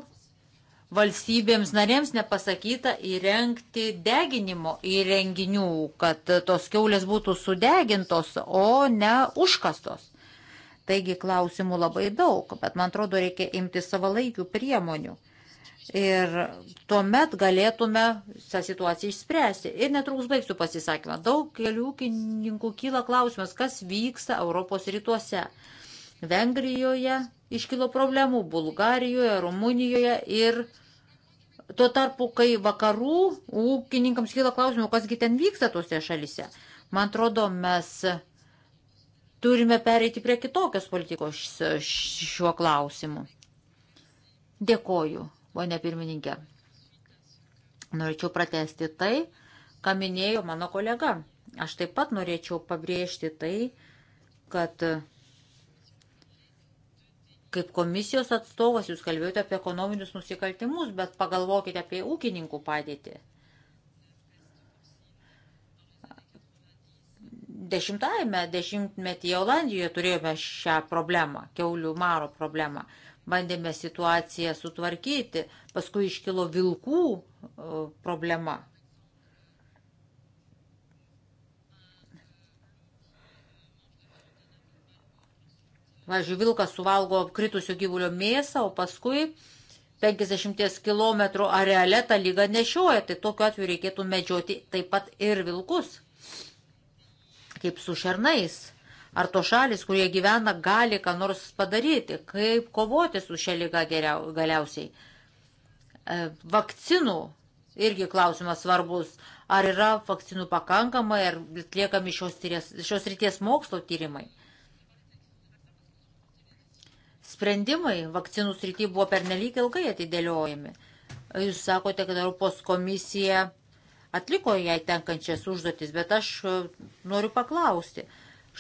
C: valstybėms narėms nepasakyta įrengti deginimo įrenginių, kad tos keulės būtų sudegintos, o ne užkastos? Taigi klausimų labai daug, bet man atrodo reikia imti savalaikių priemonių. Ir tuomet galėtume tą situaciją išspręsti. Ir netrukus baigsiu pasisakymą. Daug kelių ūkininkų kyla klausimas, kas vyksta Europos rytuose. Vengrijoje iškilo problemų, Bulgarijoje, Rumunijoje ir tuo tarpu, kai vakarų ūkininkams kyla klausimų, kasgi ten vyksta tuose šalise. Man atrodo, mes Turime pereiti prie kitokios politikos šiuo klausimu. Dėkoju, ponė pirmininkė. Norėčiau pratesti tai, ką minėjo mano kolega. Aš taip pat norėčiau pabrėžti tai, kad kaip komisijos atstovas jūs kalbėjote apie ekonominius nusikaltimus, bet pagalvokite apie ūkininkų padėtį. dešimtajame dešimtmetyje Olandijoje turėjome šią problemą, keulių maro problemą. Bandėme situaciją sutvarkyti, paskui iškilo vilkų e, problema. Važiuoju, vilkas suvalgo apkritusių gyvulio mėsą, o paskui 50 km areale tą lygą nešioja, tai tokiu atveju reikėtų medžioti taip pat ir vilkus kaip su šernais. Ar to šalis, kurie gyvena, gali ką nors padaryti, kaip kovoti su šia lyga geriau, galiausiai. E, vakcinų irgi klausimas svarbus. Ar yra vakcinų pakankamai, ar atliekami šios, tyrės, šios ryties mokslo tyrimai. Sprendimai vakcinų srity buvo pernelyg ilgai atidėliojami. Jūs sakote, kad Europos komisija atliko jai tenkančias užduotis, bet aš e, noriu paklausti.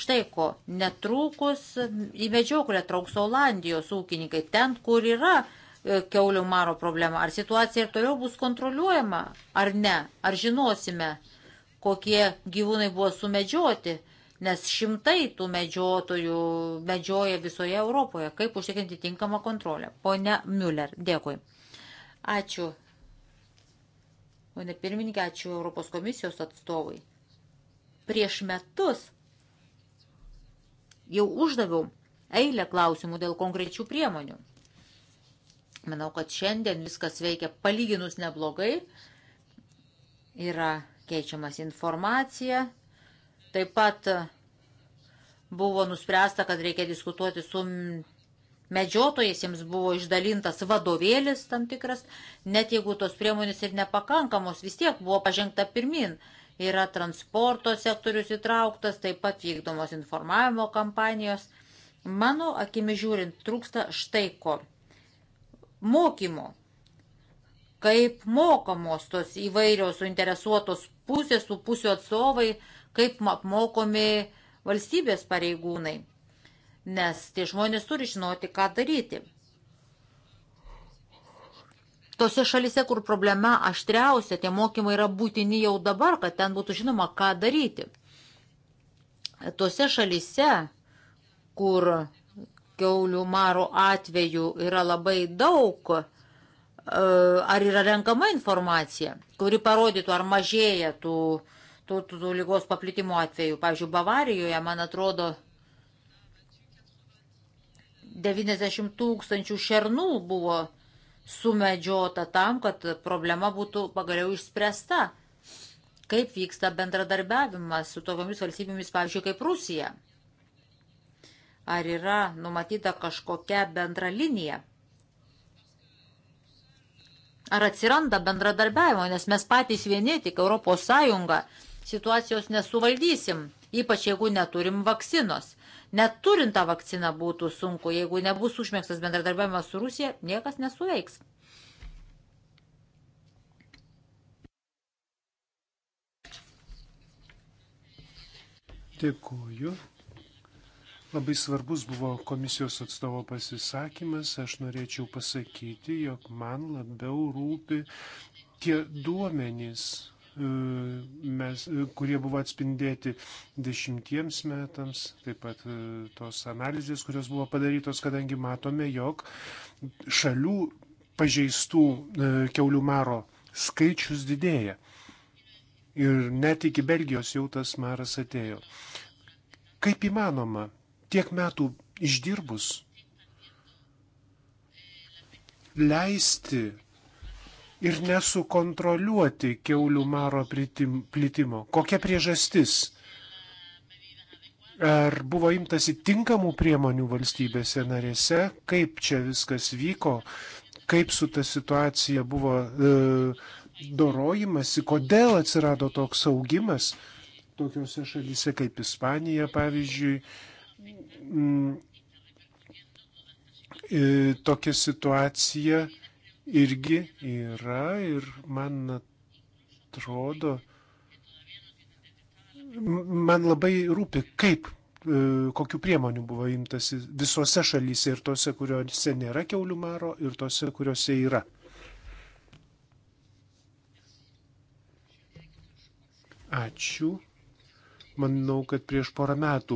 C: Štai ko, netrukus į medžioklę trauks Olandijos ūkininkai ten, kur yra e, keulių maro problema. Ar situacija ir toliau bus kontroliuojama, ar ne? Ar žinosime, kokie gyvūnai buvo sumedžioti, nes šimtai tų medžiotojų medžioja visoje Europoje. Kaip užtikrinti tinkamą kontrolę? Pone Müller, dėkui. Ačiū, Pone pirmininkė, ačiū Europos komisijos atstovai. Prieš metus jau uždaviau eilę klausimų dėl konkrečių priemonių. Manau, kad šiandien viskas veikia palyginus neblogai. Yra keičiamas informacija. Taip pat buvo nuspręsta, kad reikia diskutuoti su medžiotojais jiems buvo išdalintas vadovėlis tam tikras, net jeigu tos priemonės ir nepakankamos, vis tiek buvo pažengta pirmin. Yra transporto sektorius įtrauktas, taip pat vykdomos informavimo kampanijos. Mano akimi žiūrint, trūksta štai ko. Mokymo. Kaip mokomos tos įvairios suinteresuotos pusės, tų pusių atstovai, kaip apmokomi valstybės pareigūnai nes tie žmonės turi žinoti, ką daryti. Tose šalise, kur problema aštriausia, tie mokymai yra būtini jau dabar, kad ten būtų žinoma, ką daryti. Tose šalise, kur keulių maro atveju yra labai daug, e, ar yra renkama informacija, kuri parodytų, ar mažėja tų, tų, tų, tų lygos paplitimo atveju. Pavyzdžiui, Bavarijoje, man atrodo, 90 tūkstančių šernų buvo sumedžiota tam, kad problema būtų pagaliau išspręsta. Kaip vyksta bendradarbiavimas su tokiamis valstybėmis, pavyzdžiui, kaip Rusija? Ar yra numatyta kažkokia bendra linija? Ar atsiranda bendradarbiavimo, nes mes patys vieni, tik Europos Sąjunga, situacijos nesuvaldysim, ypač jeigu neturim vakcinos neturint tą vakciną būtų sunku. Jeigu nebus užmėgstas bendradarbiavimas su Rusija, niekas nesuveiks.
A: Dėkuoju. Labai svarbus buvo komisijos atstovo pasisakymas. Aš norėčiau pasakyti, jog man labiau rūpi tie duomenys, mes, kurie buvo atspindėti dešimtiems metams, taip pat e, tos analizės, kurios buvo padarytos, kadangi matome, jog šalių pažeistų e, keulių maro skaičius didėja. Ir net iki Belgijos jau tas maras atėjo. Kaip įmanoma, tiek metų išdirbus, leisti ir nesukontroliuoti keulių maro plitimo. Kokia priežastis? Ar buvo imtasi tinkamų priemonių valstybėse narėse, kaip čia viskas vyko, kaip su ta situacija buvo e, dorojimasi, kodėl atsirado toks augimas tokiuose šalyse kaip Ispanija, pavyzdžiui. Mm. E, tokia situacija irgi yra ir man atrodo, man labai rūpi, kaip, e, kokiu priemonių buvo imtasi visose šalyse ir tose, kuriuose nėra keulių maro ir tose, kuriuose yra. Ačiū. Manau, kad prieš porą metų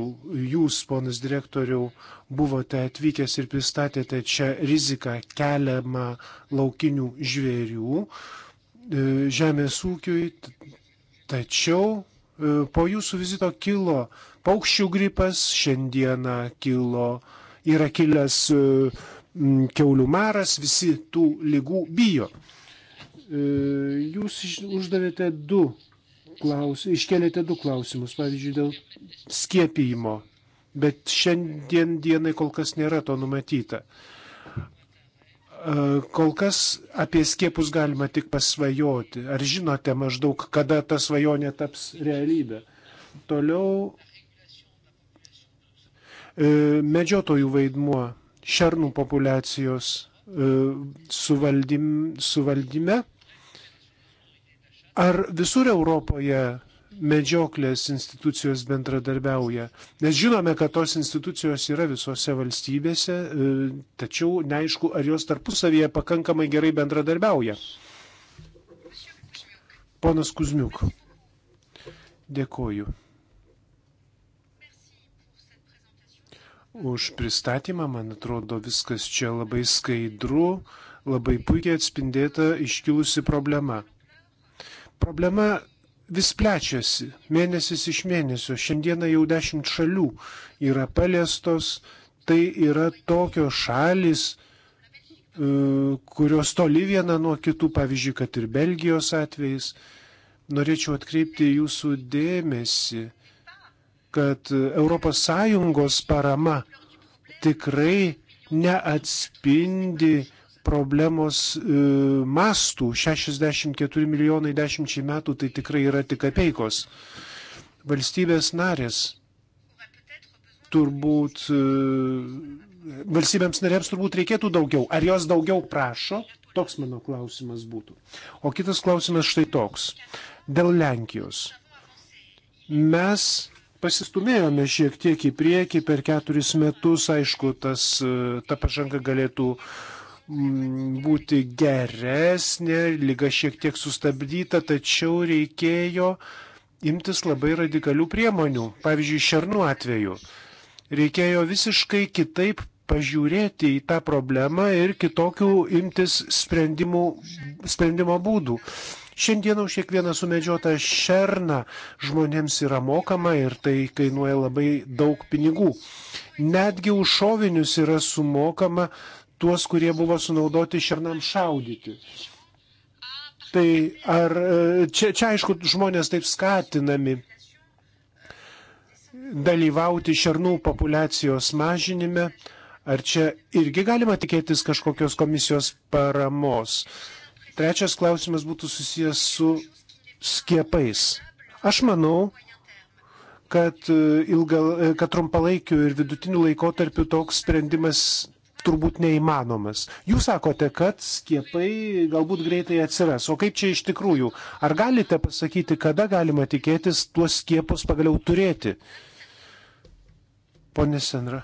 A: jūs, ponas direktoriau, buvote atvykęs ir pristatėte čia riziką keliamą laukinių žvėrių e, žemės ūkiui. Tačiau e, po jūsų vizito kilo paukščių gripas, šiandieną kilo, yra kilęs e, keulių maras, visi tų lygų bijo. Jūs uždavėte du klaus, iškelėte du klausimus, pavyzdžiui, dėl skiepijimo, bet šiandien dienai kol kas nėra to numatyta. E, kol kas apie skiepus galima tik pasvajoti. Ar žinote maždaug, kada ta svajonė taps realybė? Toliau e, medžiotojų vaidmuo šernų populiacijos e, suvaldym, suvaldyme Ar visur Europoje medžioklės institucijos bendradarbiauja? Nes žinome, kad tos institucijos yra visose valstybėse, e, tačiau neaišku, ar jos tarpusavyje pakankamai gerai bendradarbiauja. Ponas Kuzmiuk, dėkoju. Už pristatymą, man atrodo, viskas čia labai skaidru, labai puikiai atspindėta iškilusi problema. Problema vis plečiasi, mėnesis iš mėnesio. Šiandieną jau dešimt šalių yra paliestos. Tai yra tokios šalis, e, kurios toli viena nuo kitų, pavyzdžiui, kad ir Belgijos atvejais. Norėčiau atkreipti jūsų dėmesį, kad ES parama tikrai neatspindi problemos e, mastų 64 milijonai dešimčiai metų tai tikrai yra tik apeikos. Valstybės narės turbūt, e, valstybėms narėms turbūt reikėtų daugiau. Ar jos daugiau prašo? Toks mano klausimas būtų. O kitas klausimas štai toks. Dėl Lenkijos. Mes pasistumėjome šiek tiek į priekį per keturis metus, aišku, tas, e, ta pažanga galėtų uh, Mm, būti geresnė, lyga šiek tiek sustabdyta, tačiau reikėjo imtis labai radikalių priemonių. Pavyzdžiui, šernų atveju reikėjo visiškai kitaip pažiūrėti į tą problemą ir kitokių imtis sprendimų, sprendimo būdų. Šiandien už kiekvieną sumedžiotą šerną žmonėms yra mokama ir tai kainuoja labai daug pinigų. Netgi už šovinius yra sumokama tuos, kurie buvo sunaudoti šernam šaudyti. Tai ar e, čia, čia aišku, žmonės taip skatinami dalyvauti šernų populacijos mažinime, ar čia irgi galima tikėtis kažkokios komisijos paramos? Trečias klausimas būtų susijęs su skiepais. Aš manau, kad, e, ilga, e, kad trumpalaikiu ir vidutiniu laikotarpiu toks sprendimas turbūt neįmanomas. Jūs sakote, kad skiepai galbūt greitai atsiras. O kaip čia iš tikrųjų? Ar galite pasakyti, kada galima tikėtis tuos skiepus pagaliau turėti? Pone Senra.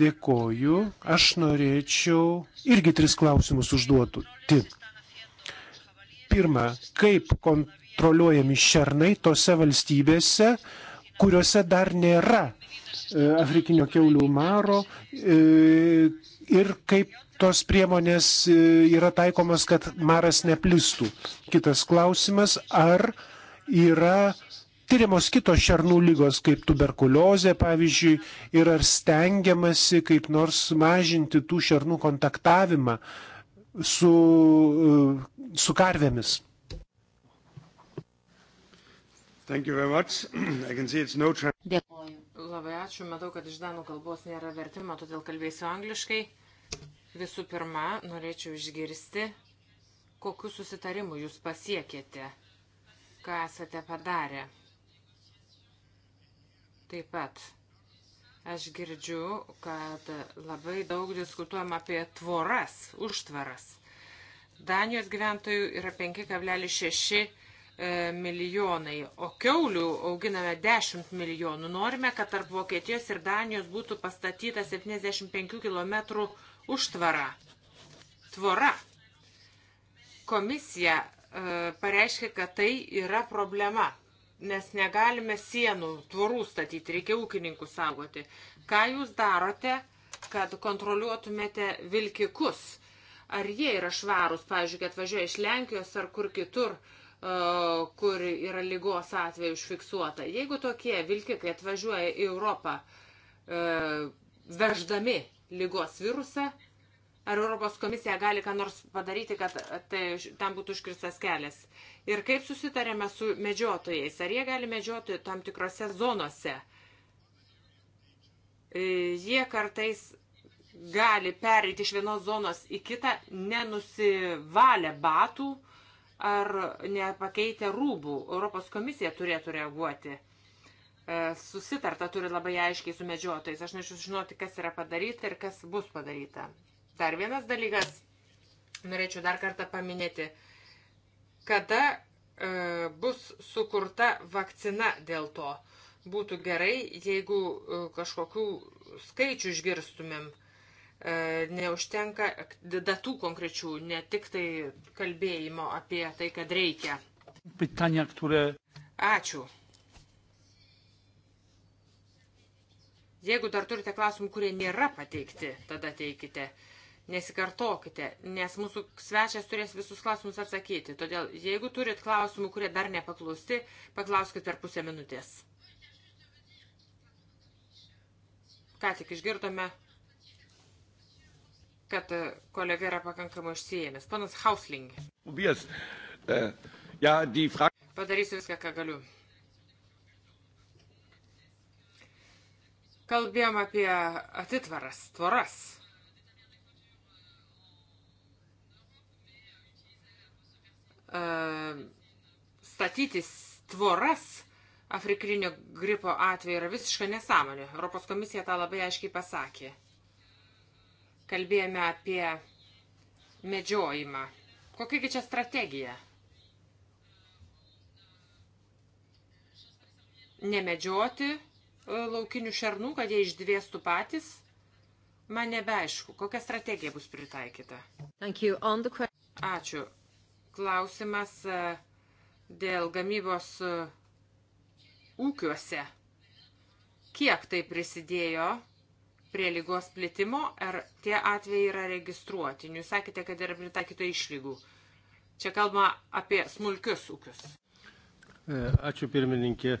A: Dėkoju. Aš norėčiau irgi tris klausimus užduotų. Ti. Pirma, kaip kontroliuojami šernai tose valstybėse, kuriuose dar nėra E, afrikinio keulių maro e, ir kaip tos priemonės e, yra taikomas, kad maras neplistų. Kitas klausimas, ar yra tyriamos kitos šernų lygos, kaip tuberkuliozė, pavyzdžiui, ir ar stengiamasi kaip nors mažinti tų šernų kontaktavimą su, su karvėmis. No... Dėkuoju.
B: Labai ačiū, matau, kad iš danų kalbos nėra vertimo, todėl kalbėsiu angliškai. Visų pirma, norėčiau išgirsti, kokiu susitarimu jūs pasiekėte, ką esate padarę. Taip pat aš girdžiu, kad labai daug diskutuojam apie tvoras, užtvaras. Danijos gyventojų yra 5,6 E, milijonai, o keulių auginame 10 milijonų. Norime, kad tarp Vokietijos ir Danijos būtų pastatyta 75 km užtvara. Tvora. Komisija e, pareiškia, kad tai yra problema, nes negalime sienų, tvorų statyti, reikia ūkininkų saugoti. Ką jūs darote, kad kontroliuotumėte vilkikus? Ar jie yra švarūs, pavyzdžiui, kad važiuoja iš Lenkijos ar kur kitur? E, kur yra lygos atveju užfiksuota. Jeigu tokie vilkikai atvažiuoja į Europą veždami lygos virusą, ar Europos komisija gali ką nors padaryti, kad tai, tam būtų užkirstas kelias. Ir kaip susitarėme su medžiotojais, ar jie gali medžioti tam tikrose zonose. E, jie kartais gali pereiti iš vienos zonos į kitą, nenusivalę batų, uh, ar nepakeitę rūbų. Europos komisija turėtų reaguoti. E, susitarta turi labai aiškiai su medžiotojais. Aš norėčiau žinoti, kas yra padaryta ir kas bus padaryta. Dar vienas dalykas, norėčiau dar kartą paminėti, kada e, bus sukurta vakcina dėl to. Būtų gerai, jeigu e, kažkokių skaičių išgirstumėm E, neužtenka datų konkrečių, ne tik tai kalbėjimo apie tai, kad reikia.
E: Pytania, które...
B: Ačiū. Jeigu dar turite klausimų, kurie nėra pateikti, tada teikite. Nesikartokite, nes mūsų svečias turės visus klausimus atsakyti. Todėl, jeigu turit klausimų, kurie dar nepaklausti, paklauskite per pusę minutės. Ką tik išgirdome kad e, kolega yra pakankamai užsijėmęs. Panas Hausling.
F: E,
B: Padarysiu viską, ką galiu. Kalbėjom apie atitvaras, tvoras. E, statytis tvoras afrikinio gripo atveju yra visiška nesąmonė. Europos komisija tą labai aiškiai pasakė kalbėjome apie medžiojimą. Kokiagi čia strategija? Nemedžioti e, laukinių šernų, kad jie išdvėstų patys? Man nebeaišku, kokia strategija bus pritaikyta.
C: The...
B: Ačiū. Klausimas e, dėl gamybos e, ūkiuose. Kiek tai prisidėjo prie lygos plitimo, ar tie atvejai yra registruoti? Jūs sakėte, kad yra pritaikyta išlygų. Čia kalbama apie smulkius ūkius.
F: E, ačiū pirmininkė.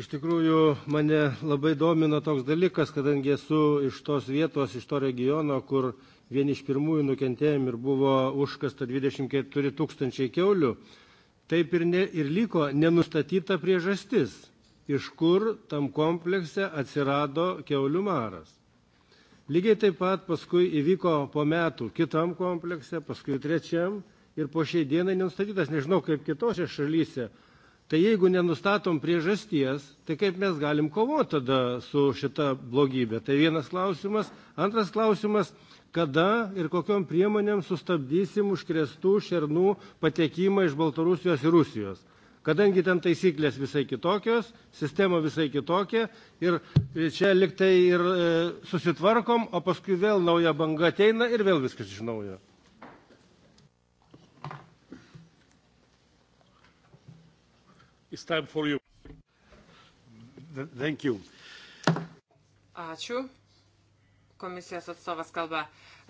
F: Iš tikrųjų, mane labai domina toks dalykas, kadangi esu iš tos vietos, iš to regiono, kur vieni iš pirmųjų nukentėjom ir buvo užkasta 24 tūkstančiai keulių, taip ir, ne, ir liko nenustatyta priežastis, iš kur tam komplekse atsirado keulių maras. Lygiai taip pat paskui įvyko po metų kitam komplekse, paskui trečiam ir po šiai dienai nenustatytas, nežinau kaip kitose šalyse. Tai jeigu nenustatom priežasties, tai kaip mes galim kovoti tada su šita blogybė? Tai vienas klausimas. Antras klausimas, kada ir kokiom priemonėm sustabdysim užkrestų šernų patekimą iš Baltarusijos ir Rusijos kadangi ten taisyklės visai kitokios, sistema visai kitokia ir čia liktai ir e, susitvarkom, o paskui vėl nauja banga ateina ir vėl viskas iš naujo. It's time for you. Thank you.
B: Ačiū. Komisijos atstovas kalba.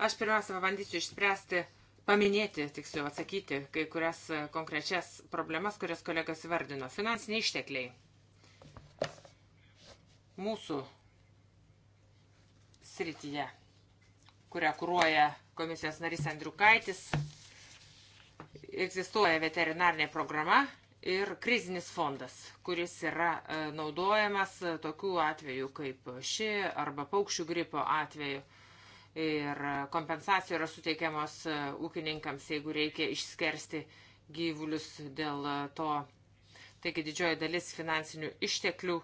B: Aš pirmiausia pabandysiu išspręsti uh, paminėti, tiksliau atsakyti, kai kurias e, konkrečias problemas, kurias kolegas įvardino. Finansiniai ištekliai. Mūsų srityje, kurią kūruoja komisijos narys Andriukaitis, egzistuoja veterinarinė programa ir krizinis fondas, kuris yra e, naudojamas e, tokių atvejų kaip ši arba paukščių gripo atveju ir kompensacijos yra suteikiamos e, ūkininkams, jeigu reikia išskersti gyvulius dėl e, to. Taigi didžioji dalis finansinių išteklių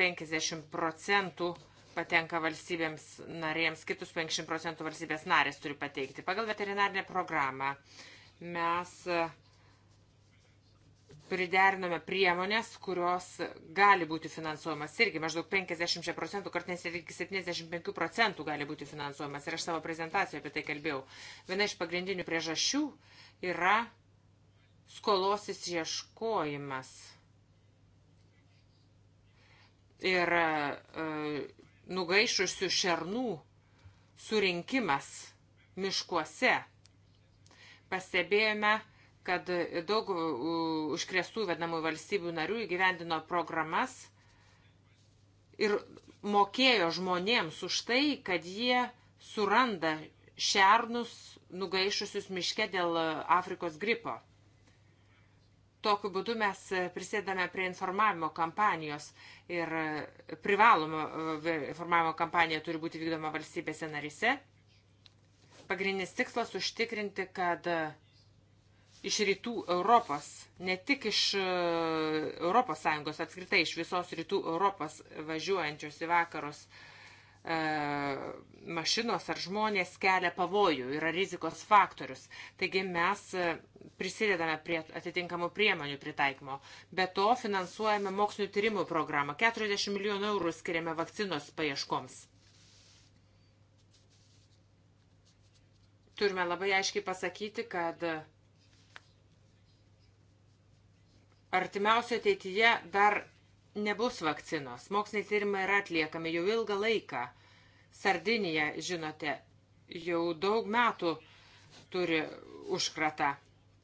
B: 50 procentų patenka valstybėms narėms, kitus 50 procentų valstybės narės turi pateikti. Pagal veterinarinę programą mes e, priderinome priemonės, kurios gali būti finansuojamas irgi maždaug 50 procentų, kartais iki 75 procentų gali būti finansuojamas. Ir aš savo prezentacijoje apie tai kalbėjau. Viena iš pagrindinių priežasčių yra skolos išieškojimas. Ir e, nugaišusių šernų surinkimas miškuose. Pastebėjome, kad daug užkrestų vedamų valstybių narių įgyvendino programas ir mokėjo žmonėms už tai, kad jie suranda šernus nugaišusius miške dėl Afrikos gripo. Tokiu būdu mes prisėdame prie informavimo kampanijos ir privaloma e, informavimo kampanija turi būti vykdoma valstybėse narise. Pagrindinis tikslas užtikrinti, kad iš rytų Europos, ne tik iš ES, apskritai iš visos rytų Europos važiuojančios į vakarus e, mašinos ar žmonės kelia pavojų, yra rizikos faktorius. Taigi mes e, prisidedame prie atitinkamų priemonių pritaikymo. Be to finansuojame mokslinio tyrimų programą. 40 milijonų eurų skiriame vakcinos paieškoms. Turime labai aiškiai pasakyti, kad artimiausio ateityje dar nebus vakcinos. Moksliniai tyrimai yra atliekami jau ilgą laiką. Sardinija, žinote, jau daug metų turi užkratą.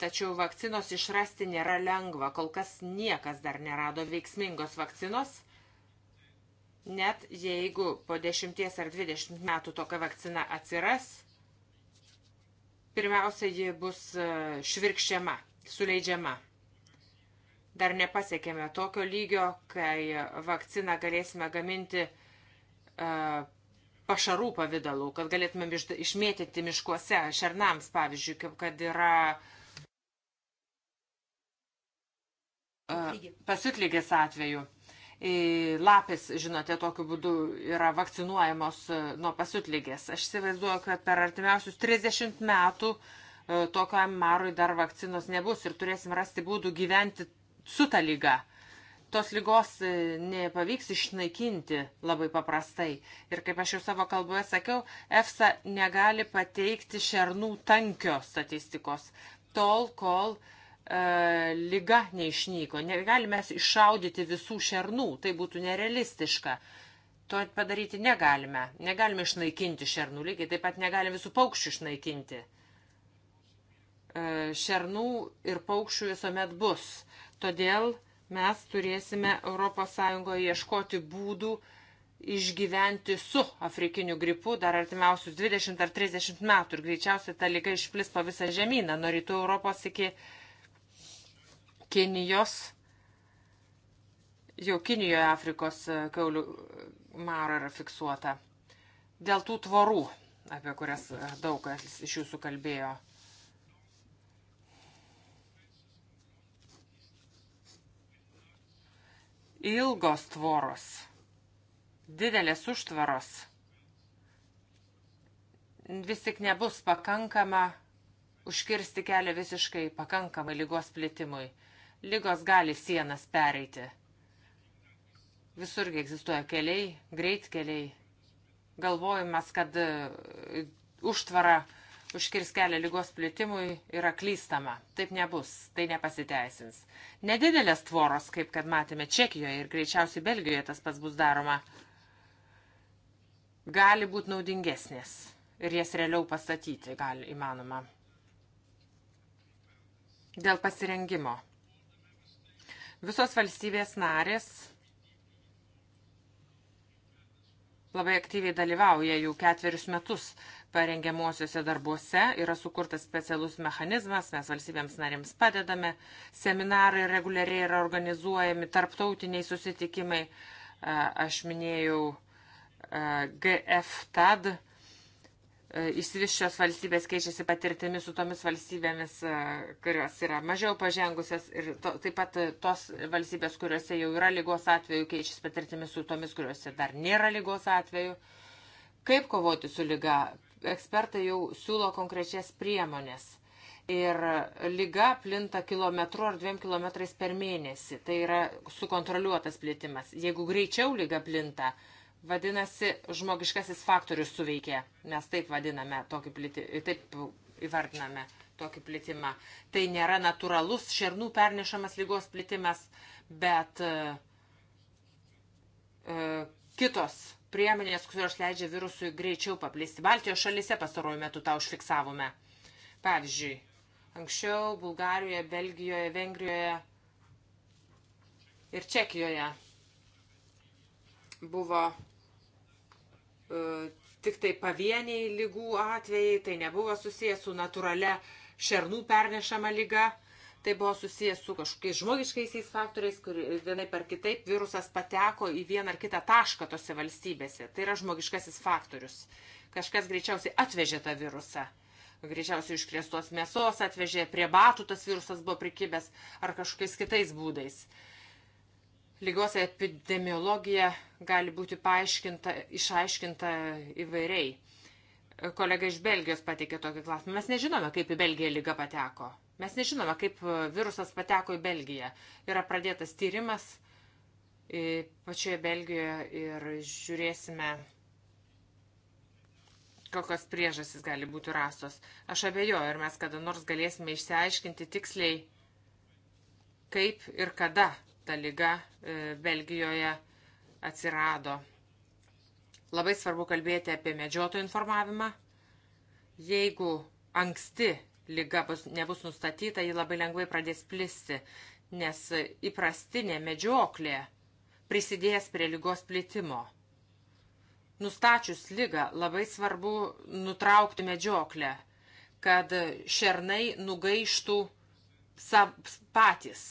B: Tačiau vakcinos išrasti nėra lengva. Kol kas niekas dar nerado veiksmingos vakcinos. Net jeigu po 10 ar 20 metų tokia vakcina atsiras, pirmiausia, ji bus e, švirkščiama, suleidžiama. Dar nepasiekėme tokio lygio, kai vakciną galėsime gaminti uh, pašarų pavydalu, kad galėtumėm išmėtyti miškuose, šernams, pavyzdžiui, kaip kad yra uh, e, pasitlygės atveju. E, Lapis, žinote, tokiu būdu yra vakcinuojamos nuo pasitlygės. Aš įsivaizduoju, kad per artimiausius 30 metų uh, tokiam marui dar vakcinos nebus ir turėsim rasti būdų gyventi su ta lyga. Tos lygos e, nepavyks išnaikinti labai paprastai. Ir kaip aš jau savo kalboje sakiau, EFSA negali pateikti šernų tankio statistikos tol, kol e, lyga neišnyko. Negalime iššaudyti visų šernų, tai būtų nerealistiška to padaryti negalime. Negalime išnaikinti šernų, lygiai taip pat negalime visų paukščių išnaikinti. E, šernų ir paukščių visuomet bus. Todėl mes turėsime ES ieškoti būdų išgyventi su afrikiniu gripu dar artimiausius 20 ar 30 metų ir greičiausiai ta lyga išplis po visą žemyną, nuo rytų Europos iki Kinijos, jau Kinijoje Afrikos e, kaulių e, maro yra fiksuota. Dėl tų tvorų, apie kurias e, daug kas iš jūsų kalbėjo. Ilgos tvoros, didelės užtvaros vis tik nebus pakankama užkirsti kelią visiškai pakankamai lygos plėtimui. Lygos gali sienas pereiti. Visurgi egzistuoja keliai, greitkeliai. Galvojimas, kad e, užtvara uh, užkirs kelią lygos plitimui, yra klystama. Taip nebus, tai nepasiteisins. Nedidelės tvoros, kaip kad matėme Čekijoje ir greičiausiai Belgijoje tas pats bus daroma, gali būti naudingesnės ir jas realiau pastatyti gali įmanoma. Dėl pasirengimo. Visos valstybės narės labai aktyviai dalyvauja jau ketverius metus parengiamuosiuose darbuose yra sukurtas specialus mechanizmas, mes valstybėms narėms padedame, seminarai reguliariai yra organizuojami, tarptautiniai susitikimai, aš minėjau GFTAD, išsivyščios valstybės keičiasi patirtimi su tomis valstybėmis, kurios yra mažiau pažengusios ir to, taip pat tos valstybės, kuriuose jau yra lygos atveju, keičiasi patirtimi su tomis, kuriuose dar nėra lygos atveju. Kaip kovoti su lyga? ekspertai jau siūlo konkrečias priemonės. Ir lyga plinta kilometru ar dviem kilometrais per mėnesį. Tai yra sukontroliuotas plėtimas. Jeigu greičiau lyga plinta, vadinasi, žmogiškasis faktorius suveikė. Mes taip vadiname tokį plitimą, taip įvardiname tokį plitimą. Tai nėra natūralus šernų pernešamas lygos plitimas, bet uh, uh, kitos priemonės, kurios leidžia virusui greičiau paplisti. Baltijos šalise pastaruoju metu tą užfiksavome. Pavyzdžiui, anksčiau Bulgarijoje, Belgijoje, Vengrijoje ir Čekijoje buvo uh, tik tai pavieniai lygų atvejai, tai nebuvo susijęs su natūrale šernų pernešama lyga. Uh, Tai buvo susijęs su kažkokiais žmogiškaisiais faktoriais, kur vienai par kitaip virusas pateko į vieną ar kitą tašką tose valstybėse. Tai yra žmogiškasis faktorius. Kažkas greičiausiai atvežė tą virusą. Greičiausiai iškrėstos mėsos atvežė, prie batų tas virusas buvo prikibęs ar kažkokiais kitais būdais. Lygos epidemiologija gali būti paaiškinta, išaiškinta įvairiai. Kolega iš Belgijos pateikė tokį klausimą. Mes nežinome, kaip į Belgiją lyga pateko. Mes nežinome, kaip e, virusas pateko į Belgiją. Yra pradėtas tyrimas e, pačioje Belgijoje ir žiūrėsime, kokios priežasis gali būti rastos. Aš abejoju, ar mes kada nors galėsime išsiaiškinti tiksliai, kaip ir kada ta lyga e, Belgijoje atsirado. Labai svarbu kalbėti apie medžiotojų informavimą. Jeigu anksti lyga bus, nebus nustatyta, ji labai lengvai pradės plisti, nes įprastinė medžioklė prisidės prie lygos plitimo. Nustačius lygą labai svarbu nutraukti medžioklę, kad šernai nugaištų sav, patys.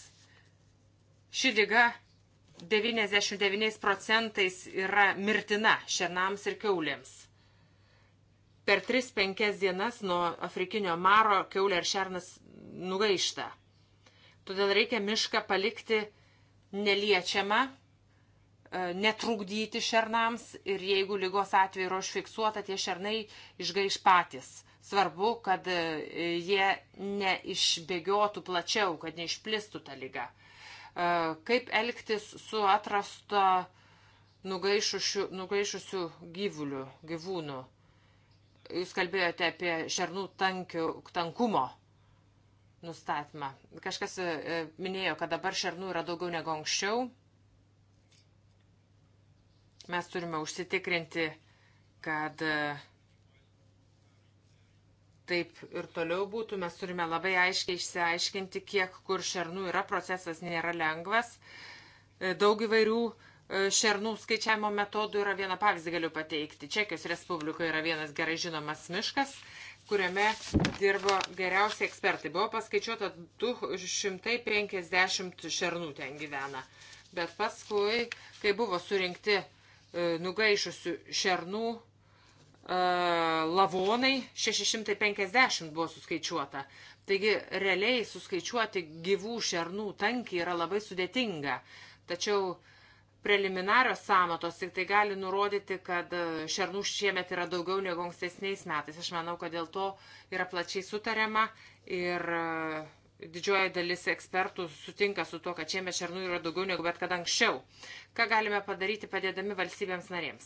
B: Ši lyga 99 procentais yra mirtina šernams ir keuliams per 3-5 dienas nuo afrikinio maro keulė ar šernas nugaišta. Todėl reikia mišką palikti neliečiamą, e, netrukdyti šernams ir jeigu lygos atveju yra užfiksuota, tie šernai išgaiš patys. Svarbu, kad e, jie neišbėgiotų plačiau, kad neišplistų tą lygą. E, kaip elgtis su atrasto nugaišusiu gyvuliu, gyvūnu? Jūs kalbėjote apie šernų tankių, tankumo nustatymą. Kažkas e, minėjo, kad dabar šernų yra daugiau negu anksčiau. Mes turime užsitikrinti, kad e, taip ir toliau būtų. Mes turime labai aiškiai išsiaiškinti, kiek kur šernų yra. Procesas nėra lengvas. E, daug įvairių uh, E, šernų skaičiavimo metodų yra viena pavyzdį galiu pateikti. Čekijos Respublikoje yra vienas gerai žinomas miškas, kuriame dirbo geriausi ekspertai. Buvo paskaičiuota 250 šernų ten gyvena. Bet paskui, kai buvo surinkti e, nugaišusių šernų e, lavonai, 650 buvo suskaičiuota. Taigi realiai suskaičiuoti gyvų šernų tankį yra labai sudėtinga. Tačiau uh, preliminarios samatos, tik tai gali nurodyti, kad e, šernų šiemet yra daugiau negu ankstesniais metais. Aš manau, kad dėl to yra plačiai sutariama ir e, didžioji dalis ekspertų sutinka su to, kad šiemet šernų yra daugiau negu bet kada anksčiau. Ką galime padaryti padėdami valstybėms narėms?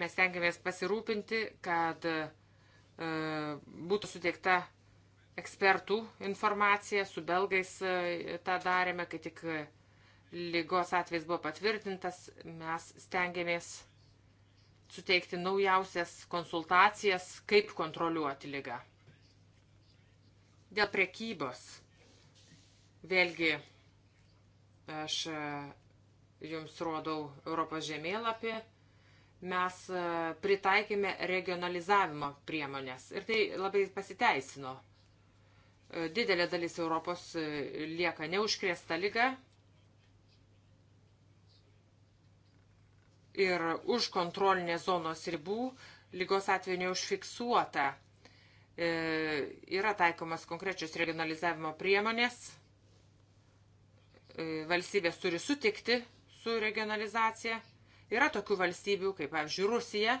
B: Mes tengiamės pasirūpinti, kad e, būtų suteikta ekspertų informacija, su belgais e, tą darėme, kai tik e, lygos atvejs buvo patvirtintas, mes stengiamės suteikti naujausias konsultacijas, kaip kontroliuoti lygą. Dėl prekybos. Vėlgi, aš e, jums rodau Europos žemėlapį. Mes e, pritaikėme regionalizavimo priemonės ir tai labai pasiteisino. E, didelė dalis Europos lieka neužkrėsta lyga, ir už kontrolinės zonos ribų lygos atveju neužfiksuota. E, yra taikomas konkrečios regionalizavimo priemonės. E, valstybės turi sutikti su regionalizacija. Yra tokių valstybių, kaip pavyzdžiui Rusija,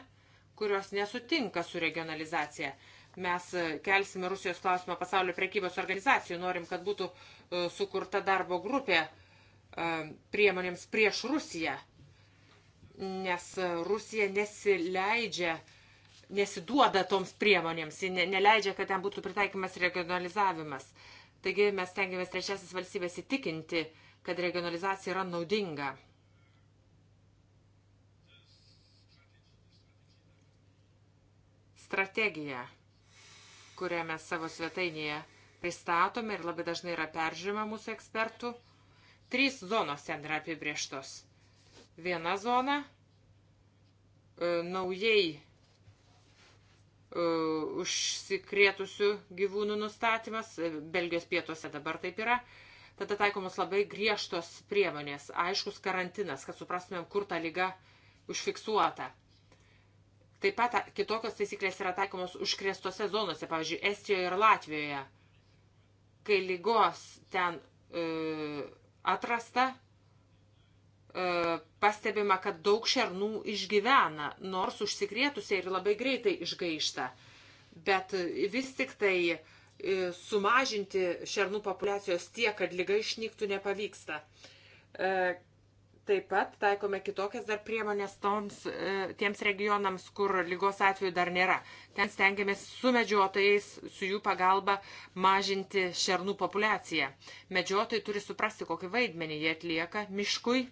B: kurios nesutinka su regionalizacija. Mes e, kelsime Rusijos klausimą pasaulio prekybos organizacijų, norim, kad būtų e, sukurta darbo grupė e, priemonėms prieš Rusiją nes Rusija nesileidžia, nesiduoda toms priemonėms, ji ne, neleidžia, kad ten būtų pritaikymas regionalizavimas. Taigi mes tengiamės trečiasis valstybės įtikinti, kad regionalizacija yra naudinga. Strategija, kurią mes savo svetainėje pristatome ir labai dažnai yra peržiūrima mūsų ekspertų. Trys zonos ten yra apibrieštos viena zona, e, naujai e, užsikrėtusių gyvūnų nustatymas, e, Belgijos pietuose dabar taip yra, tada taikomos labai griežtos priemonės, aiškus karantinas, kad suprastumėm, kur ta lyga užfiksuota. Taip pat kitokios taisyklės yra taikomos užkrėstose zonose, pavyzdžiui, Estijoje ir Latvijoje. Kai lygos ten e, atrasta, E, pastebima, kad daug šernų išgyvena, nors užsikrėtusiai ir labai greitai išgaišta. Bet vis tik tai e, sumažinti šernų populacijos tiek, kad lyga išnyktų, nepavyksta. E, taip pat taikome kitokias dar priemonės toms, tiems regionams, kur lygos atveju dar nėra. Ten stengiamės su medžiotojais, su jų pagalba mažinti šernų populaciją. Medžiotojai turi suprasti, kokį vaidmenį jie atlieka miškui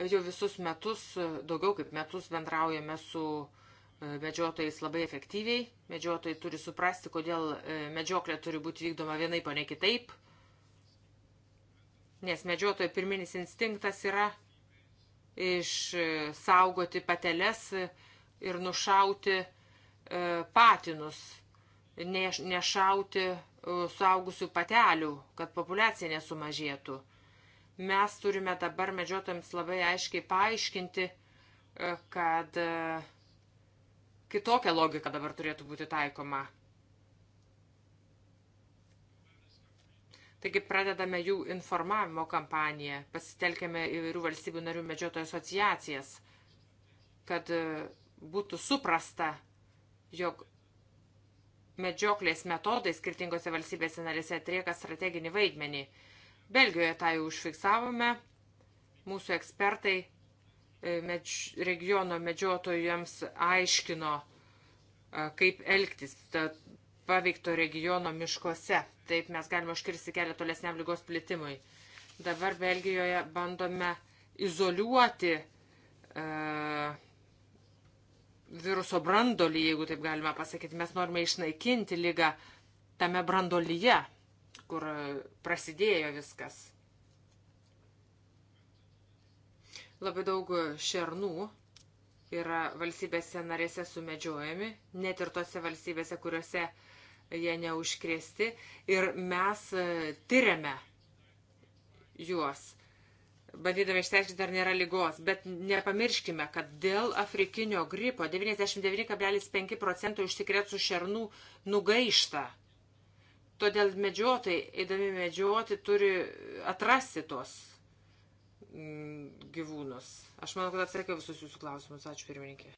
B: Jau visus metus, daugiau kaip metus bendraujame su e, medžiotojais labai efektyviai. Medžiotojai turi suprasti, kodėl e, medžioklė turi būti vykdoma vienaip, o ne kitaip. Nes medžiotojo pirminis instinktas yra išsaugoti pateles ir nušauti e, patinus, nešauti suaugusių patelių, kad populiacija nesumažėtų. Mes turime dabar medžiotojams labai aiškiai paaiškinti, e, kad e, kitokia logika dabar turėtų būti taikoma. Taigi pradedame jų informavimo kampaniją, pasitelkėme įvairių valstybių narių medžiotojų asociacijas, kad e, būtų suprasta, jog medžioklės metodai skirtingose valstybėse narėse atrieka strateginį vaidmenį. Belgijoje tą jau užfiksavome. Mūsų ekspertai e, medž, regiono medžiotojams aiškino, e, kaip elgtis paveikto regiono miškuose. Taip mes galime užkirsti kelią tolesniam lygos plitimui. Dabar Belgijoje bandome izoliuoti uh, viruso brandolį, jeigu taip galima pasakyti. Mes norime išnaikinti lygą tame brandolyje kur prasidėjo viskas. Labai daug šernų yra valstybėse narėse sumedžiojami, net ir tose valstybėse, kuriuose jie neužkrėsti. Ir mes e, tyriame juos, bandydami išsiaiškinti, ar nėra lygos. Bet nepamirškime, kad dėl afrikinio gripo 99,5 procentų užsikrėtų šernų nugaišta. Todėl medžiotojai, eidami medžioti, turi atrasti tos mm, gyvūnus. Aš manau, kad atsakiau visus jūsų klausimus. Ačiū pirmininkė.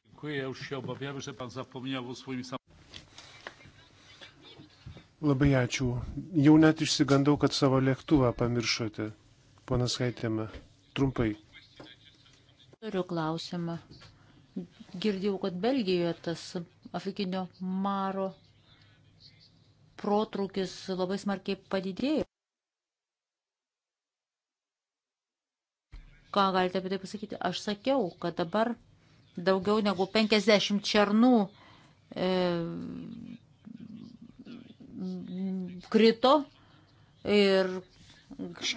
A: Labai ačiū. Jau net išsigandau, kad savo lėktuvą pamiršote. Ponas Haitėme, trumpai.
C: Turiu klausimą. Girdėjau, kad Belgijoje tas afrikinio maro protrukis labai smarkiai padidėjo. Ką galite apie tai pasakyti? Aš sakiau, kad dabar daugiau negu 50 černų e, krito ir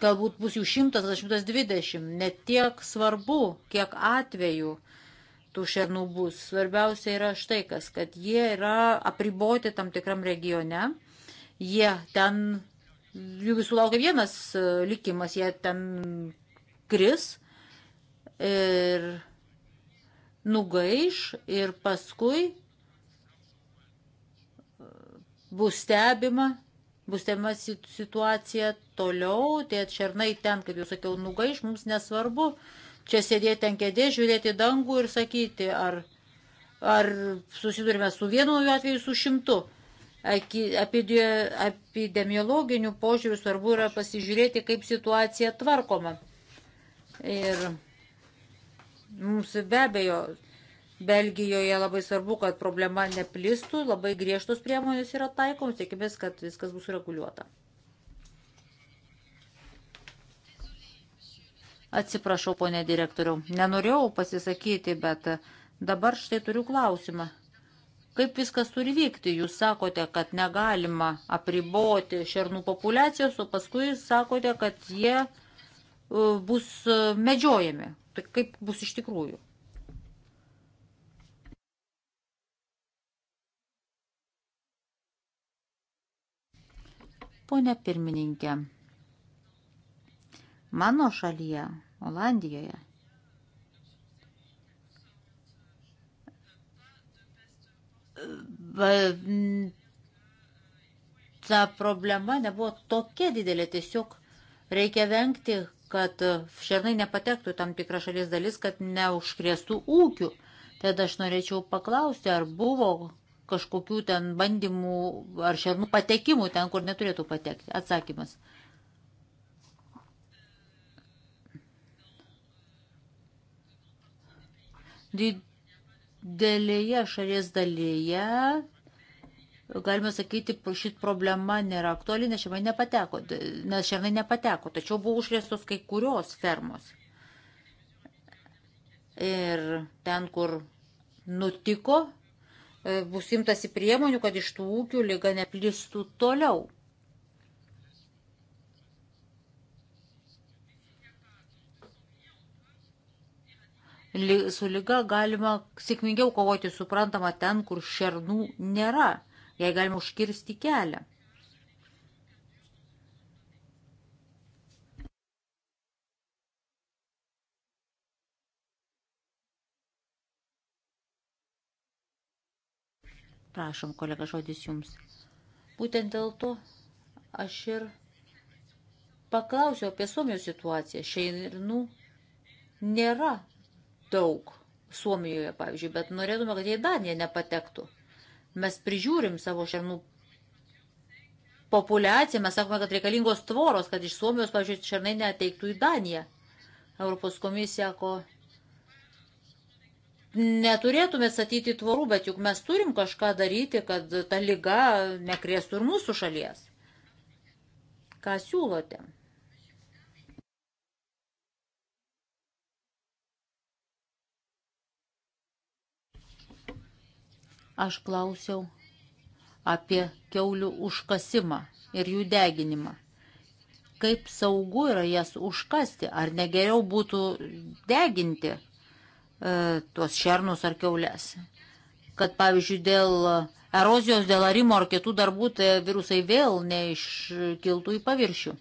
C: galbūt bus jų 100 ar 120, net tiek svarbu, kiek atveju tų šernų bus. Svarbiausia yra štai kas, kad jie yra apriboti tam tikram regione Jie ten, jų visų laukia vienas e, likimas, jie ten kris ir nugaiš ir paskui e, bus stebima, bus stebima situacija toliau, tie šernai ten, kaip jau sakiau, nugaiš, mums nesvarbu čia sėdėti ten kėdė, žiūrėti dangų ir sakyti, ar, ar susidurime su vienu atveju, su šimtu epidemiologinių požiūrių svarbu yra pasižiūrėti, kaip situacija tvarkoma. Ir mums be abejo, Belgijoje labai svarbu, kad problema neplistų, labai griežtos priemonės yra taikomus, tikimės, kad viskas bus reguliuota. Atsiprašau, ponė direktoriau, nenorėjau pasisakyti, bet dabar štai turiu klausimą. Kaip viskas turi vykti? Jūs sakote, kad negalima apriboti šernų populiacijos, o paskui sakote, kad jie e, bus e, medžiojami. Tai kaip bus iš tikrųjų? Pone pirmininkė, mano šalyje, Olandijoje, ta problema nebuvo tokia didelė, tiesiog reikia vengti, kad šernai nepatektų tam tikrą šalies dalis, kad neužkrėstų ūkių. Tad aš norėčiau paklausti, ar buvo kažkokių ten bandymų ar šernų patekimų ten, kur neturėtų patekti. Atsakymas. Did didelėje šalies dalyje, galime sakyti, šit problema nėra aktuali, nes šernai nepateko, nes šernai nepateko, tačiau buvo užlėstos kai kurios fermos. Ir ten, kur nutiko, e, bus imtasi priemonių, kad iš tų ūkių lyga neplistų toliau. su lyga galima sėkmingiau kovoti suprantama ten, kur šernų nėra, jei galima užkirsti kelią. Prašom, kolega, žodis jums. Būtent dėl to aš ir paklausiau apie Suomijos situaciją. Šeinų nėra daug Suomijoje, pavyzdžiui, bet norėtume, kad jie į Daniją nepatektų. Mes prižiūrim savo šernų populiaciją, mes sakome, kad reikalingos tvoros, kad iš Suomijos, pavyzdžiui, šernai neteiktų į Daniją. Europos komisija sako, neturėtume statyti tvorų, bet juk mes turim kažką daryti, kad ta lyga nekrėstų ir mūsų šalies. Ką siūlote? aš klausiau apie keulių užkasimą ir jų deginimą. Kaip saugu yra jas užkasti, ar negeriau būtų deginti e, tuos šernus ar keulės. Kad pavyzdžiui, dėl erozijos, dėl arimo ar kitų darbų, tai virusai vėl neiškiltų į paviršių.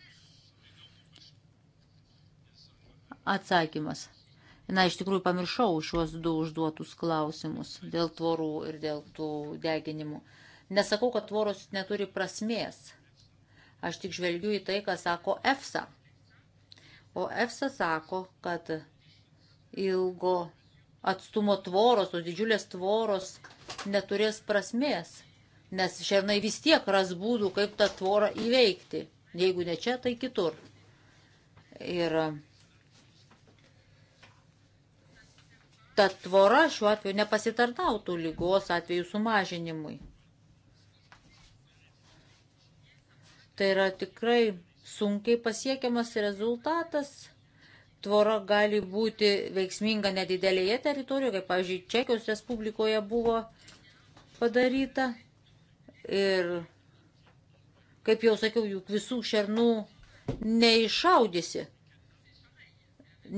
C: Atsakymas. Na, iš tikrųjų pamiršau šiuos du užduotus klausimus dėl tvorų ir dėl tų deginimų. Nesakau, kad tvoros neturi prasmės. Aš tik žvelgiu į tai, ką sako EFSA. O EFSA sako, kad ilgo atstumo tvoros, tos didžiulės tvoros neturės prasmės, nes šernai vis tiek ras būdų, kaip tą tvorą įveikti. Jeigu ne čia, tai kitur. Ir ta tvora šiuo atveju nepasitartautų lygos atveju sumažinimui. Tai yra tikrai sunkiai pasiekiamas rezultatas. Tvora gali būti veiksminga nedidelėje teritorijoje, kaip pavyzdžiui Čekijos Respublikoje buvo padaryta. Ir, kaip jau sakiau, juk visų šernų neišaudysi.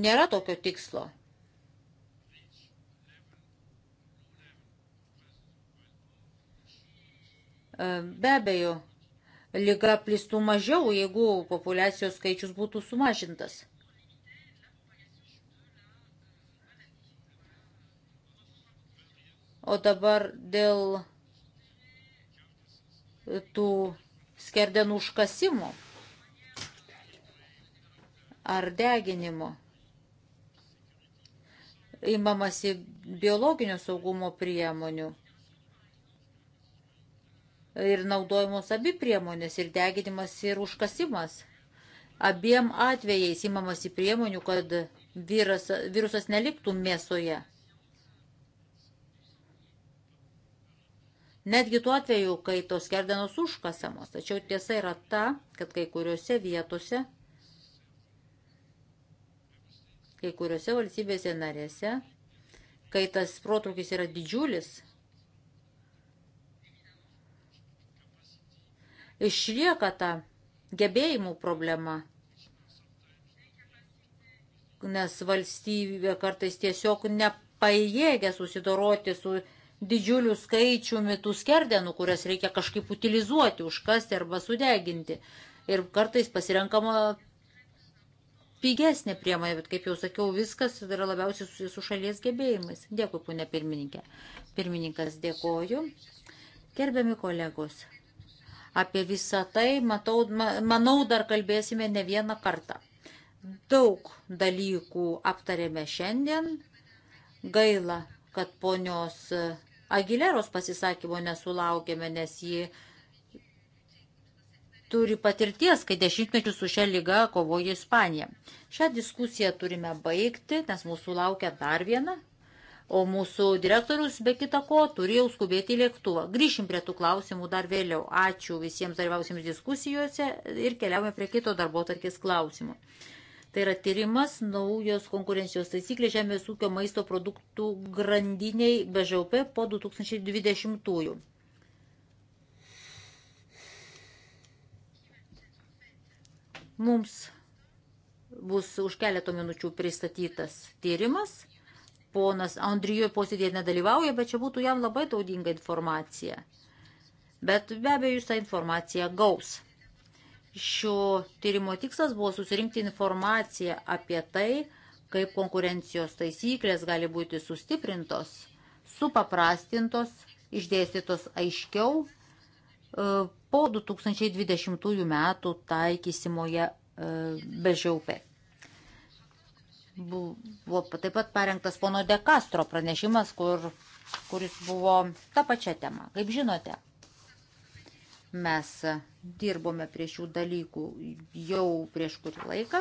C: Nėra tokio tikslo. E, be abejo, lyga plistų mažiau, jeigu populiacijos skaičius būtų sumažintas. O dabar dėl tų skerdenų užkasimų ar deginimo įmamasi biologinio saugumo priemonių ir naudojamos abi priemonės - ir deginimas, ir užkasimas. Abiem atvejais įmamasi priemonių, kad viras, virusas neliktų mėsoje. Netgi tuo atveju, kai tos kerdenos užkasamos. Tačiau tiesa yra ta, kad kai kuriuose vietose, kai kuriuose valstybėse narėse, kai tas protrukis yra didžiulis, Išlieka ta gebėjimų problema, nes valstybė kartais tiesiog nepajėgia susidoroti su didžiuliu skaičiumi tų skerdenų, kurias reikia kažkaip utilizuoti, užkasti arba sudeginti. Ir kartais pasirenkama pigesnė priemonė, bet kaip jau sakiau, viskas yra labiausiai susijęs su šalies gebėjimais. Dėkui, ponė pirmininkė. Pirmininkas, dėkoju. Gerbiami kolegos, Apie visą tai, matau, manau, dar kalbėsime ne vieną kartą. Daug dalykų aptarėme šiandien. Gaila, kad ponios Agileros pasisakymo nesulaukėme, nes ji turi patirties, kai dešimtmečius su šia lyga kovoja Ispanija. Šią diskusiją turime baigti, nes mūsų laukia dar viena O mūsų direktorius be kita ko turėjo skubėti į lėktuvą. Grįšim prie tų klausimų dar vėliau. Ačiū visiems dalyvausiems diskusijose ir keliaujame prie kito darbo tarkės klausimų. Tai yra tyrimas naujos konkurencijos taisyklės žemės ūkio maisto produktų grandiniai BŽP po 2020. -ųjų. Mums bus už keletą minučių pristatytas tyrimas ponas Andrijų posėdėje nedalyvauja, bet čia būtų jam labai naudinga informacija. Bet be abejo, jūs tą informaciją gaus. Šio tyrimo tikslas buvo susirinkti informaciją apie tai, kaip konkurencijos taisyklės gali būti sustiprintos, supaprastintos, išdėstytos aiškiau e, po 2020 metų taikysimoje e, bežiaupė buvo taip pat parengtas pono De Castro pranešimas, kur, kuris buvo tą pačią temą. Kaip žinote, mes dirbome prie šių dalykų jau prieš kurį laiką.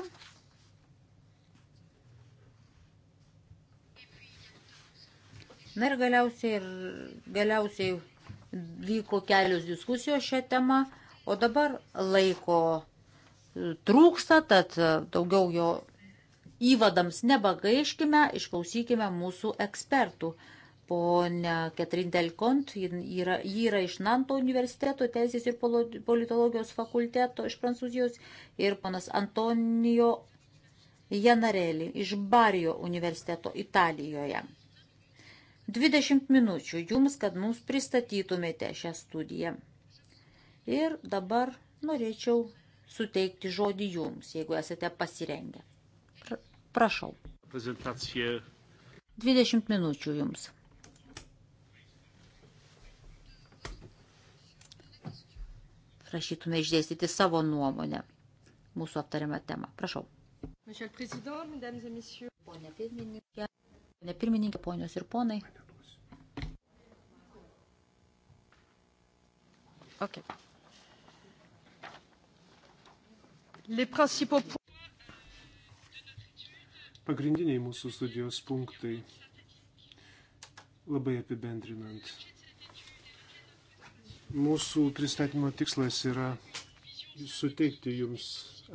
C: Na ir galiausiai, ir galiausiai vyko kelios diskusijos šią temą, o dabar laiko trūksta, tad daugiau jo įvadams nebagaiškime, išklausykime mūsų ekspertų. Pone Ketrin Delkont, ji yra, ji yra iš Nanto universiteto teisės ir politologijos fakulteto iš Prancūzijos ir ponas Antonijo Janarelį iš Barijo universiteto Italijoje. 20 minučių jums, kad mums pristatytumėte šią studiją. Ir dabar norėčiau suteikti žodį jums, jeigu esate pasirengę. Prašau.
E: Prezentacija.
C: 20 minučių jums. Prašytume išdėstyti savo nuomonę mūsų aptariamą temą. Prašau. Pone pirmininkė, pone pirmininkė, ponios ir ponai.
A: Okay. Les principaux points pagrindiniai mūsų studijos punktai. Labai apibendrinant. Mūsų pristatymo tikslas yra suteikti jums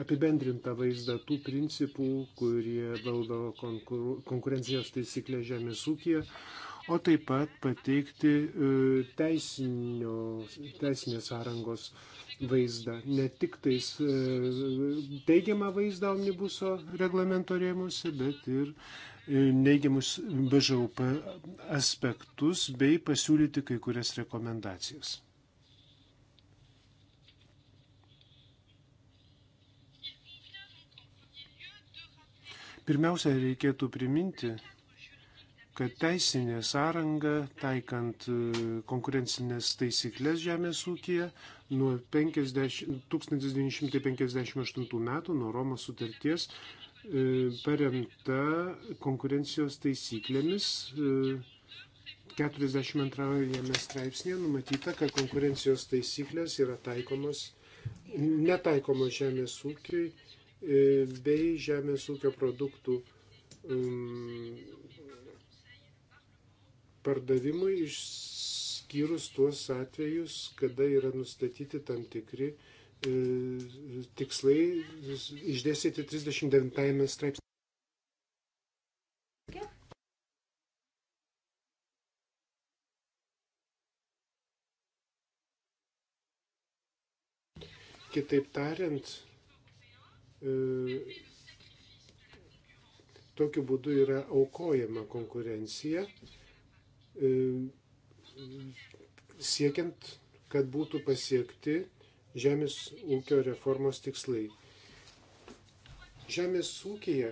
A: apibendrintą vaizdą tų principų, kurie valdo konkurencijos taisyklę žemės ūkija, o taip pat pateikti e, teisinio, teisinės sąrangos vaizdą, ne tik tais e, teigiamą vaizdą omnibuso reglamento rėmuose, bet ir e, neigiamus BŽUP aspektus bei pasiūlyti kai kurias rekomendacijas. Pirmiausia, reikėtų priminti, kad teisinė sąranga, taikant e, konkurencinės taisyklės žemės ūkija, nuo 50, 1958 metų, nuo Romos sutarties, e, paremta konkurencijos taisyklėmis. 42 e, straipsnėje numatyta, kad konkurencijos taisyklės yra taikomos, netaikomos žemės ūkiui bei žemės ūkio produktų um, pardavimui išskyrus tuos atvejus, kada yra nustatyti tam tikri e, tikslai išdėstyti 39 straipsnėje. Kitaip tariant, e, tokiu būdu yra aukojama konkurencija E, siekiant, kad būtų pasiekti žemės ūkio reformos tikslai. Žemės ūkija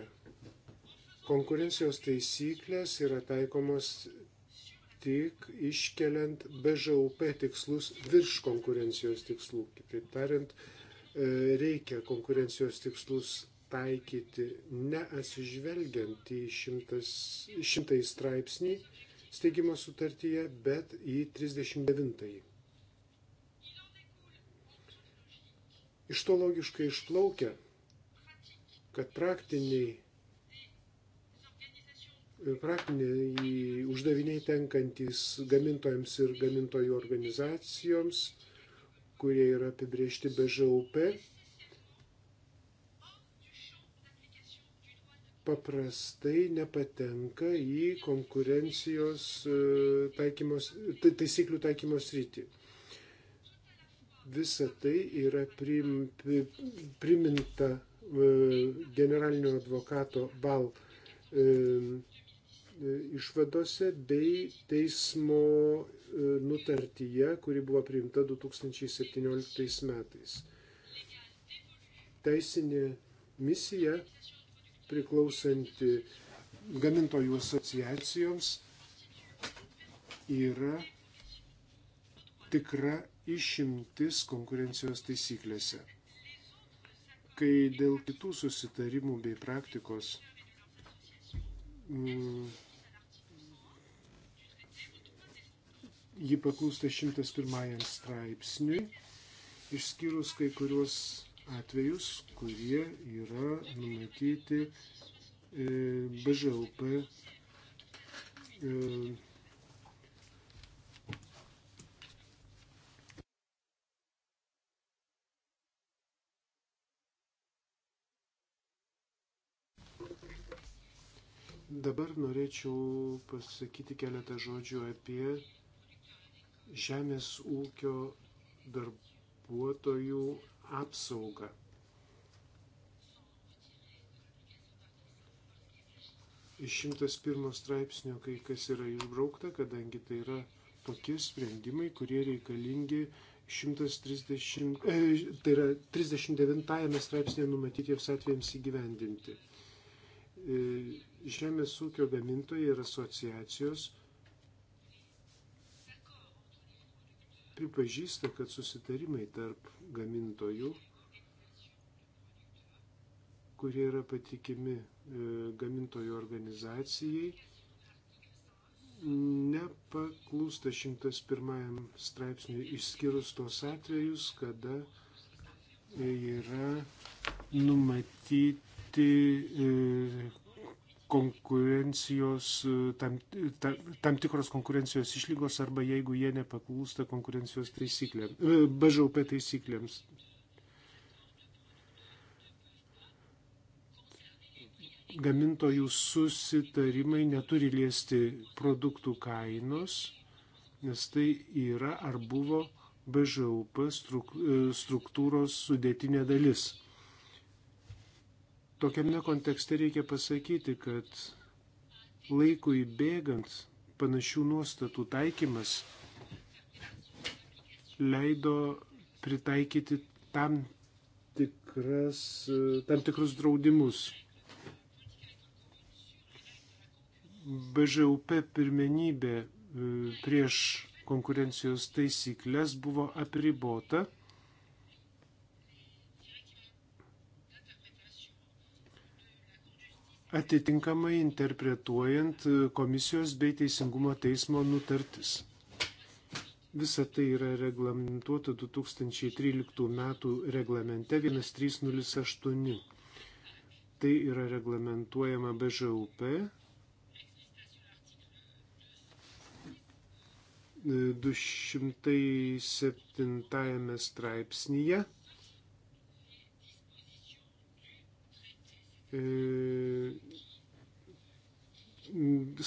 A: konkurencijos taisyklės yra taikomos tik iškeliant BŽUP tikslus virš konkurencijos tikslų. Kitaip tariant, e, reikia konkurencijos tikslus taikyti neatsižvelgiant į šimtas, šimtai straipsnį, steigimo sutartyje, bet į 39-ąjį. Iš to logiškai išplaukia, kad praktiniai, praktiniai uždaviniai tenkantis gamintojams ir gamintojų organizacijoms, kurie yra apibriežti BŽUP, paprastai nepatenka į konkurencijos e, taikymos, taisyklių taikymos rytį. Visa tai yra prim, priminta e, generalinio advokato bal e, išvadose bei teismo nutartyje, kuri buvo priimta 2017 metais. Teisinė misija priklausanti gamintojų asociacijoms yra tikra išimtis konkurencijos taisyklėse. Kai dėl kitų susitarimų bei praktikos mm, ji paklūsta 101 straipsniui, išskyrus kai kuriuos atvejus, kurie yra numatyti e, BŽUP e, Dabar norėčiau pasakyti keletą žodžių apie žemės ūkio darbuotojų apsaugą. Iš 101 straipsnio kai kas yra išbraukta, kadangi tai yra tokie sprendimai, kurie reikalingi 130, e, tai yra 39 straipsnėje numatytiems atvejams įgyvendinti. E, žemės ūkio gamintojai ir asociacijos pripažįsta, kad susitarimai tarp gamintojų, kurie yra patikimi e, gamintojų organizacijai, nepaklūsta 101 straipsniui išskyrus tos atvejus, kada yra numatyti e, konkurencijos, e, tam, tam, tam tikros konkurencijos išlygos arba jeigu jie nepaklūsta konkurencijos taisyklėms, e, BŽUP taisyklėms. Gamintojų susitarimai neturi liesti produktų kainos, nes tai yra ar buvo BŽUP e, struktūros sudėtinė dalis. Tokiame kontekste reikia pasakyti, kad laikui bėgant panašių nuostatų taikymas leido pritaikyti tam, tikras, tam tikrus draudimus. BŽUP pirmenybė e, prieš konkurencijos taisyklės buvo apribota atitinkamai interpretuojant komisijos bei teisingumo teismo nutartis. Visa tai yra reglamentuota 2013 m. reglamente 1308. Tai yra reglamentuojama BŽUP 207 straipsnyje E,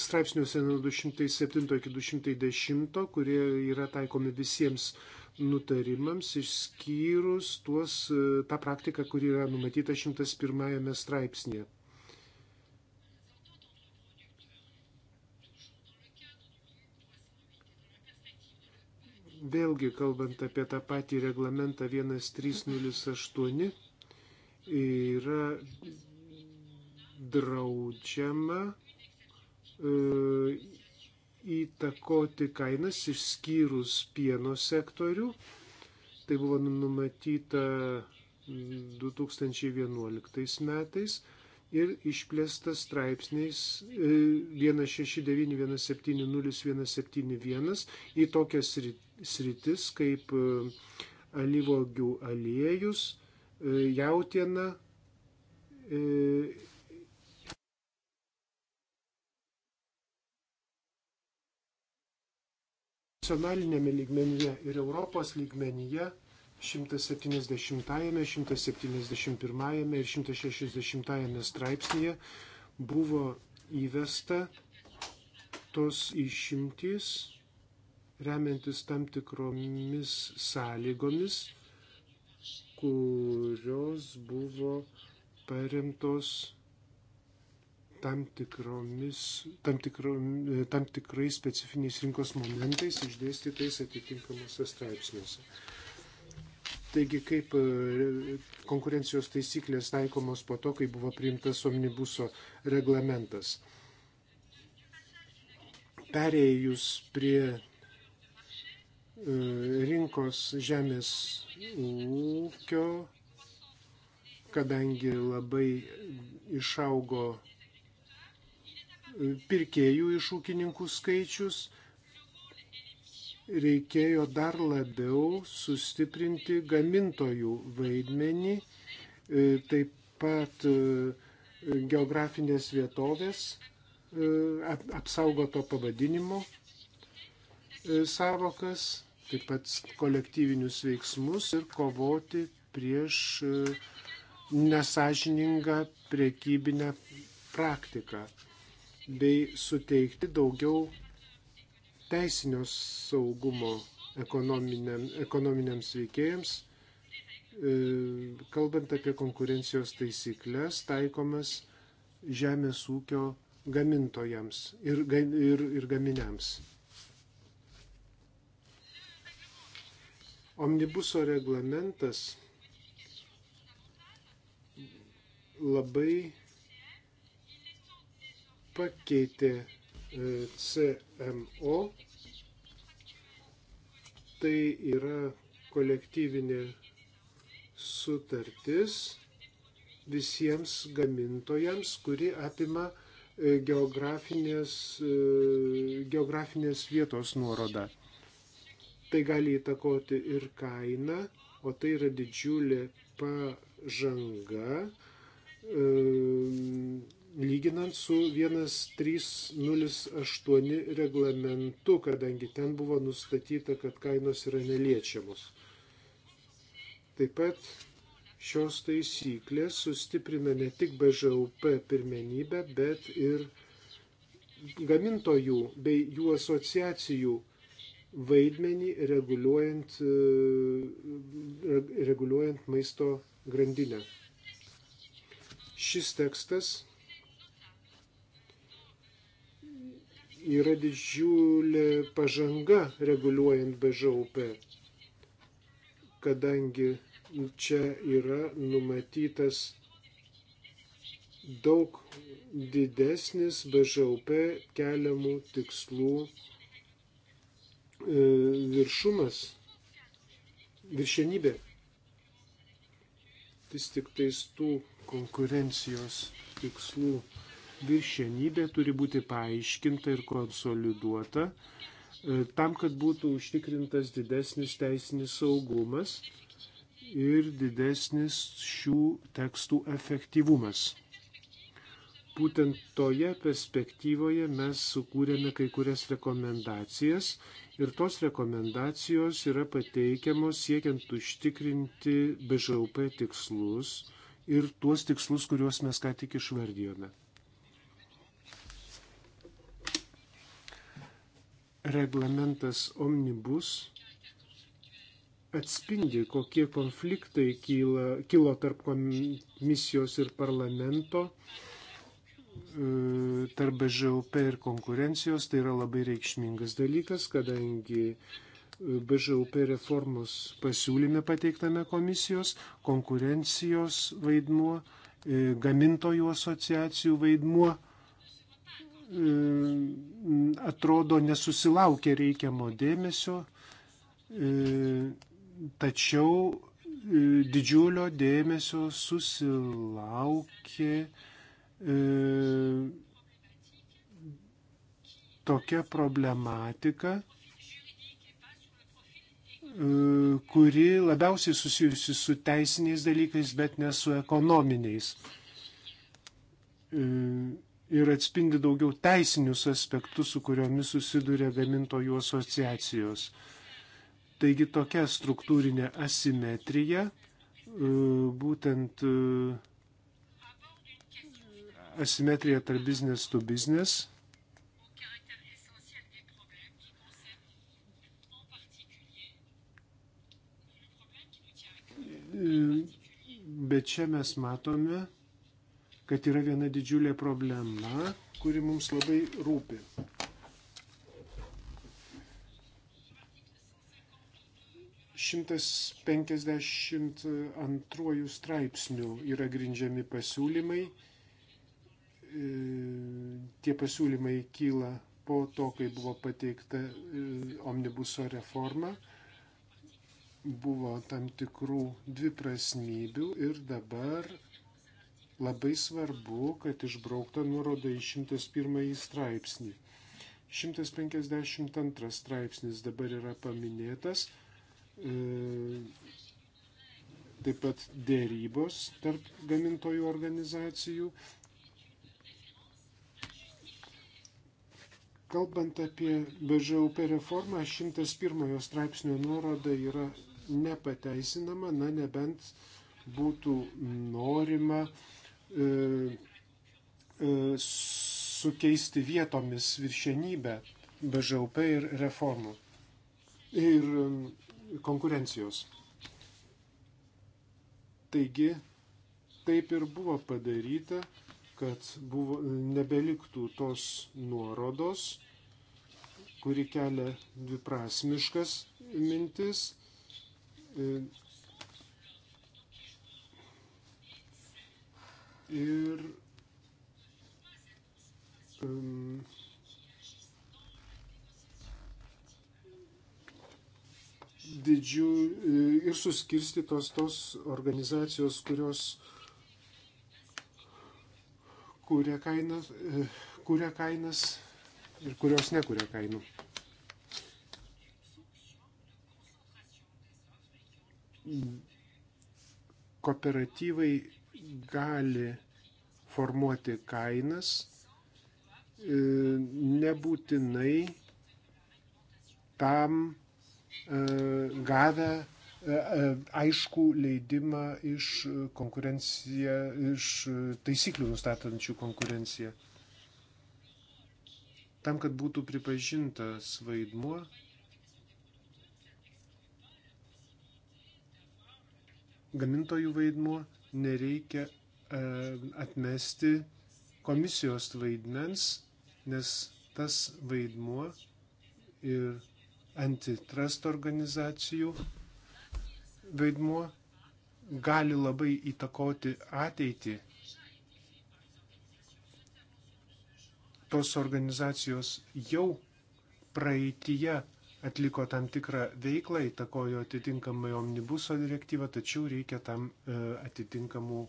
A: straipsniuose nuo 207 iki 210, kurie yra taikomi visiems nutarimams, išskyrus tuos, e, tą praktiką, kuri yra numatyta 101 straipsnėje. Vėlgi, kalbant apie tą patį reglamentą 1308, yra draudžiama e, įtakoti kainas išskyrus pieno sektorių. Tai buvo numatyta 2011 metais ir išplėstas straipsniais 169170171 e, į tokias sritis kaip e, alyvogių aliejus, jautiena nacionalinėme lygmenyje ir Europos lygmenyje 170-ame, 171-ame ir 160-ame straipsnėje buvo įvesta tos išimtys, remiantis tam tikromis sąlygomis, kurios buvo paremtos tam, tikromis, tam, tikro, tam tikrais specifiniais rinkos momentais išdėstytais atitinkamuose straipsniuose. Taigi, kaip e, konkurencijos taisyklės taikomos po to, kai buvo priimtas omnibuso reglamentas. Perėjus prie e, rinkos žemės ūkio, kadangi labai išaugo pirkėjų iš ūkininkų skaičius, reikėjo dar labiau sustiprinti gamintojų vaidmenį, e, taip pat e, geografinės vietovės e, apsaugoto pavadinimo savokas, taip pat kolektyvinius veiksmus ir kovoti prieš nesažiningą priekybinę praktiką bei suteikti daugiau teisinio saugumo ekonominiam, ekonominiams veikėjams, e, kalbant apie konkurencijos taisyklės, taikomas žemės ūkio gamintojams ir, ir, ir gaminiams. Omnibuso reglamentas labai pakeitė e, CMO. Tai yra kolektyvinė sutartis visiems gamintojams, kuri apima e, geografinės, e, geografinės vietos nuorodą. Tai gali įtakoti ir kainą, o tai yra didžiulė pažanga lyginant su 1308 reglamentu, kadangi ten buvo nustatyta, kad kainos yra neliečiamos. Taip pat šios taisyklės sustiprina ne tik BŽUP pirmenybę, bet ir gamintojų bei jų asociacijų vaidmenį reguliuojant, reguliuojant maisto grandinę. Šis tekstas yra didžiulė pažanga reguliuojant BŽUP, kadangi čia yra numatytas daug didesnis BŽUP keliamų tikslų e, viršumas, viršenybė. Vis tik tais tų konkurencijos tikslų viršenybė turi būti paaiškinta ir konsoliduota e, tam, kad būtų užtikrintas didesnis teisinis saugumas ir didesnis šių tekstų efektyvumas. Būtent toje perspektyvoje mes sukūrėme kai kurias rekomendacijas ir tos rekomendacijos yra pateikiamos siekiant užtikrinti BŽUP tikslus ir tuos tikslus, kuriuos mes ką tik išvardijome. reglamentas omnibus atspindi, kokie konfliktai kyla, kilo tarp komisijos ir parlamento, e, tarp BŽUP ir konkurencijos. Tai yra labai reikšmingas dalykas, kadangi e, BŽUP reformos pasiūlyme pateiktame komisijos konkurencijos vaidmuo, e, gamintojų asociacijų vaidmuo Mm, atrodo nesusilaukia reikiamo dėmesio, e, tačiau e, didžiulio dėmesio susilaukė e, tokia problematika, kuri labiausiai susijusi su teisiniais dalykais, bet ne su ekonominiais ir atspindi daugiau teisinius aspektus, su kuriomis susiduria gamintojų asociacijos. Taigi tokia struktūrinė asimetrija e, būtent e, asimetrija tarp business to business. E, bet čia mes matome, kad yra viena didžiulė problema, kuri mums labai rūpi. Šimtas penkisdešimt antrojų straipsnių yra grindžiami pasiūlymai. E, tie pasiūlymai kyla po to, kai buvo pateikta e, omnibuso reforma buvo tam tikrų dviprasmybių ir dabar Labai svarbu, kad išbraukta nuoroda į 101 straipsnį. 152 straipsnis dabar yra paminėtas. E, taip pat dėrybos tarp gamintojų organizacijų. Kalbant apie BŽUP reformą, 101 straipsnio nuoroda yra nepateisinama, na nebent būtų norima uh, E, e, sukeisti vietomis viršenybę BŽUP ir reformų ir e, konkurencijos. Taigi, taip ir buvo padaryta, kad buvo, nebeliktų tos nuorodos, kuri kelia dviprasmiškas mintis Ir um, didžių ir suskirstytos tos organizacijos, kurios kuria kainas, kuria kainas ir kurios nekuria kainų. Kooperatyvai gali formuoti kainas, e, nebūtinai tam e, gavę e, aišku leidimą iš konkurenciją, iš taisyklių nustatančių konkurenciją. Tam, kad būtų pripažintas vaidmuo, gamintojų vaidmuo, nereikia e, atmesti komisijos vaidmens, nes tas vaidmuo ir antitrust organizacijų vaidmuo gali labai įtakoti ateitį. Tos organizacijos jau praeitie atliko tam tikrą veiklą, įtakojo atitinkamai omnibuso direktyvą, tačiau reikia tam e, atitinkamų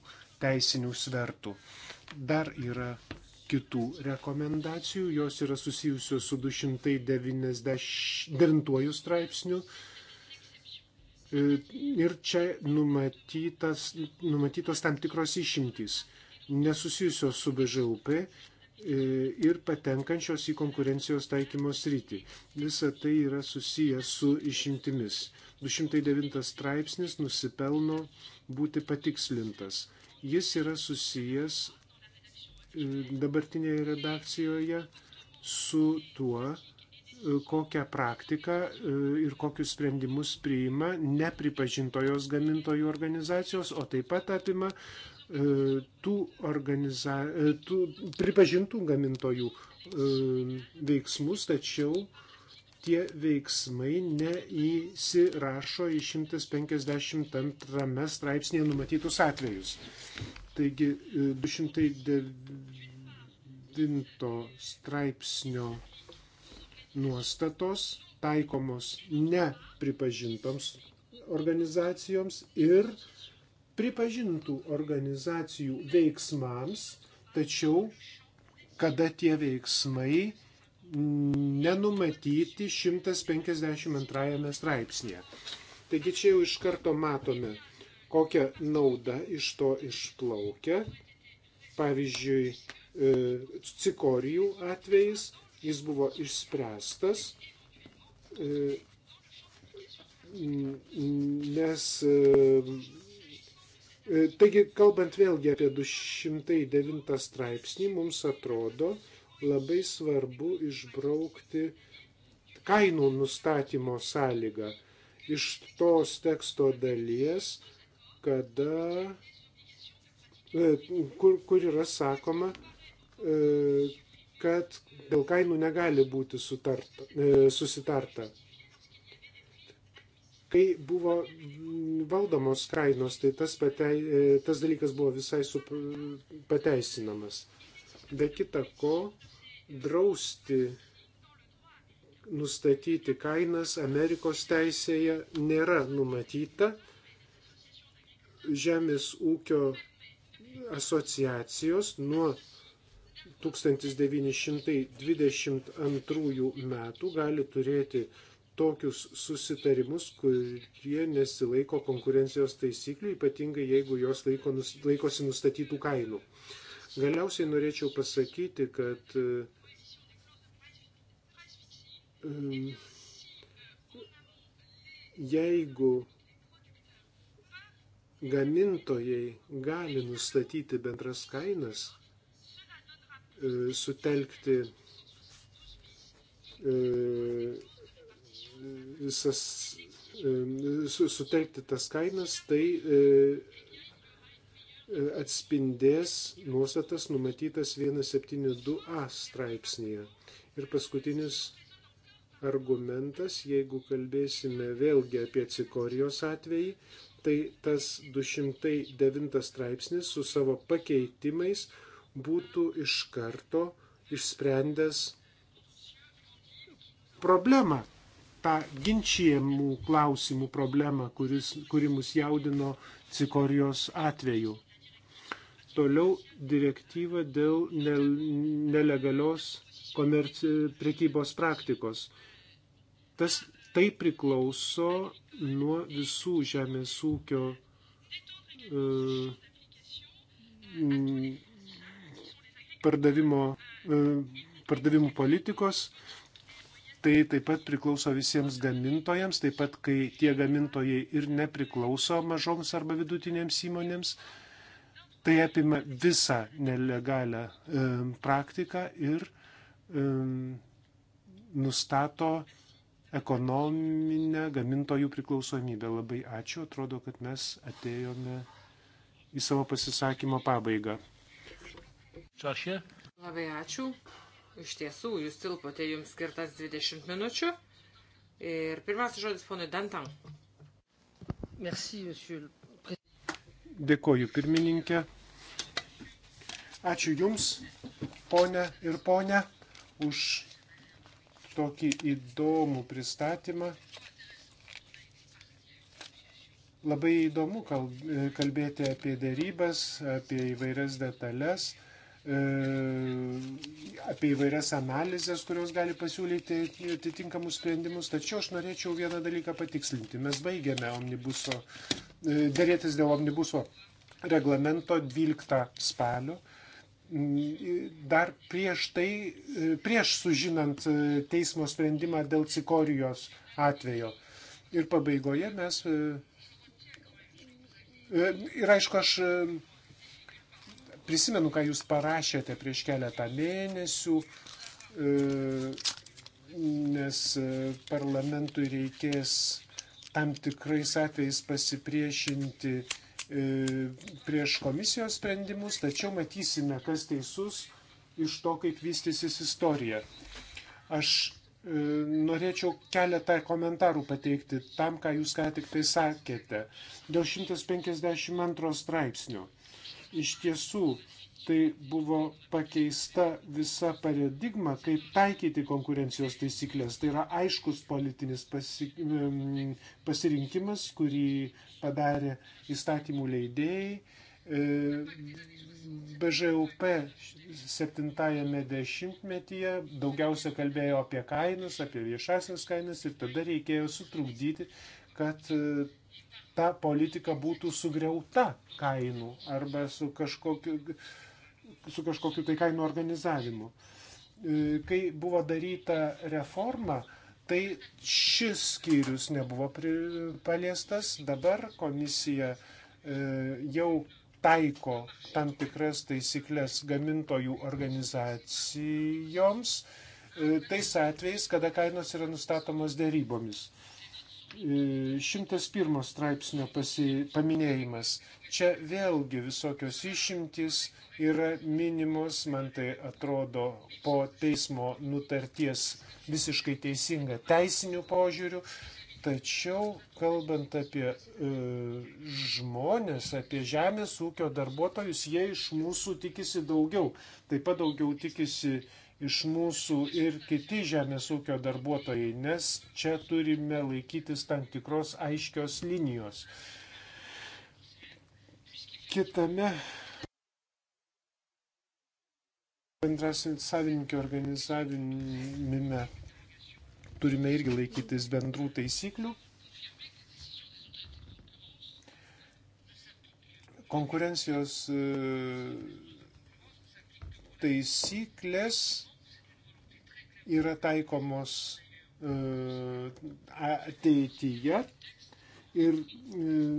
A: teisinių svertų. Dar yra kitų rekomendacijų, jos yra susijusios su 299 straipsniu. E, ir čia numatytas, numatytos tam tikros išimtys, nesusijusios su BŽUP, E, ir patenkančios į konkurencijos taikymos rytį. Visa tai yra susiję su išimtimis. 209 straipsnis nusipelno būti patikslintas. Jis yra susijęs e, dabartinėje redakcijoje su tuo, e, kokią praktiką ir kokius sprendimus priima nepripažintojos gamintojų organizacijos, o taip pat apima E, tų, organiza... E, tų pripažintų gamintojų e, veiksmus, tačiau tie veiksmai neįsirašo į 152 straipsnėje numatytus atvejus. Taigi 209 straipsnio nuostatos taikomos nepripažintoms organizacijoms ir pripažintų organizacijų veiksmams, tačiau kada tie veiksmai nenumatyti 152 straipsnėje. Taigi čia jau iš karto matome, kokia nauda iš to išplaukia. Pavyzdžiui, e, cikorijų atvejais jis buvo išspręstas, e, nes e, E, taigi, kalbant vėlgi apie 209 straipsnį, mums atrodo labai svarbu išbraukti kainų nustatymo sąlygą iš tos teksto dalies, kada, e, kur, kur yra sakoma, e, kad dėl kainų negali būti sutarta, susitarta. Kai buvo mm, valdomos kainos, tai tas, patei, e, tas dalykas buvo visai sup, pateisinamas. Be kita ko, drausti nustatyti kainas Amerikos teisėje nėra numatyta. Žemės ūkio asociacijos nuo 1922 metų gali turėti tokius susitarimus, kurie nesilaiko konkurencijos taisyklių, ypatingai jeigu jos laiko, laikosi nustatytų kainų. Galiausiai norėčiau pasakyti, kad um, jeigu gamintojai gali nustatyti bendras kainas, uh, sutelkti uh, visas sutelkti tas kainas, tai e, e, atspindės nuostatas numatytas 172a straipsnėje. Ir paskutinis argumentas, jeigu kalbėsime vėlgi apie cikorijos atvejį, tai tas 209 straipsnis su savo pakeitimais būtų iš karto išsprendęs problemą tą ginčiamų klausimų problemą, kuris, kuri mus jaudino cikorijos atveju. Toliau direktyva dėl ne, nelegalios komerci, prekybos praktikos. Tas tai priklauso nuo visų žemės ūkio e, pardavimo, e, pardavimų politikos Tai taip pat priklauso visiems gamintojams, taip pat kai tie gamintojai ir nepriklauso mažoms arba vidutinėms įmonėms. Tai apima visą nelegalią e, praktiką ir e, nustato ekonominę gamintojų priklausomybę. Labai ačiū, atrodo, kad mes atėjome į savo pasisakymo pabaigą.
E: Čia aš.
B: Labai ačiū. Iš tiesų, jūs tilpote jums skirtas 20 minučių. Ir pirmiausia žodis ponui Dantan.
A: Merci, monsieur. Dėkoju pirmininkė. Ačiū Jums, ponė ir ponė, už tokį įdomų pristatymą. Labai įdomu kalbėti apie dėrybas, apie įvairias detalės. E, apie įvairias analizės, kurios gali pasiūlyti atitinkamus sprendimus. Tačiau aš norėčiau vieną dalyką patikslinti. Mes baigėme omnibuso, e, dėrėtis dėl omnibuso reglamento 12 spalio. Dar prieš tai, e, prieš sužinant teismo sprendimą dėl cikorijos atvejo. Ir pabaigoje mes. Ir aišku, aš Prisimenu, ką jūs parašėte prieš keletą mėnesių, e, nes e, parlamentui reikės tam tikrais atvejais pasipriešinti e, prieš komisijos sprendimus, tačiau matysime, kas teisus iš to, kaip vystysis istorija. Aš norėčiau keletą komentarų pateikti tam, ką jūs ką tik tai sakėte. Dėl 152 straipsnio iš tiesų tai buvo pakeista visa paradigma, kaip taikyti konkurencijos taisyklės. Tai yra aiškus politinis pasi, pasirinkimas, kurį padarė įstatymų leidėjai. E, BŽUP 70-ame dešimtmetyje daugiausia kalbėjo apie kainas, apie viešasias kainas ir tada reikėjo sutrukdyti, kad ta politika būtų sugriauta kainų arba su kažkokiu, su kažkokiu tai kainų organizavimu. E, kai buvo daryta reforma, tai šis skyrius nebuvo paliestas, dabar komisija e, jau taiko tam tikras taisyklės gamintojų organizacijoms e, tais atvejais, kada kainos yra nustatomos dėrybomis. 101 e, straipsnio pasi, paminėjimas. Čia vėlgi visokios išimtis yra minimos, man tai atrodo po teismo nutarties visiškai teisinga teisinių požiūrių, tačiau kalbant apie e, žmonės, apie žemės ūkio darbuotojus, jie iš mūsų tikisi daugiau. Taip pat daugiau tikisi e, iš mūsų ir kiti žemės ūkio darbuotojai, nes čia turime laikytis tam tikros aiškios linijos. Kitame bendras savininkio organizavime turime irgi laikytis bendrų taisyklių. Konkurencijos taisyklės yra taikomos e, ateityje ir e,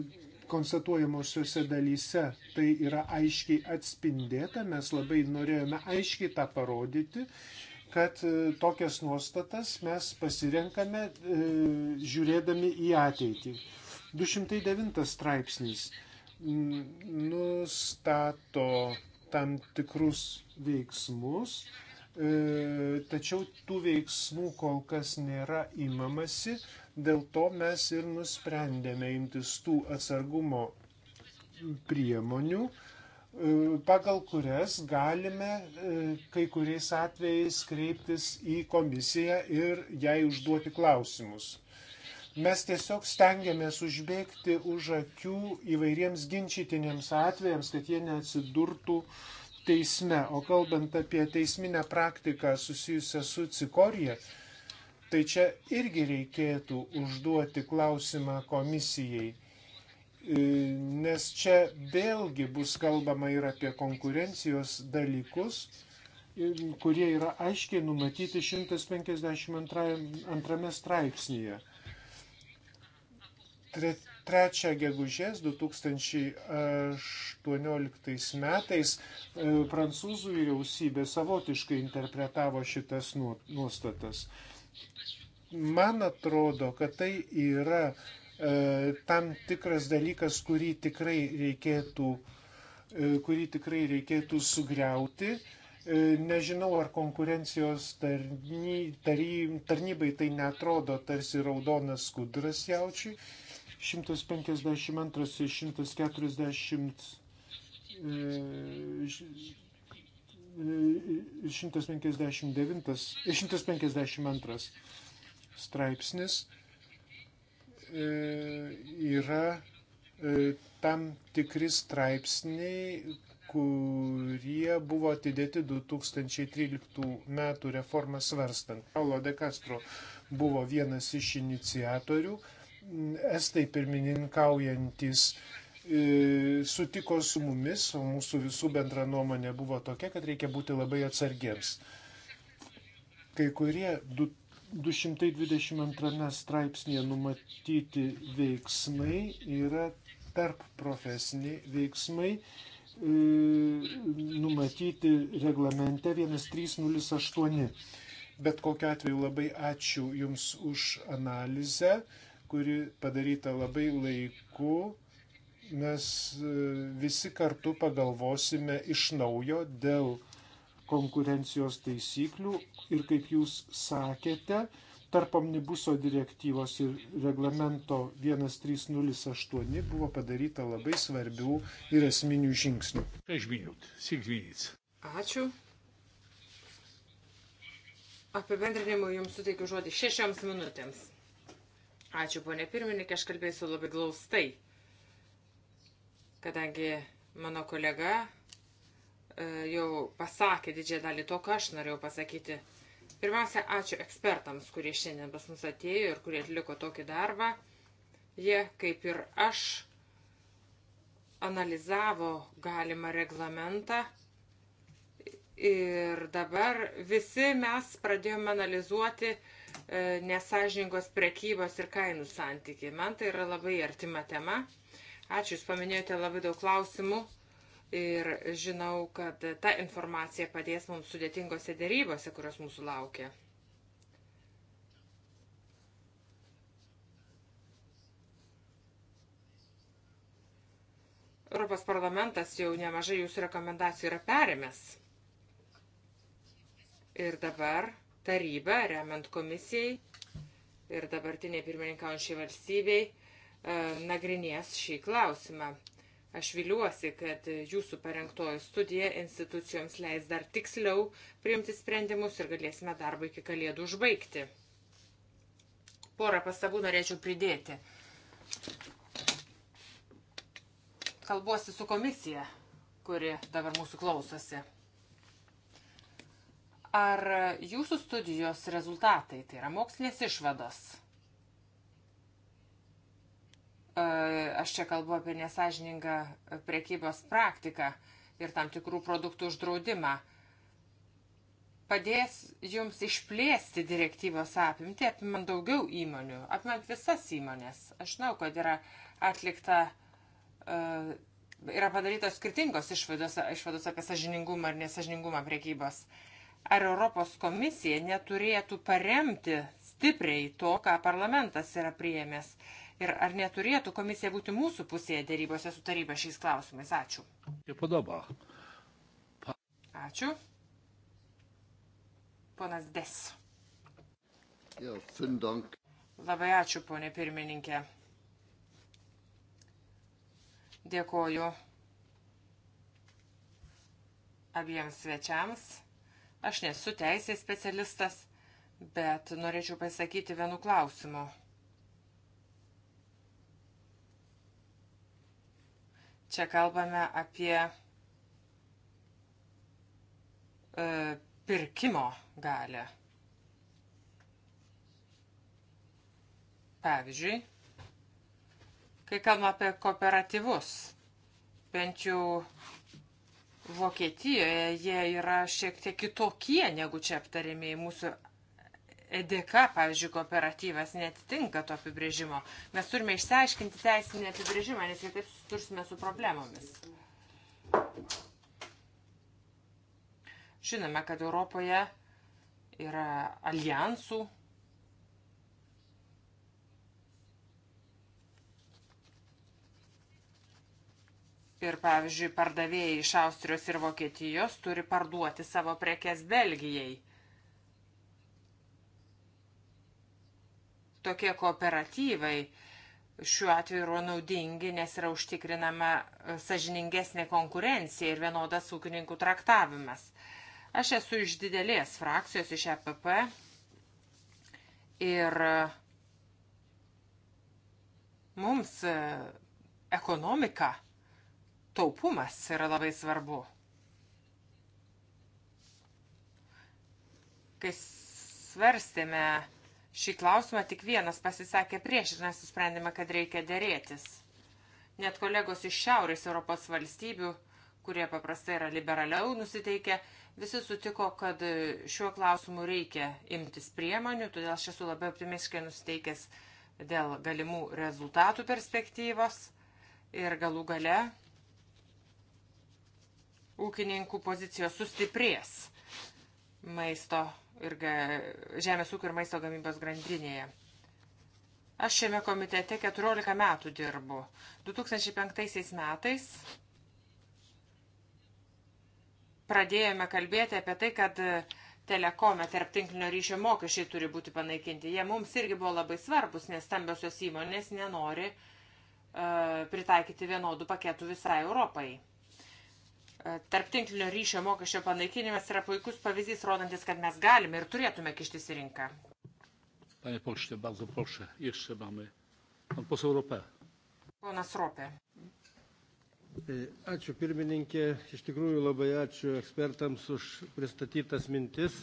A: konstatuojamosiuose dalyse tai yra aiškiai atspindėta, mes labai norėjome aiškiai tą parodyti, kad e, tokias nuostatas mes pasirenkame žiūrėdami į ateitį. 209 straipsnis nustato tam tikrus veiksmus, e, tačiau tų veiksmų kol kas nėra įmamasi, dėl to mes ir nusprendėme imtis tų atsargumo priemonių, e, pagal kurias galime e, kai kuriais atvejais kreiptis į komisiją ir jai užduoti klausimus. Mes tiesiog stengiamės užbėgti už akių įvairiems ginčytiniams atvejams, kad jie neatsidurtų teisme. O kalbant apie teisminę praktiką susijusią su cikorija, tai čia irgi reikėtų užduoti klausimą komisijai. E, nes čia vėlgi bus kalbama ir apie konkurencijos dalykus, e, kurie yra aiškiai numatyti 152 straipsnėje. Tre, trečią gegužės 2018 metais e, prancūzų vyriausybė savotiškai interpretavo šitas nuostatas. Man atrodo, kad tai yra e, tam tikras dalykas, kurį tikrai reikėtų, e, kurį tikrai reikėtų sugriauti. E, nežinau, ar konkurencijos tarny, tary, tarnybai tai netrodo tarsi raudonas skudras jaučiui. E, 152 ir 140. 159, 152 straipsnis e, yra e, tam tikri straipsniai, kurie buvo atidėti 2013 metų reformą svarstant. Paulo de Castro buvo vienas iš iniciatorių estai pirmininkaujantis e, sutiko su mumis, o mūsų visų bendra nuomonė buvo tokia, kad reikia būti labai atsargiems. Kai kurie 222 straipsnėje numatyti veiksmai yra tarp profesiniai veiksmai e, numatyti reglamente 1308. Bet kokiu atveju labai ačiū Jums už analizę kuri padaryta labai laiku mes e, visi kartu pagalvosime iš naujo dėl konkurencijos taisyklių ir, kaip jūs sakėte, tarp omnibuso direktyvos ir reglamento 1308 buvo padaryta labai svarbių ir esminių žingsnių.
E: Ačiū.
B: Apibendrinimui jums suteikiu žodį šešioms minutėms. Ačiū, ponė pirmininkė, aš kalbėsiu labai glaustai, kadangi mano kolega e, jau pasakė didžiąją dalį to, ką aš norėjau pasakyti. Pirmiausia, ačiū ekspertams, kurie šiandien pas mus atėjo ir kurie atliko tokį darbą. Jie, kaip ir aš, analizavo galimą reglamentą ir dabar visi mes pradėjome analizuoti uh, E, nesažiningos prekybos ir kainų santykiai. Man tai yra labai artima tema. Ačiū, Jūs paminėjote labai daug klausimų ir žinau, kad ta informacija padės mums sudėtingose dėrybose, kurios mūsų laukia. Europos parlamentas jau nemažai jūsų rekomendacijų yra perėmęs. Ir dabar taryba, remiant komisijai ir dabartiniai pirmininkaujančiai valstybei, e, nagrinės šį klausimą. Aš viliuosi, kad jūsų parengtoji studija institucijoms leis dar tiksliau priimti sprendimus ir galėsime darbą iki kalėdų užbaigti. Porą pastabų norėčiau pridėti. Kalbuosi su komisija, kuri dabar mūsų klausosi. Ar jūsų studijos rezultatai, tai yra mokslinės išvados, e, aš čia kalbu apie nesažiningą prekybos praktiką ir tam tikrų produktų uždraudimą, padės jums išplėsti direktyvos apimti, apimant daugiau įmonių, apimant visas įmonės. Aš žinau, kad yra atlikta, e, yra padarytos skirtingos išvados, išvados apie sažiningumą ir nesažiningumą prekybos. Uh, Ar Europos komisija neturėtų paremti stipriai to, ką parlamentas yra priėmęs? Ir ar neturėtų komisija būti mūsų pusėje dėrybose su taryba šiais klausimais? Ačiū. Ačiū. Ponas Des. Labai ačiū, ponė pirmininkė. Dėkoju abiems svečiams. Aš nesu teisės specialistas, bet norėčiau pasakyti vienu klausimu. Čia kalbame apie e, pirkimo galę. Pavyzdžiui, kai kalbame apie kooperatyvus, bent jau Vokietijoje jie yra šiek tiek kitokie negu čia aptarimiai mūsų EDK, pavyzdžiui, kooperatyvas netitinka to apibrėžimo. Mes turime išsiaiškinti teisinį apibrėžimą, nes kitaip susidursime su problemomis. Žinome, kad Europoje yra alijansų Ir, pavyzdžiui, pardavėjai iš Austrijos ir Vokietijos turi parduoti savo prekes Belgijai. Tokie kooperatyvai šiuo atveju yra naudingi, nes yra užtikrinama e, sažiningesnė konkurencija ir vienodas ūkininkų traktavimas. Aš esu iš didelės frakcijos, iš EPP ir e, mums e, ekonomika taupumas yra labai svarbu. Kai svarstėme šį klausimą, tik vienas pasisakė prieš ir mes nusprendėme, kad reikia dėrėtis. Net kolegos iš Šiaurės Europos valstybių, kurie paprastai yra liberaliau nusiteikę, visi sutiko, kad šiuo klausimu reikia imtis priemonių, todėl aš esu labai optimiškai nusteikęs dėl galimų rezultatų perspektyvos ir galų gale ūkininkų pozicijos sustiprės maisto ir ga, žemės ūkio ir maisto gamybos grandinėje. Aš šiame komitete 14 metų dirbu. 2005 metais pradėjome kalbėti apie tai, kad telekome tarp tinklinio ryšio mokesčiai turi būti panaikinti. Jie mums irgi buvo labai svarbus, nes stambiosios įmonės nenori uh, pritaikyti vienodų paketų visai Europai. E, tarptinklinio ryšio mokesčio panaikinimas yra puikus pavyzdys, rodantis, kad mes galime ir turėtume kištis į rinką.
E: Panie pošte, bardzo proszę, jeszcze mamy. Pan poseł Ropė.
B: Ponas Ropė.
F: E, ačiū pirmininkė, iš tikrųjų labai ačiū ekspertams už pristatytas mintis.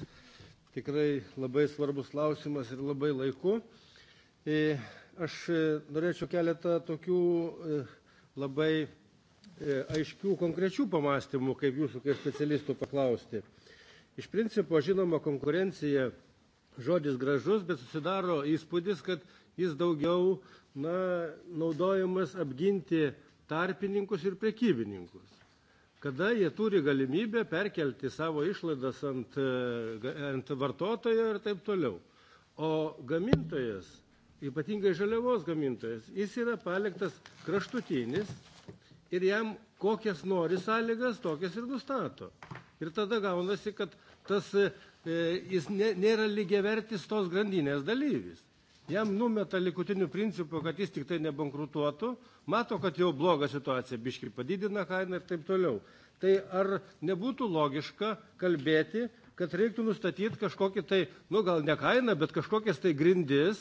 F: Tikrai labai svarbus klausimas ir labai laiku. E, aš norėčiau keletą tokių labai E, aiškių konkrečių pamastymų, kaip jūsų kaip specialistų paklausti. Iš principo, žinoma, konkurencija žodis gražus, bet susidaro įspūdis, kad jis daugiau na, naudojamas apginti tarpininkus ir prekybininkus. Kada jie turi galimybę perkelti savo išlaidas ant, e, ant vartotojo ir taip toliau. O gamintojas, ypatingai žaliavos gamintojas, jis yra paliktas kraštutinis ir jam kokias nori sąlygas, tokias ir nustato. Ir tada gaunasi, kad tas, e, jis nėra lygiavertis tos grandinės dalyvis. Jam numeta likutinių principų, kad jis tik tai nebankrutuotų, mato, kad jau bloga situacija, biškai padidina kainą ir taip toliau. Tai ar nebūtų logiška kalbėti, kad reiktų nustatyti kažkokį tai, nu gal ne kainą, bet kažkokias tai grindis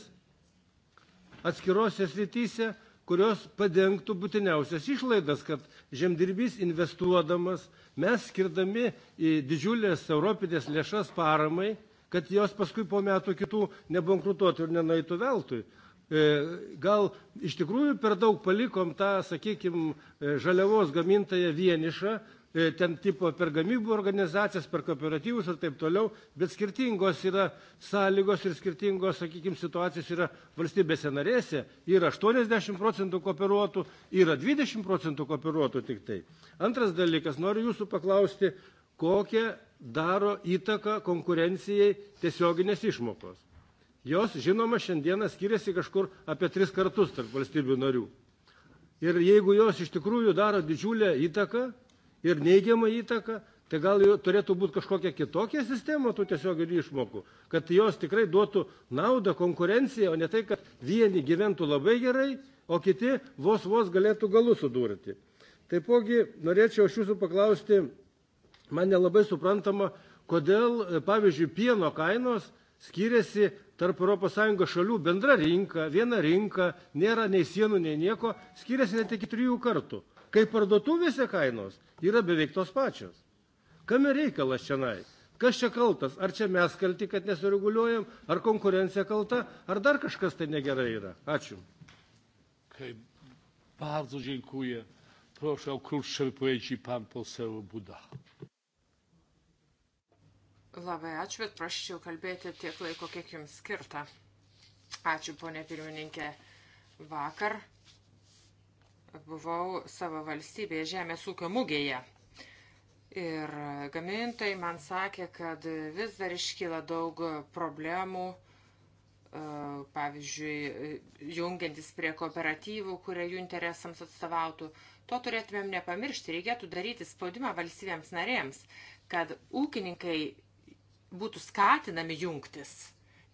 F: atskirose srityse, kurios padengtų būtiniausias išlaidas, kad žemdirbys investuodamas, mes skirdami į didžiulės europinės lėšas paramai, kad jos paskui po metų kitų nebankrutuotų ir nenaitų veltui. E, gal iš tikrųjų per daug palikom tą, sakykime, žaliavos gamintoje vienišą, E, ten tipo per gamybų organizacijas, per kooperatyvus ir taip toliau, bet skirtingos yra sąlygos ir skirtingos, sakykime, situacijos yra valstybėse narėse. Yra 80 procentų kooperuotų, yra 20 procentų kooperuotų tik tai. Antras dalykas, noriu jūsų paklausti, kokią daro įtaką konkurencijai tiesioginės išmokos. Jos, žinoma, šiandieną skiriasi kažkur apie tris kartus tarp valstybių narių. Ir jeigu jos iš tikrųjų daro didžiulę įtaką, ir neigiamą įtaką, tai gal turėtų būti kažkokia kitokia sistema tų tiesioginių išmokų, kad jos tikrai duotų naudą konkurenciją, o ne tai, kad vieni gyventų labai gerai, o kiti vos vos galėtų galus sudurti. Taipogi norėčiau aš jūsų paklausti, man nelabai suprantama, kodėl, e, pavyzdžiui, pieno kainos skiriasi tarp ES šalių bendra rinka, viena rinka, nėra nei sienų, nei nieko, skiriasi net iki trijų kartų kai parduotuvėse kainos yra beveik tos pačios. Kame reikalas šiandien? Kas čia kaltas? Ar čia mes kalti, kad nesureguliuojam, ar konkurencija kalta, ar dar kažkas tai negerai yra? Ačiū.
E: Okay. Bardzo dziękuję. Proszę o krótsze wypowiedzi pan poseł Buda.
B: Labai ačiū, bet prašyčiau kalbėti tiek laiko, kiek jums skirta. Ačiū, ponė pirmininkė. Vakar buvau savo valstybėje žemės ūkio mugėje. Ir gamintojai man sakė, kad vis dar iškyla daug problemų, e, pavyzdžiui, jungiantis prie kooperatyvų, kurie jų interesams atstovautų. To turėtumėm nepamiršti, reikėtų daryti spaudimą valstybėms narėms, kad ūkininkai būtų skatinami jungtis,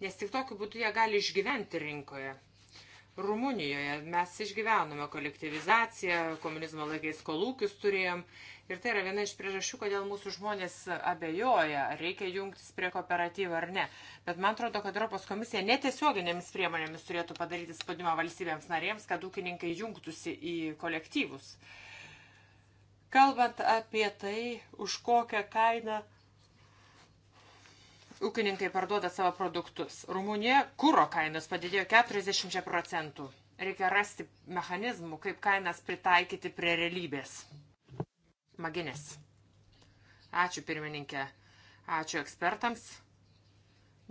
B: nes tik tokiu būdu jie gali išgyventi rinkoje. Rumunijoje mes išgyvenome kolektivizaciją, komunizmo laikais kolūkius turėjom ir tai yra viena iš priežasčių, kodėl mūsų žmonės abejoja, ar reikia jungtis prie kooperatyvų ar ne. Bet man atrodo, kad Europos komisija netiesioginėmis priemonėmis turėtų padaryti spaudimą valstybėms narėms, kad ūkininkai jungtųsi į kolektyvus. Kalbant apie tai, už kokią kainą ūkininkai parduoda savo produktus. Rumunijoje kūro kainos padidėjo 40 procentų. Reikia rasti mechanizmų, kaip kainas pritaikyti prie realybės. Maginės. Ačiū pirmininkė. Ačiū ekspertams.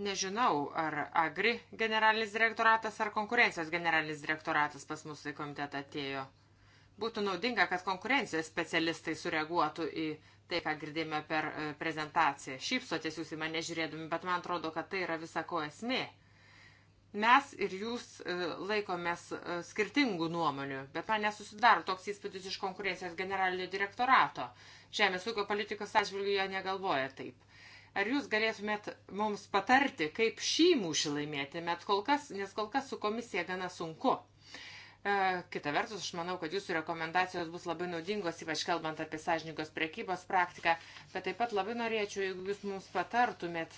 B: Nežinau, ar Agri generalinis direktoratas ar konkurencijos generalinis direktoratas pas mūsų į komitetą atėjo. Būtų naudinga, kad konkurencijos specialistai sureaguotų į tai, ką girdėjome per e, prezentaciją. Šypsotės jūs į mane žiūrėdami, bet man atrodo, kad tai yra visako esmė. Mes ir jūs e, laikomės e, skirtingų nuomonių, bet man nesusidaro toks įspūdis iš konkurencijos generalinio direktorato. Žemės ūkio politikos atžvilgiu jie negalvoja taip. Ar jūs galėtumėt mums patarti, kaip šį mūšį laimėti, met kol kas, nes kol kas su komisija gana sunku. E, kita vertus, aš manau, kad jūsų rekomendacijos bus labai naudingos, ypač kalbant apie sąžininkos prekybos praktiką, bet taip pat labai norėčiau, jeigu jūs mums patartumėt,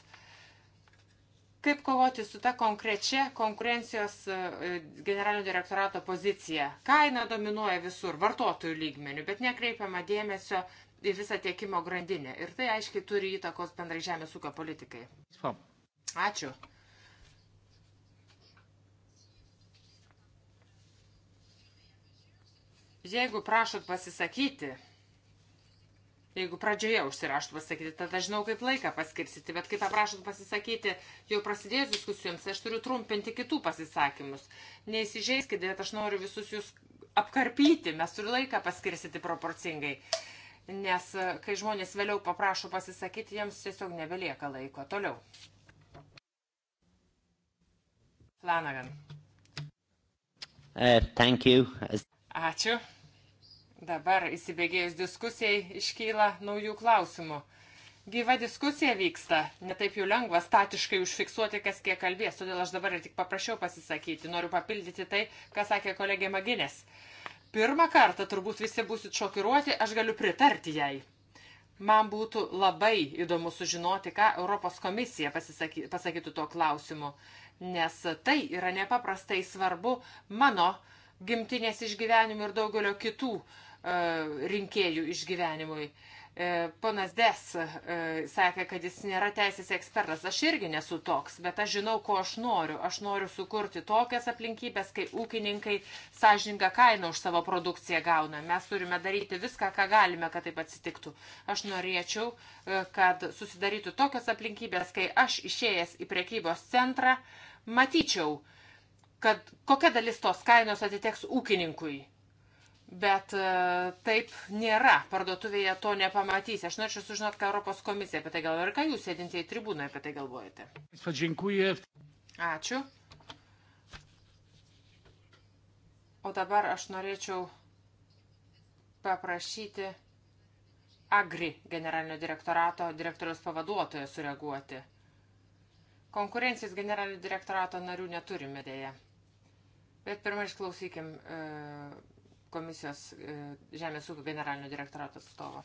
B: kaip kovoti su ta konkrečia konkurencijos e, generalinio direktorato pozicija. Kaina dominuoja visur, vartotojų lygmenių, bet nekreipiama dėmesio į visą tiekimo grandinę. Ir tai aiškiai turi įtakos bendrai žemės ūkio politikai. Ačiū. Jeigu prašot pasisakyti, jeigu pradžioje užsirašot pasisakyti, tada žinau, kaip laiką paskirsite, bet kai paprašot pasisakyti jau prasidėjus diskusijoms, aš turiu trumpinti kitų pasisakymus. Neįsižeiskite, bet aš noriu visus jūs apkarpyti, mes turiu laiką paskirsyti proporcingai. Nes e, kai žmonės vėliau paprašo pasisakyti, jiems tiesiog nebelieka laiko. Toliau. Flanagan.
A: Uh, thank you. As...
B: Ačiū. Dabar įsibėgėjus diskusijai iškyla naujų klausimų. Gyva diskusija vyksta, netaip jau lengva statiškai užfiksuoti, kas kiek kalbės, todėl aš dabar ir tik paprašiau pasisakyti. Noriu papildyti tai, ką sakė kolegė Maginės. Pirmą kartą turbūt visi būsit šokiruoti, aš galiu pritarti jai. Man būtų labai įdomu sužinoti, ką Europos komisija pasisaky, pasakytų tuo klausimu, nes tai yra nepaprastai svarbu mano uh, gimtinės išgyvenimui ir daugelio kitų e, rinkėjų išgyvenimui. E, ponas Des e, sakė, kad jis nėra teisės ekspertas. Aš irgi nesu toks, bet aš žinau, ko aš noriu. Aš noriu sukurti tokias aplinkybės, kai ūkininkai sąžininką kainą už savo produkciją gauna. Mes turime daryti viską, ką galime, kad taip atsitiktų. Aš norėčiau, kad susidarytų tokias aplinkybės, kai aš išėjęs į prekybos centrą matyčiau, kad kokia dalis tos kainos atiteks ūkininkui. Bet e, taip nėra, parduotuvėje to nepamatysi. Aš norėčiau sužinoti, ką Europos komisija apie tai galvoja ir ką jūs sėdintieji tribūnoje apie tai galvojate. Ačiū. O dabar aš norėčiau paprašyti Agri generalinio direktorato direktoriaus pavaduotojo sureaguoti. Konkurencijos generalinio direktorato narių neturime dėja. Bet pirmą išklausykim e, komisijos e, Žemės ūkio generalinio direktorato atstovo.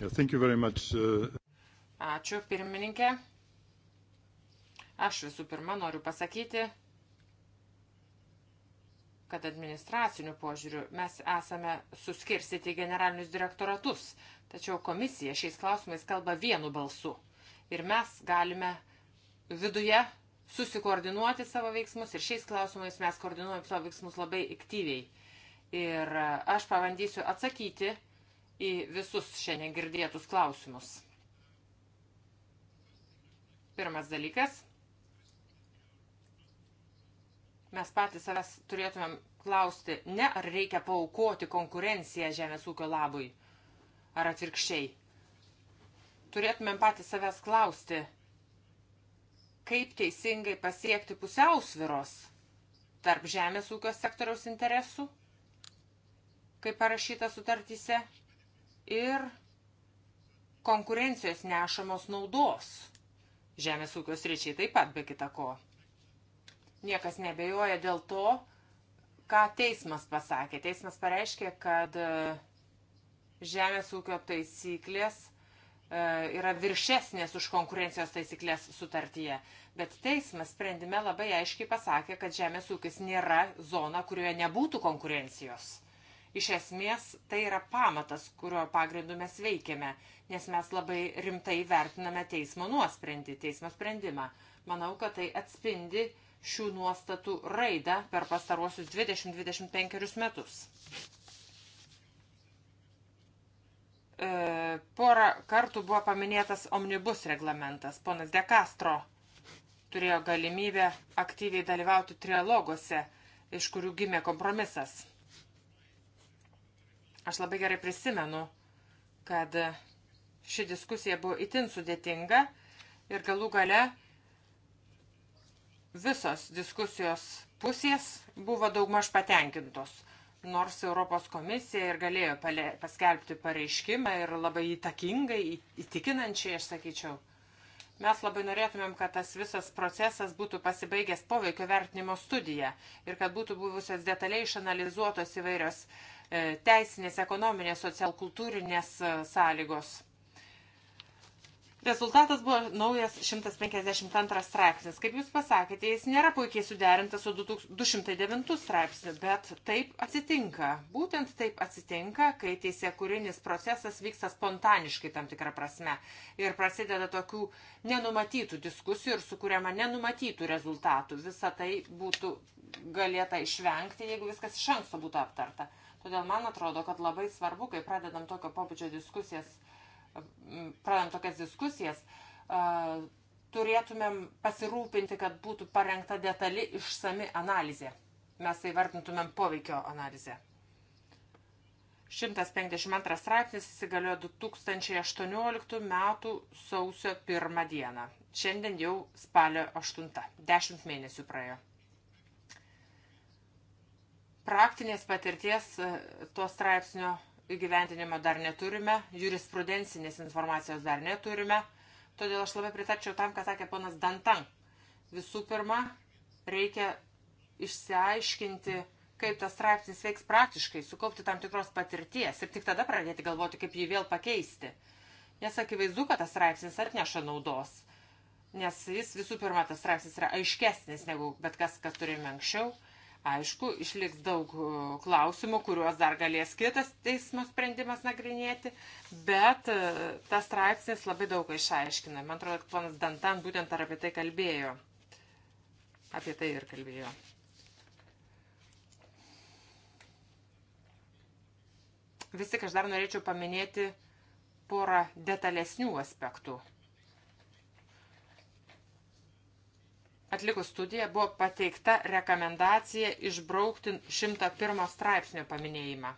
A: Yeah, uh,
B: Ačiū, pirmininkė. Aš visų pirma noriu pasakyti, kad administracinių požiūrių mes esame suskirstyti į generalinius direktoratus, tačiau komisija šiais klausimais kalba vienu balsu. Ir mes galime viduje susikoordinuoti savo veiksmus ir šiais klausimais mes koordinuojam savo veiksmus labai aktyviai. Ir e, aš pabandysiu atsakyti į visus šiandien girdėtus klausimus. Pirmas dalykas. Mes patys savęs turėtumėm klausti, ne ar reikia paukoti konkurenciją žemės ūkio labui, ar atvirkščiai. Turėtumėm patys savęs klausti, kaip teisingai pasiekti pusiausviros tarp žemės ūkio sektoriaus interesų, kaip parašyta sutartyse, ir konkurencijos nešamos naudos. Žemės ūkio sričiai taip pat be kita ko. Niekas nebejoja dėl to, ką teismas pasakė. Teismas pareiškė, kad e, žemės ūkio taisyklės E, yra viršesnės už konkurencijos taisyklės sutartyje. Bet teismas sprendime labai aiškiai pasakė, kad žemės ūkis nėra zona, kurioje nebūtų konkurencijos. Iš esmės, tai yra pamatas, kurio pagrindu mes veikiame, nes mes labai rimtai vertiname teismo nuosprendį, teismo sprendimą. Manau, kad tai atspindi šių nuostatų raidą per pastaruosius 20-25 metus. E, porą kartų buvo paminėtas omnibus reglamentas. Ponas De Castro turėjo galimybę aktyviai dalyvauti trialoguose, iš kurių gimė kompromisas. Aš labai gerai prisimenu, kad ši diskusija buvo itin sudėtinga ir galų gale visos diskusijos pusės buvo daugmaž patenkintos nors Europos komisija ir galėjo paskelbti pareiškimą ir labai įtakingai, įtikinančiai, aš sakyčiau. Mes labai norėtumėm, kad tas visas procesas būtų pasibaigęs poveikio vertinimo studija ir kad būtų buvusios detaliai išanalizuotos įvairios e, teisinės, ekonominės, socialkultūrinės e, sąlygos Rezultatas buvo naujas 152 straipsnis. Kaip jūs pasakėte, jis nėra puikiai suderintas su 209 straipsniu, bet taip atsitinka. Būtent taip atsitinka, kai teisėkūrinis procesas vyksta spontaniškai tam tikrą prasme ir prasideda tokių nenumatytų diskusijų ir sukūriama nenumatytų rezultatų. Visą tai būtų galėta išvengti, jeigu viskas iš anksto būtų aptarta. Todėl man atrodo, kad labai svarbu, kai pradedam tokio pobūdžio diskusijas pradant tokias diskusijas, turėtumėm pasirūpinti, kad būtų parengta detali išsami analizė. Mes tai vardintumėm poveikio analizę. 152 straipsnis įsigaliojo 2018 m. sausio 1 dieną. Šiandien jau spalio 8. 10 mėnesių praėjo. Praktinės patirties e, to straipsnio įgyventinimo dar neturime, jurisprudencinės informacijos dar neturime, todėl aš labai pritarčiau tam, ką sakė ponas Dantan. Visų pirma, reikia išsiaiškinti, kaip tas straipsnis veiks praktiškai, sukaupti tam tikros patirties ir tik tada pradėti galvoti, kaip jį vėl pakeisti. Nes akivaizdu, kad tas straipsnis atneša naudos, nes jis visų pirma, tas straipsnis yra aiškesnis negu bet kas, kas turėjome anksčiau Aišku, išliks daug e, klausimų, kuriuos dar galės kitas teismo sprendimas nagrinėti, bet e, tas straipsnis labai daug išaiškina. Man atrodo, kad ponas Dantan būtent ar apie tai kalbėjo. Apie tai ir kalbėjo. Vis tik aš dar norėčiau paminėti porą detalesnių aspektų. atlikus studiją buvo pateikta rekomendacija išbraukti 101 straipsnio paminėjimą.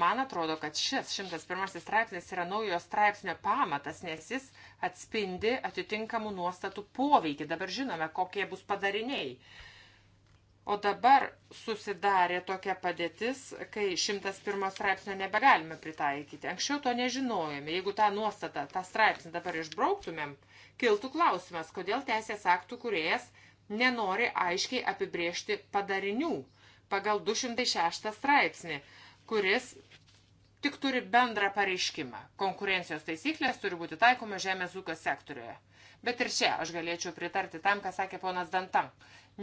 B: Man atrodo, kad šis 101 straipsnis yra naujo straipsnio pamatas, nes jis atspindi atitinkamų nuostatų poveikį. Dabar žinome, kokie bus padariniai. O dabar susidarė tokia padėtis, kai 101 straipsnio nebegalime pritaikyti. Anksčiau to nežinojome. Jeigu tą nuostatą, tą straipsnį dabar išbrauktumėm, kiltų klausimas, kodėl teisės aktų kuriejas nenori aiškiai apibriežti padarinių pagal 206 straipsnį, kuris tik turi bendrą pareiškimą. Konkurencijos taisyklės turi būti taikoma žemės ūkio sektoriuje. Bet ir čia aš galėčiau pritarti tam, ką sakė ponas Dantam.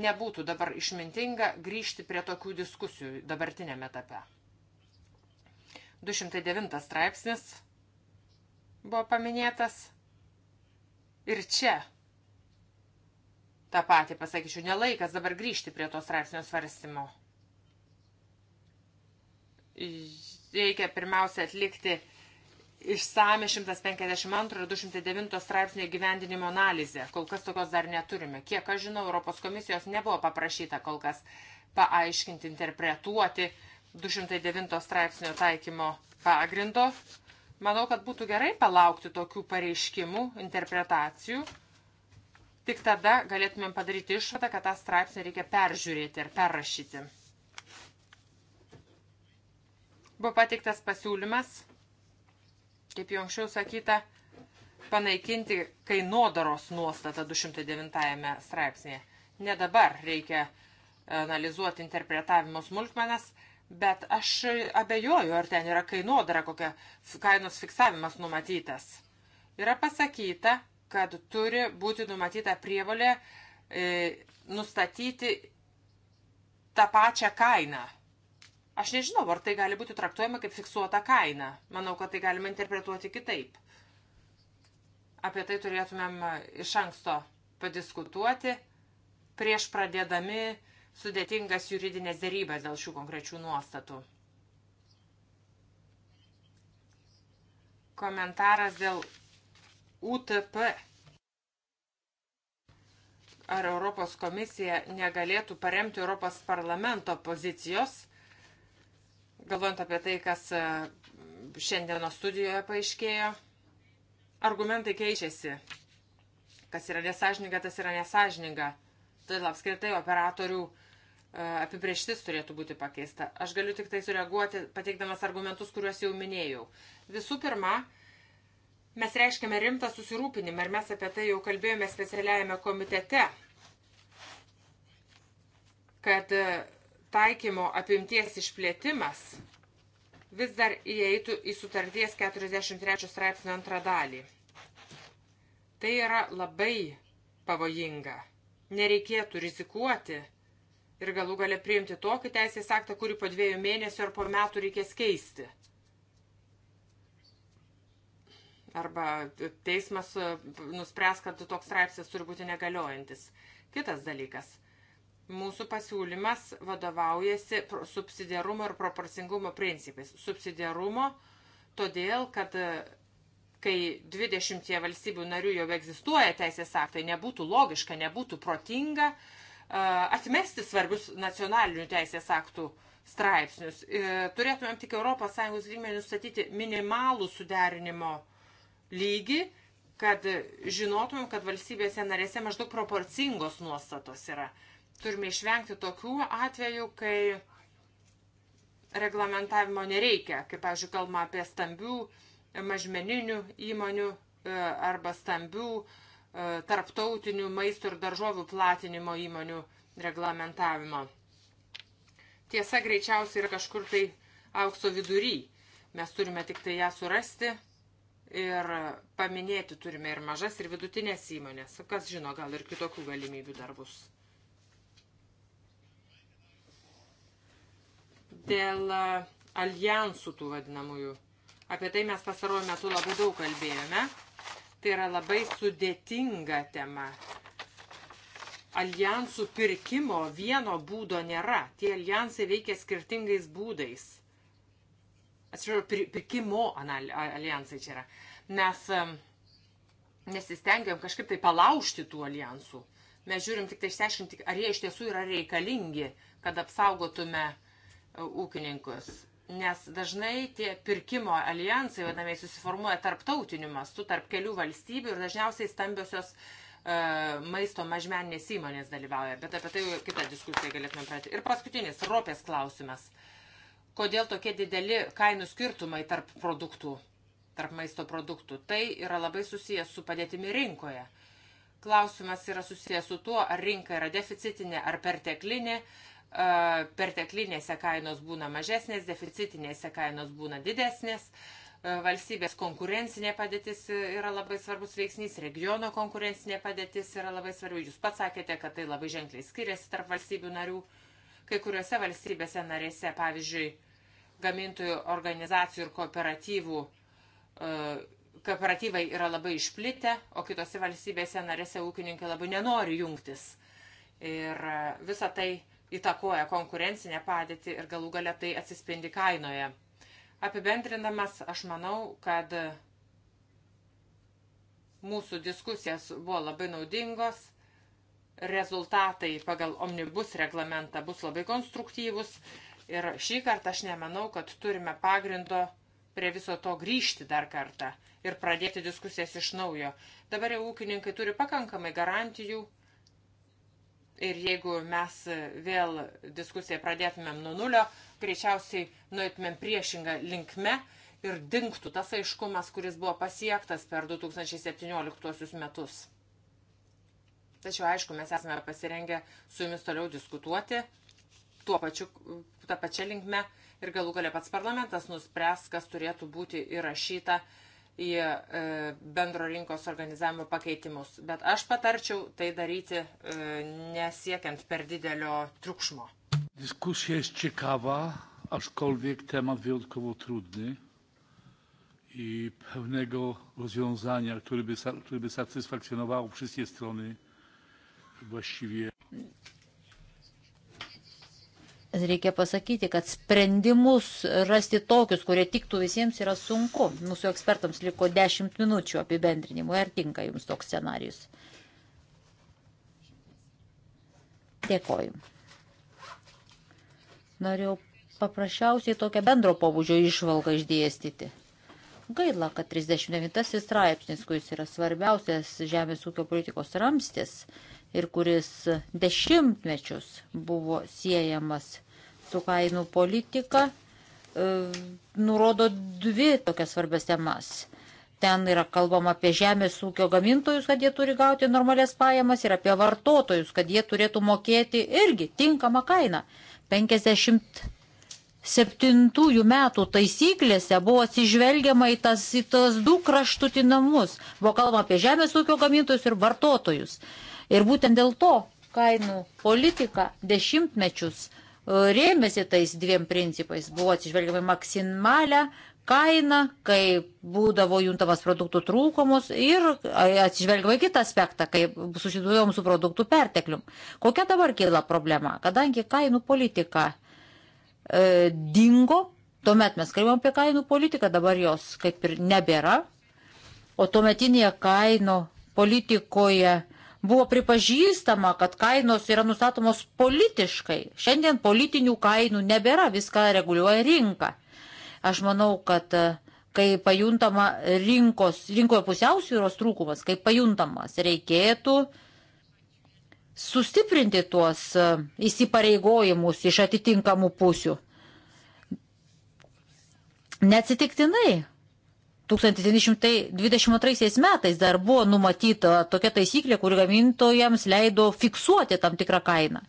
B: Nebūtų dabar išmintinga grįžti prie tokių diskusijų dabartinėme etape. 209 straipsnis buvo paminėtas. Ir čia tą patį pasakyčiau, nelaikas dabar grįžti prie to straipsnio svarstymo. Reikia pirmiausia atlikti išsame 152 ir 209 straipsnio gyvendinimo analizė. Kol kas tokios dar neturime. Kiek aš žinau, Europos komisijos nebuvo paprašyta kol kas paaiškinti, interpretuoti 209 straipsnio taikymo pagrindo. Pa Manau, kad būtų gerai palaukti tokių pareiškimų, interpretacijų. Tik tada galėtumėm padaryti išvadą, kad tą straipsnį reikia peržiūrėti ir perrašyti. Buvo pateiktas pasiūlymas, kaip jau anksčiau sakyta, panaikinti kainodaros nuostatą 209 straipsnėje. Ne dabar reikia e, analizuoti interpretavimo smulkmenas, bet aš abejoju, ar ten yra kainodara kokia kainos fiksavimas numatytas. Yra pasakyta, kad turi būti numatyta prievalė e, nustatyti tą pačią kainą. Aš nežinau, ar tai gali būti traktuojama kaip fiksuota kaina. Manau, kad tai galima interpretuoti kitaip. Apie tai turėtumėm iš anksto padiskutuoti prieš pradėdami uh, sudėtingas juridinės dėrybas dėl šių konkrečių nuostatų. Komentaras dėl UTP. Ar Europos komisija negalėtų paremti Europos parlamento pozicijos, galvojant apie tai, kas e, šiandieno studijoje paaiškėjo? Argumentai keičiasi. Kas yra nesažininga, tas yra nesažininga. Todėl apskritai operatorių uh, apibrieštis turėtų būti pakeista. Aš galiu tik tai sureaguoti, pateikdamas argumentus, kuriuos jau minėjau. Visų pirma, mes reiškiame rimtą susirūpinimą ir mes apie tai jau kalbėjome specialiajame komitete, kad e, taikymo apimties išplėtimas vis dar įeitų į sutarties 43 straipsnio antrą dalį. Tai yra labai pavojinga. Nereikėtų rizikuoti ir galų gale priimti tokį teisės aktą, kurį po dviejų mėnesių ar po metų reikės keisti. Arba teismas e, nuspręs, kad toks straipsnis turi būti negaliojantis. Kitas dalykas. Mūsų pasiūlymas vadovaujasi subsidiarumo ir proporcingumo principais. Subsidiarumo todėl, kad e, kai 20 valstybių narių jau egzistuoja teisės aktai, nebūtų logiška, nebūtų protinga uh, atmesti svarbius nacionalinių teisės aktų straipsnius. E, turėtumėm tik ES lygmenį nustatyti minimalų suderinimo lygį, kad žinotumėm, kad valstybėse narėse maždaug proporcingos nuostatos yra. Turime išvengti tokių atvejų, kai reglamentavimo nereikia, kaip, pavyzdžiui, kalbama apie stambių mažmeninių įmonių e, arba stambių uh, E, tarptautinių maisto ir daržovių platinimo įmonių reglamentavimo. Tiesa greičiausiai yra kažkur tai aukso vidury. Mes turime tik tai ją surasti ir paminėti turime ir mažas, ir vidutinės įmonės. Kas žino, gal ir kitokių galimybių dar bus. Dėl e, alijansų tų vadinamųjų. Apie tai mes pasaruoju metu labai daug kalbėjome. Tai yra labai sudėtinga tema. Alijansų pirkimo vieno būdo nėra. Tie alijansai veikia skirtingais būdais. Atsiprašau, pir pirkimo alijansai čia yra. Mes nesistengiam kažkaip tai palaužti tų alijansų. Mes žiūrim tik tai išsiaiškinti, ar jie iš tiesų yra reikalingi, kad apsaugotume e, ūkininkus. Nes dažnai tie pirkimo alijansai, vadinamiai, susiformuoja tarptautiniu mastu, tarp kelių valstybių ir dažniausiai stambiosios e, maisto mažmeninės įmonės dalyvauja. Bet apie tai jau kitą diskusiją galėtume pradėti. Ir paskutinis, ropės klausimas. Kodėl tokie dideli kainų skirtumai tarp produktų, tarp maisto produktų? Tai yra labai susijęs su padėtimi rinkoje klausimas yra susijęs su tuo, ar rinka yra deficitinė ar perteklinė, perteklinėse kainos būna mažesnės, deficitinėse kainos būna didesnės. Valstybės konkurencinė padėtis yra labai svarbus veiksnys, regiono konkurencinė padėtis yra labai svarbi. Jūs pats sakėte, kad tai labai ženkliai skiriasi tarp valstybių narių. Kai kuriuose valstybėse narėse, pavyzdžiui, gamintojų organizacijų ir kooperatyvų kooperatyvai yra labai išplitę, o kitose valstybėse narėse ūkininkai labai nenori jungtis. Ir visa tai uh, įtakoja konkurencinę padėtį ir galų gale tai atsispindi kainoje. Apibendrinamas, aš manau, kad mūsų diskusijas buvo labai naudingos, rezultatai pagal omnibus reglamentą bus labai konstruktyvus ir šį kartą aš nemanau, kad turime pagrindo prie viso to grįžti dar kartą ir pradėti diskusijas iš naujo. Dabar jau ūkininkai turi pakankamai garantijų Ir jeigu mes vėl diskusiją pradėtumėm nuo nulio, greičiausiai nuėtumėm priešingą linkme ir dinktų tas aiškumas, kuris buvo pasiektas per 2017 metus. Tačiau, aišku, mes esame pasirengę su jumis toliau diskutuoti tuo pačiu, tą pačią linkmę ir galų galę pats parlamentas nuspręs, kas turėtų būti įrašyta uh, į e, bendro rinkos organizavimo pakeitimus. Bet aš patarčiau tai daryti e, nesiekiant per didelio triukšmo.
E: Dyskusija jest ciekawa, aczkolwiek temat wyjątkowo trudny i pewnego rozwiązania, które by, które by satysfakcjonowało wszystkie strony właściwie.
C: Reikia pasakyti, kad sprendimus rasti tokius, kurie tiktų visiems, yra sunku. Mūsų ekspertams liko 10 minučių apibendrinimų. Ar tinka jums toks scenarius? Dėkoju. Norėjau paprasčiausiai tokią bendro pobūdžio išvalgą išdėstyti. Gaila, kad 39 straipsnis, kuris yra svarbiausias žemės ūkio politikos ramstis ir kuris dešimtmečius buvo siejamas mūsų kainų politika e, nurodo dvi tokias svarbias temas. Ten yra kalbama apie žemės ūkio gamintojus, kad jie turi gauti normalias pajamas ir apie vartotojus, kad jie turėtų mokėti irgi tinkamą kainą. 57 metų taisyklėse buvo atsižvelgiama į tas, į tas du kraštutinamus. Buvo kalbama apie žemės ūkio gamintojus ir vartotojus. Ir būtent dėl to kainų politika dešimtmečius rėmėsi tais dviem principais. Buvo atsižvelgiama maksimalę kainą, kai būdavo juntamas produktų trūkumus ir atsižvelgiama į kitą aspektą, kai susidūrėjom su produktų pertekliu. Kokia dabar kyla problema? Kadangi kainų politika e, dingo, tuomet mes kalbėjom apie kainų politiką, dabar jos kaip ir nebėra, o tuometinėje kainų politikoje buvo pripažįstama, kad kainos yra nustatomos politiškai. Šiandien politinių kainų nebėra, viską reguliuoja rinka. Aš manau, kad e, kai pajuntama rinkos, rinkoje pusiausvyros trūkumas, kai pajuntamas, reikėtų sustiprinti tuos e, įsipareigojimus iš atitinkamų pusių. Neatsitiktinai 1922 metais dar buvo numatyta tokia taisyklė, kur gamintojams leido fiksuoti tam tikrą kainą.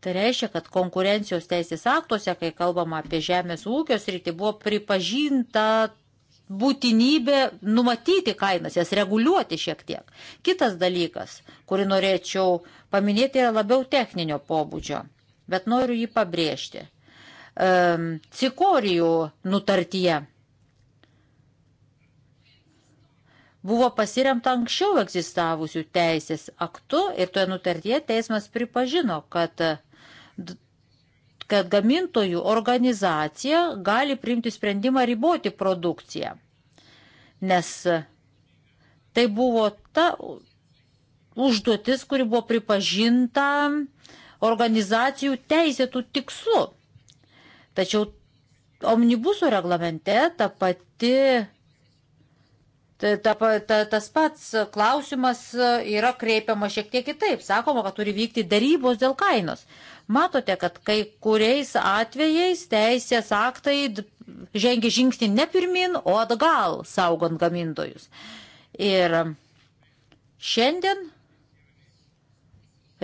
C: Tai reiškia, kad konkurencijos teisės aktuose, kai kalbama apie žemės ūkio sritį, buvo pripažinta būtinybė numatyti kainas, jas reguliuoti šiek tiek. Kitas dalykas, kurį norėčiau paminėti, yra labiau techninio pobūdžio, bet noriu jį pabrėžti um, cikorijų nutartyje. Buvo pasiremta anksčiau egzistavusių teisės aktų ir toje nutartyje teismas pripažino, kad, kad gamintojų organizacija gali priimti sprendimą riboti produkciją. Nes tai buvo ta užduotis, kuri buvo pripažinta organizacijų teisėtų tikslu. Tačiau omnibusų reglamente ta pati, ta, ta, ta, tas pats klausimas yra kreipiamas šiek tiek kitaip. Sakoma, kad turi vykti darybos dėl kainos. Matote, kad kai kuriais atvejais teisės aktai žengia žingsnį ne pirmin, o atgal saugant gamintojus. Ir šiandien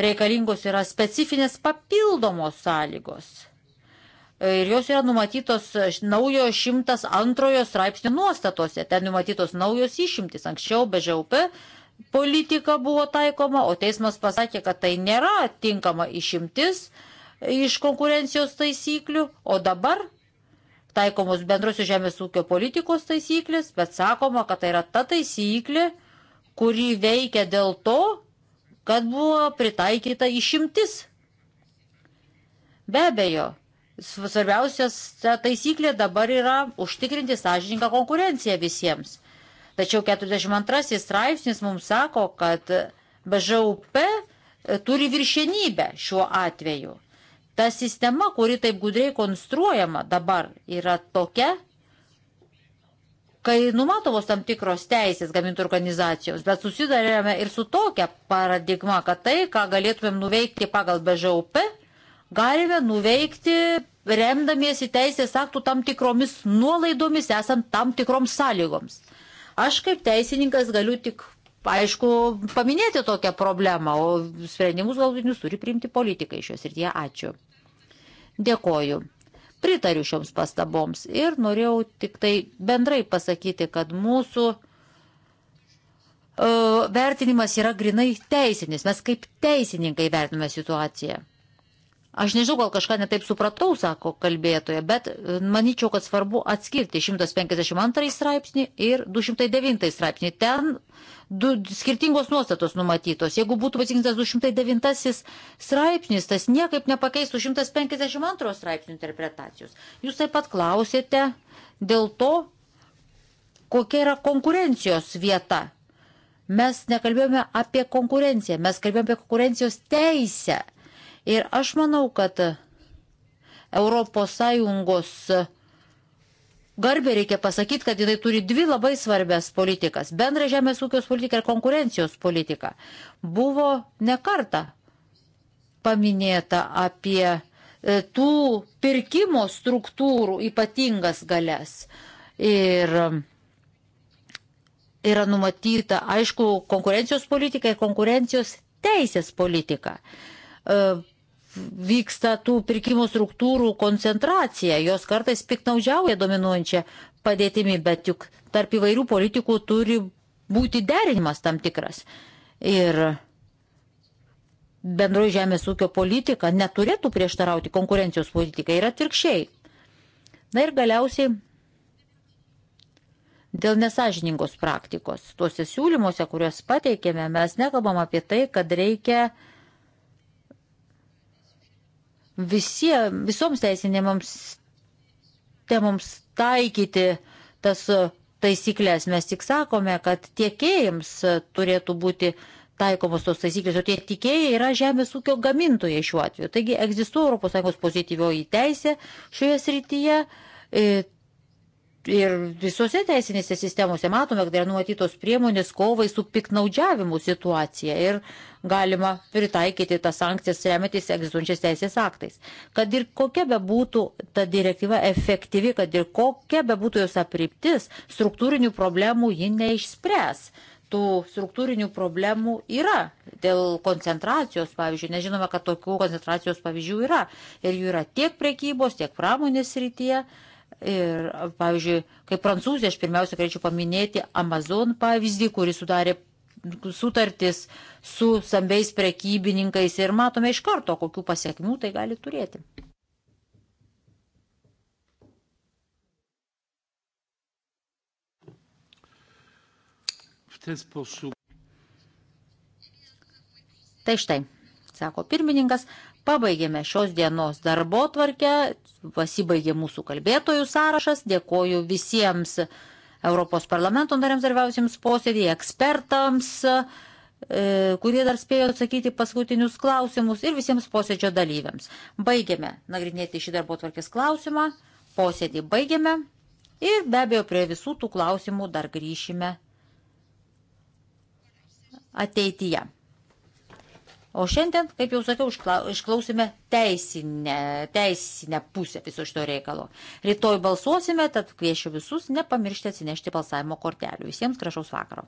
C: reikalingos yra specifinės papildomos sąlygos ir jos yra numatytos naujo 102 straipsnio nuostatose. Ten numatytos naujos išimtis. Anksčiau be ŽUP politika buvo taikoma, o teismas pasakė, kad tai nėra tinkama išimtis iš konkurencijos taisyklių, o dabar taikomos bendrosios žemės ūkio politikos taisyklės, bet sakoma, kad tai yra ta taisyklė, kuri veikia dėl to, kad buvo pritaikyta išimtis. Be abejo, Svarbiausias taisyklė dabar yra užtikrinti sąžininką konkurenciją visiems. Tačiau 42 straipsnis mums sako, kad BŽUP e, turi viršienybę šiuo atveju. Ta sistema, kuri taip gudriai konstruojama dabar, yra tokia, kai numatomos tam tikros teisės gamintų organizacijos, bet susidarėme ir su tokia paradigma, kad tai, ką galėtumėm nuveikti pagal BŽUP, galime nuveikti remdamiesi teisės aktų tam tikromis nuolaidomis, esant tam tikroms sąlygoms. Aš kaip teisininkas galiu tik, aišku, paminėti tokią problemą, o sprendimus galutinius turi priimti politikai šios ir tie ačiū. Dėkoju. Pritariu šioms pastaboms ir norėjau tik tai bendrai pasakyti, kad mūsų uh, vertinimas yra grinai teisinis. Mes kaip teisininkai vertiname situaciją. Aš nežinau, gal kažką netaip supratau, sako kalbėtoja, bet e, manyčiau, kad svarbu atskirti 152 straipsnį ir 209 straipsnį. Ten du, skirtingos nuostatos numatytos. Jeigu būtų pasirinktas 209 straipsnis, tas niekaip nepakeistų 152 straipsnių interpretacijos. Jūs taip pat klausėte dėl to, kokia yra konkurencijos vieta. Mes nekalbėjome apie konkurenciją, mes kalbėjome apie konkurencijos teisę Ir aš manau, kad ES garbė reikia pasakyti, kad jinai turi dvi labai svarbias politikas - bendrą žemės ūkios politiką ir konkurencijos politiką. Buvo nekarta paminėta apie e, tų pirkimo struktūrų ypatingas galės. Ir e, yra numatyta, aišku, konkurencijos politika ir konkurencijos teisės politika. E, vyksta tų pirkimų struktūrų koncentracija, jos kartais piknaudžiauja dominuojančią padėtimi, bet juk tarp įvairių politikų turi būti derinimas tam tikras. Ir bendroji žemės ūkio politika neturėtų prieštarauti konkurencijos politikai ir atvirkščiai. Na ir galiausiai dėl nesažiningos praktikos. Tuose siūlymuose, kuriuos pateikėme, mes nekalbam apie tai, kad reikia uh, visie, visoms teisinėms temoms taikyti tas taisyklės. Mes tik sakome, kad tiekėjams turėtų būti taikomos tos taisyklės, o tie tikėjai yra žemės ūkio gamintojai šiuo atveju. Taigi egzistuoja ES pozityvioji teisė šioje srityje. E, Ir visose teisinėse sistemose matome, kad yra numatytos priemonės kovai su piknaudžiavimu situacija ir galima pritaikyti tas sankcijas remiantis egzistuojančiais teisės aktais. Kad ir kokia be būtų ta direktyva efektyvi, kad ir kokia be būtų jos apriptis, struktūrinių problemų ji neišspręs. Tų struktūrinių problemų yra dėl koncentracijos, pavyzdžiui, nežinome, kad tokių koncentracijos pavyzdžių yra. Ir jų yra tiek prekybos, tiek pramonės rytyje Ir, pavyzdžiui, kaip prancūzija, aš pirmiausia, galėčiau paminėti Amazon pavyzdį, kuris sudarė sutartis su sambiais prekybininkais ir matome iš karto, kokių pasiekmių tai gali turėti. Tai štai, sako pirmininkas, Pabaigėme šios dienos darbo tvarkę, pasibaigė mūsų kalbėtojų sąrašas, dėkoju visiems Europos parlamento nariams dalyvausiems posėdėje, ekspertams, e, kurie dar spėjo atsakyti paskutinius klausimus ir visiems posėdžio dalyviams. Baigėme nagrinėti šį darbo tvarkės klausimą, posėdį baigėme ir be abejo prie visų tų klausimų dar grįšime ateityje. O šiandien, kaip jau sakiau, išklausime teisinę, teisinę pusę viso šito reikalo. Rytoj balsuosime, tad kviečiu visus nepamiršti atsinešti balsavimo kortelių. Visiems gražaus vakaro.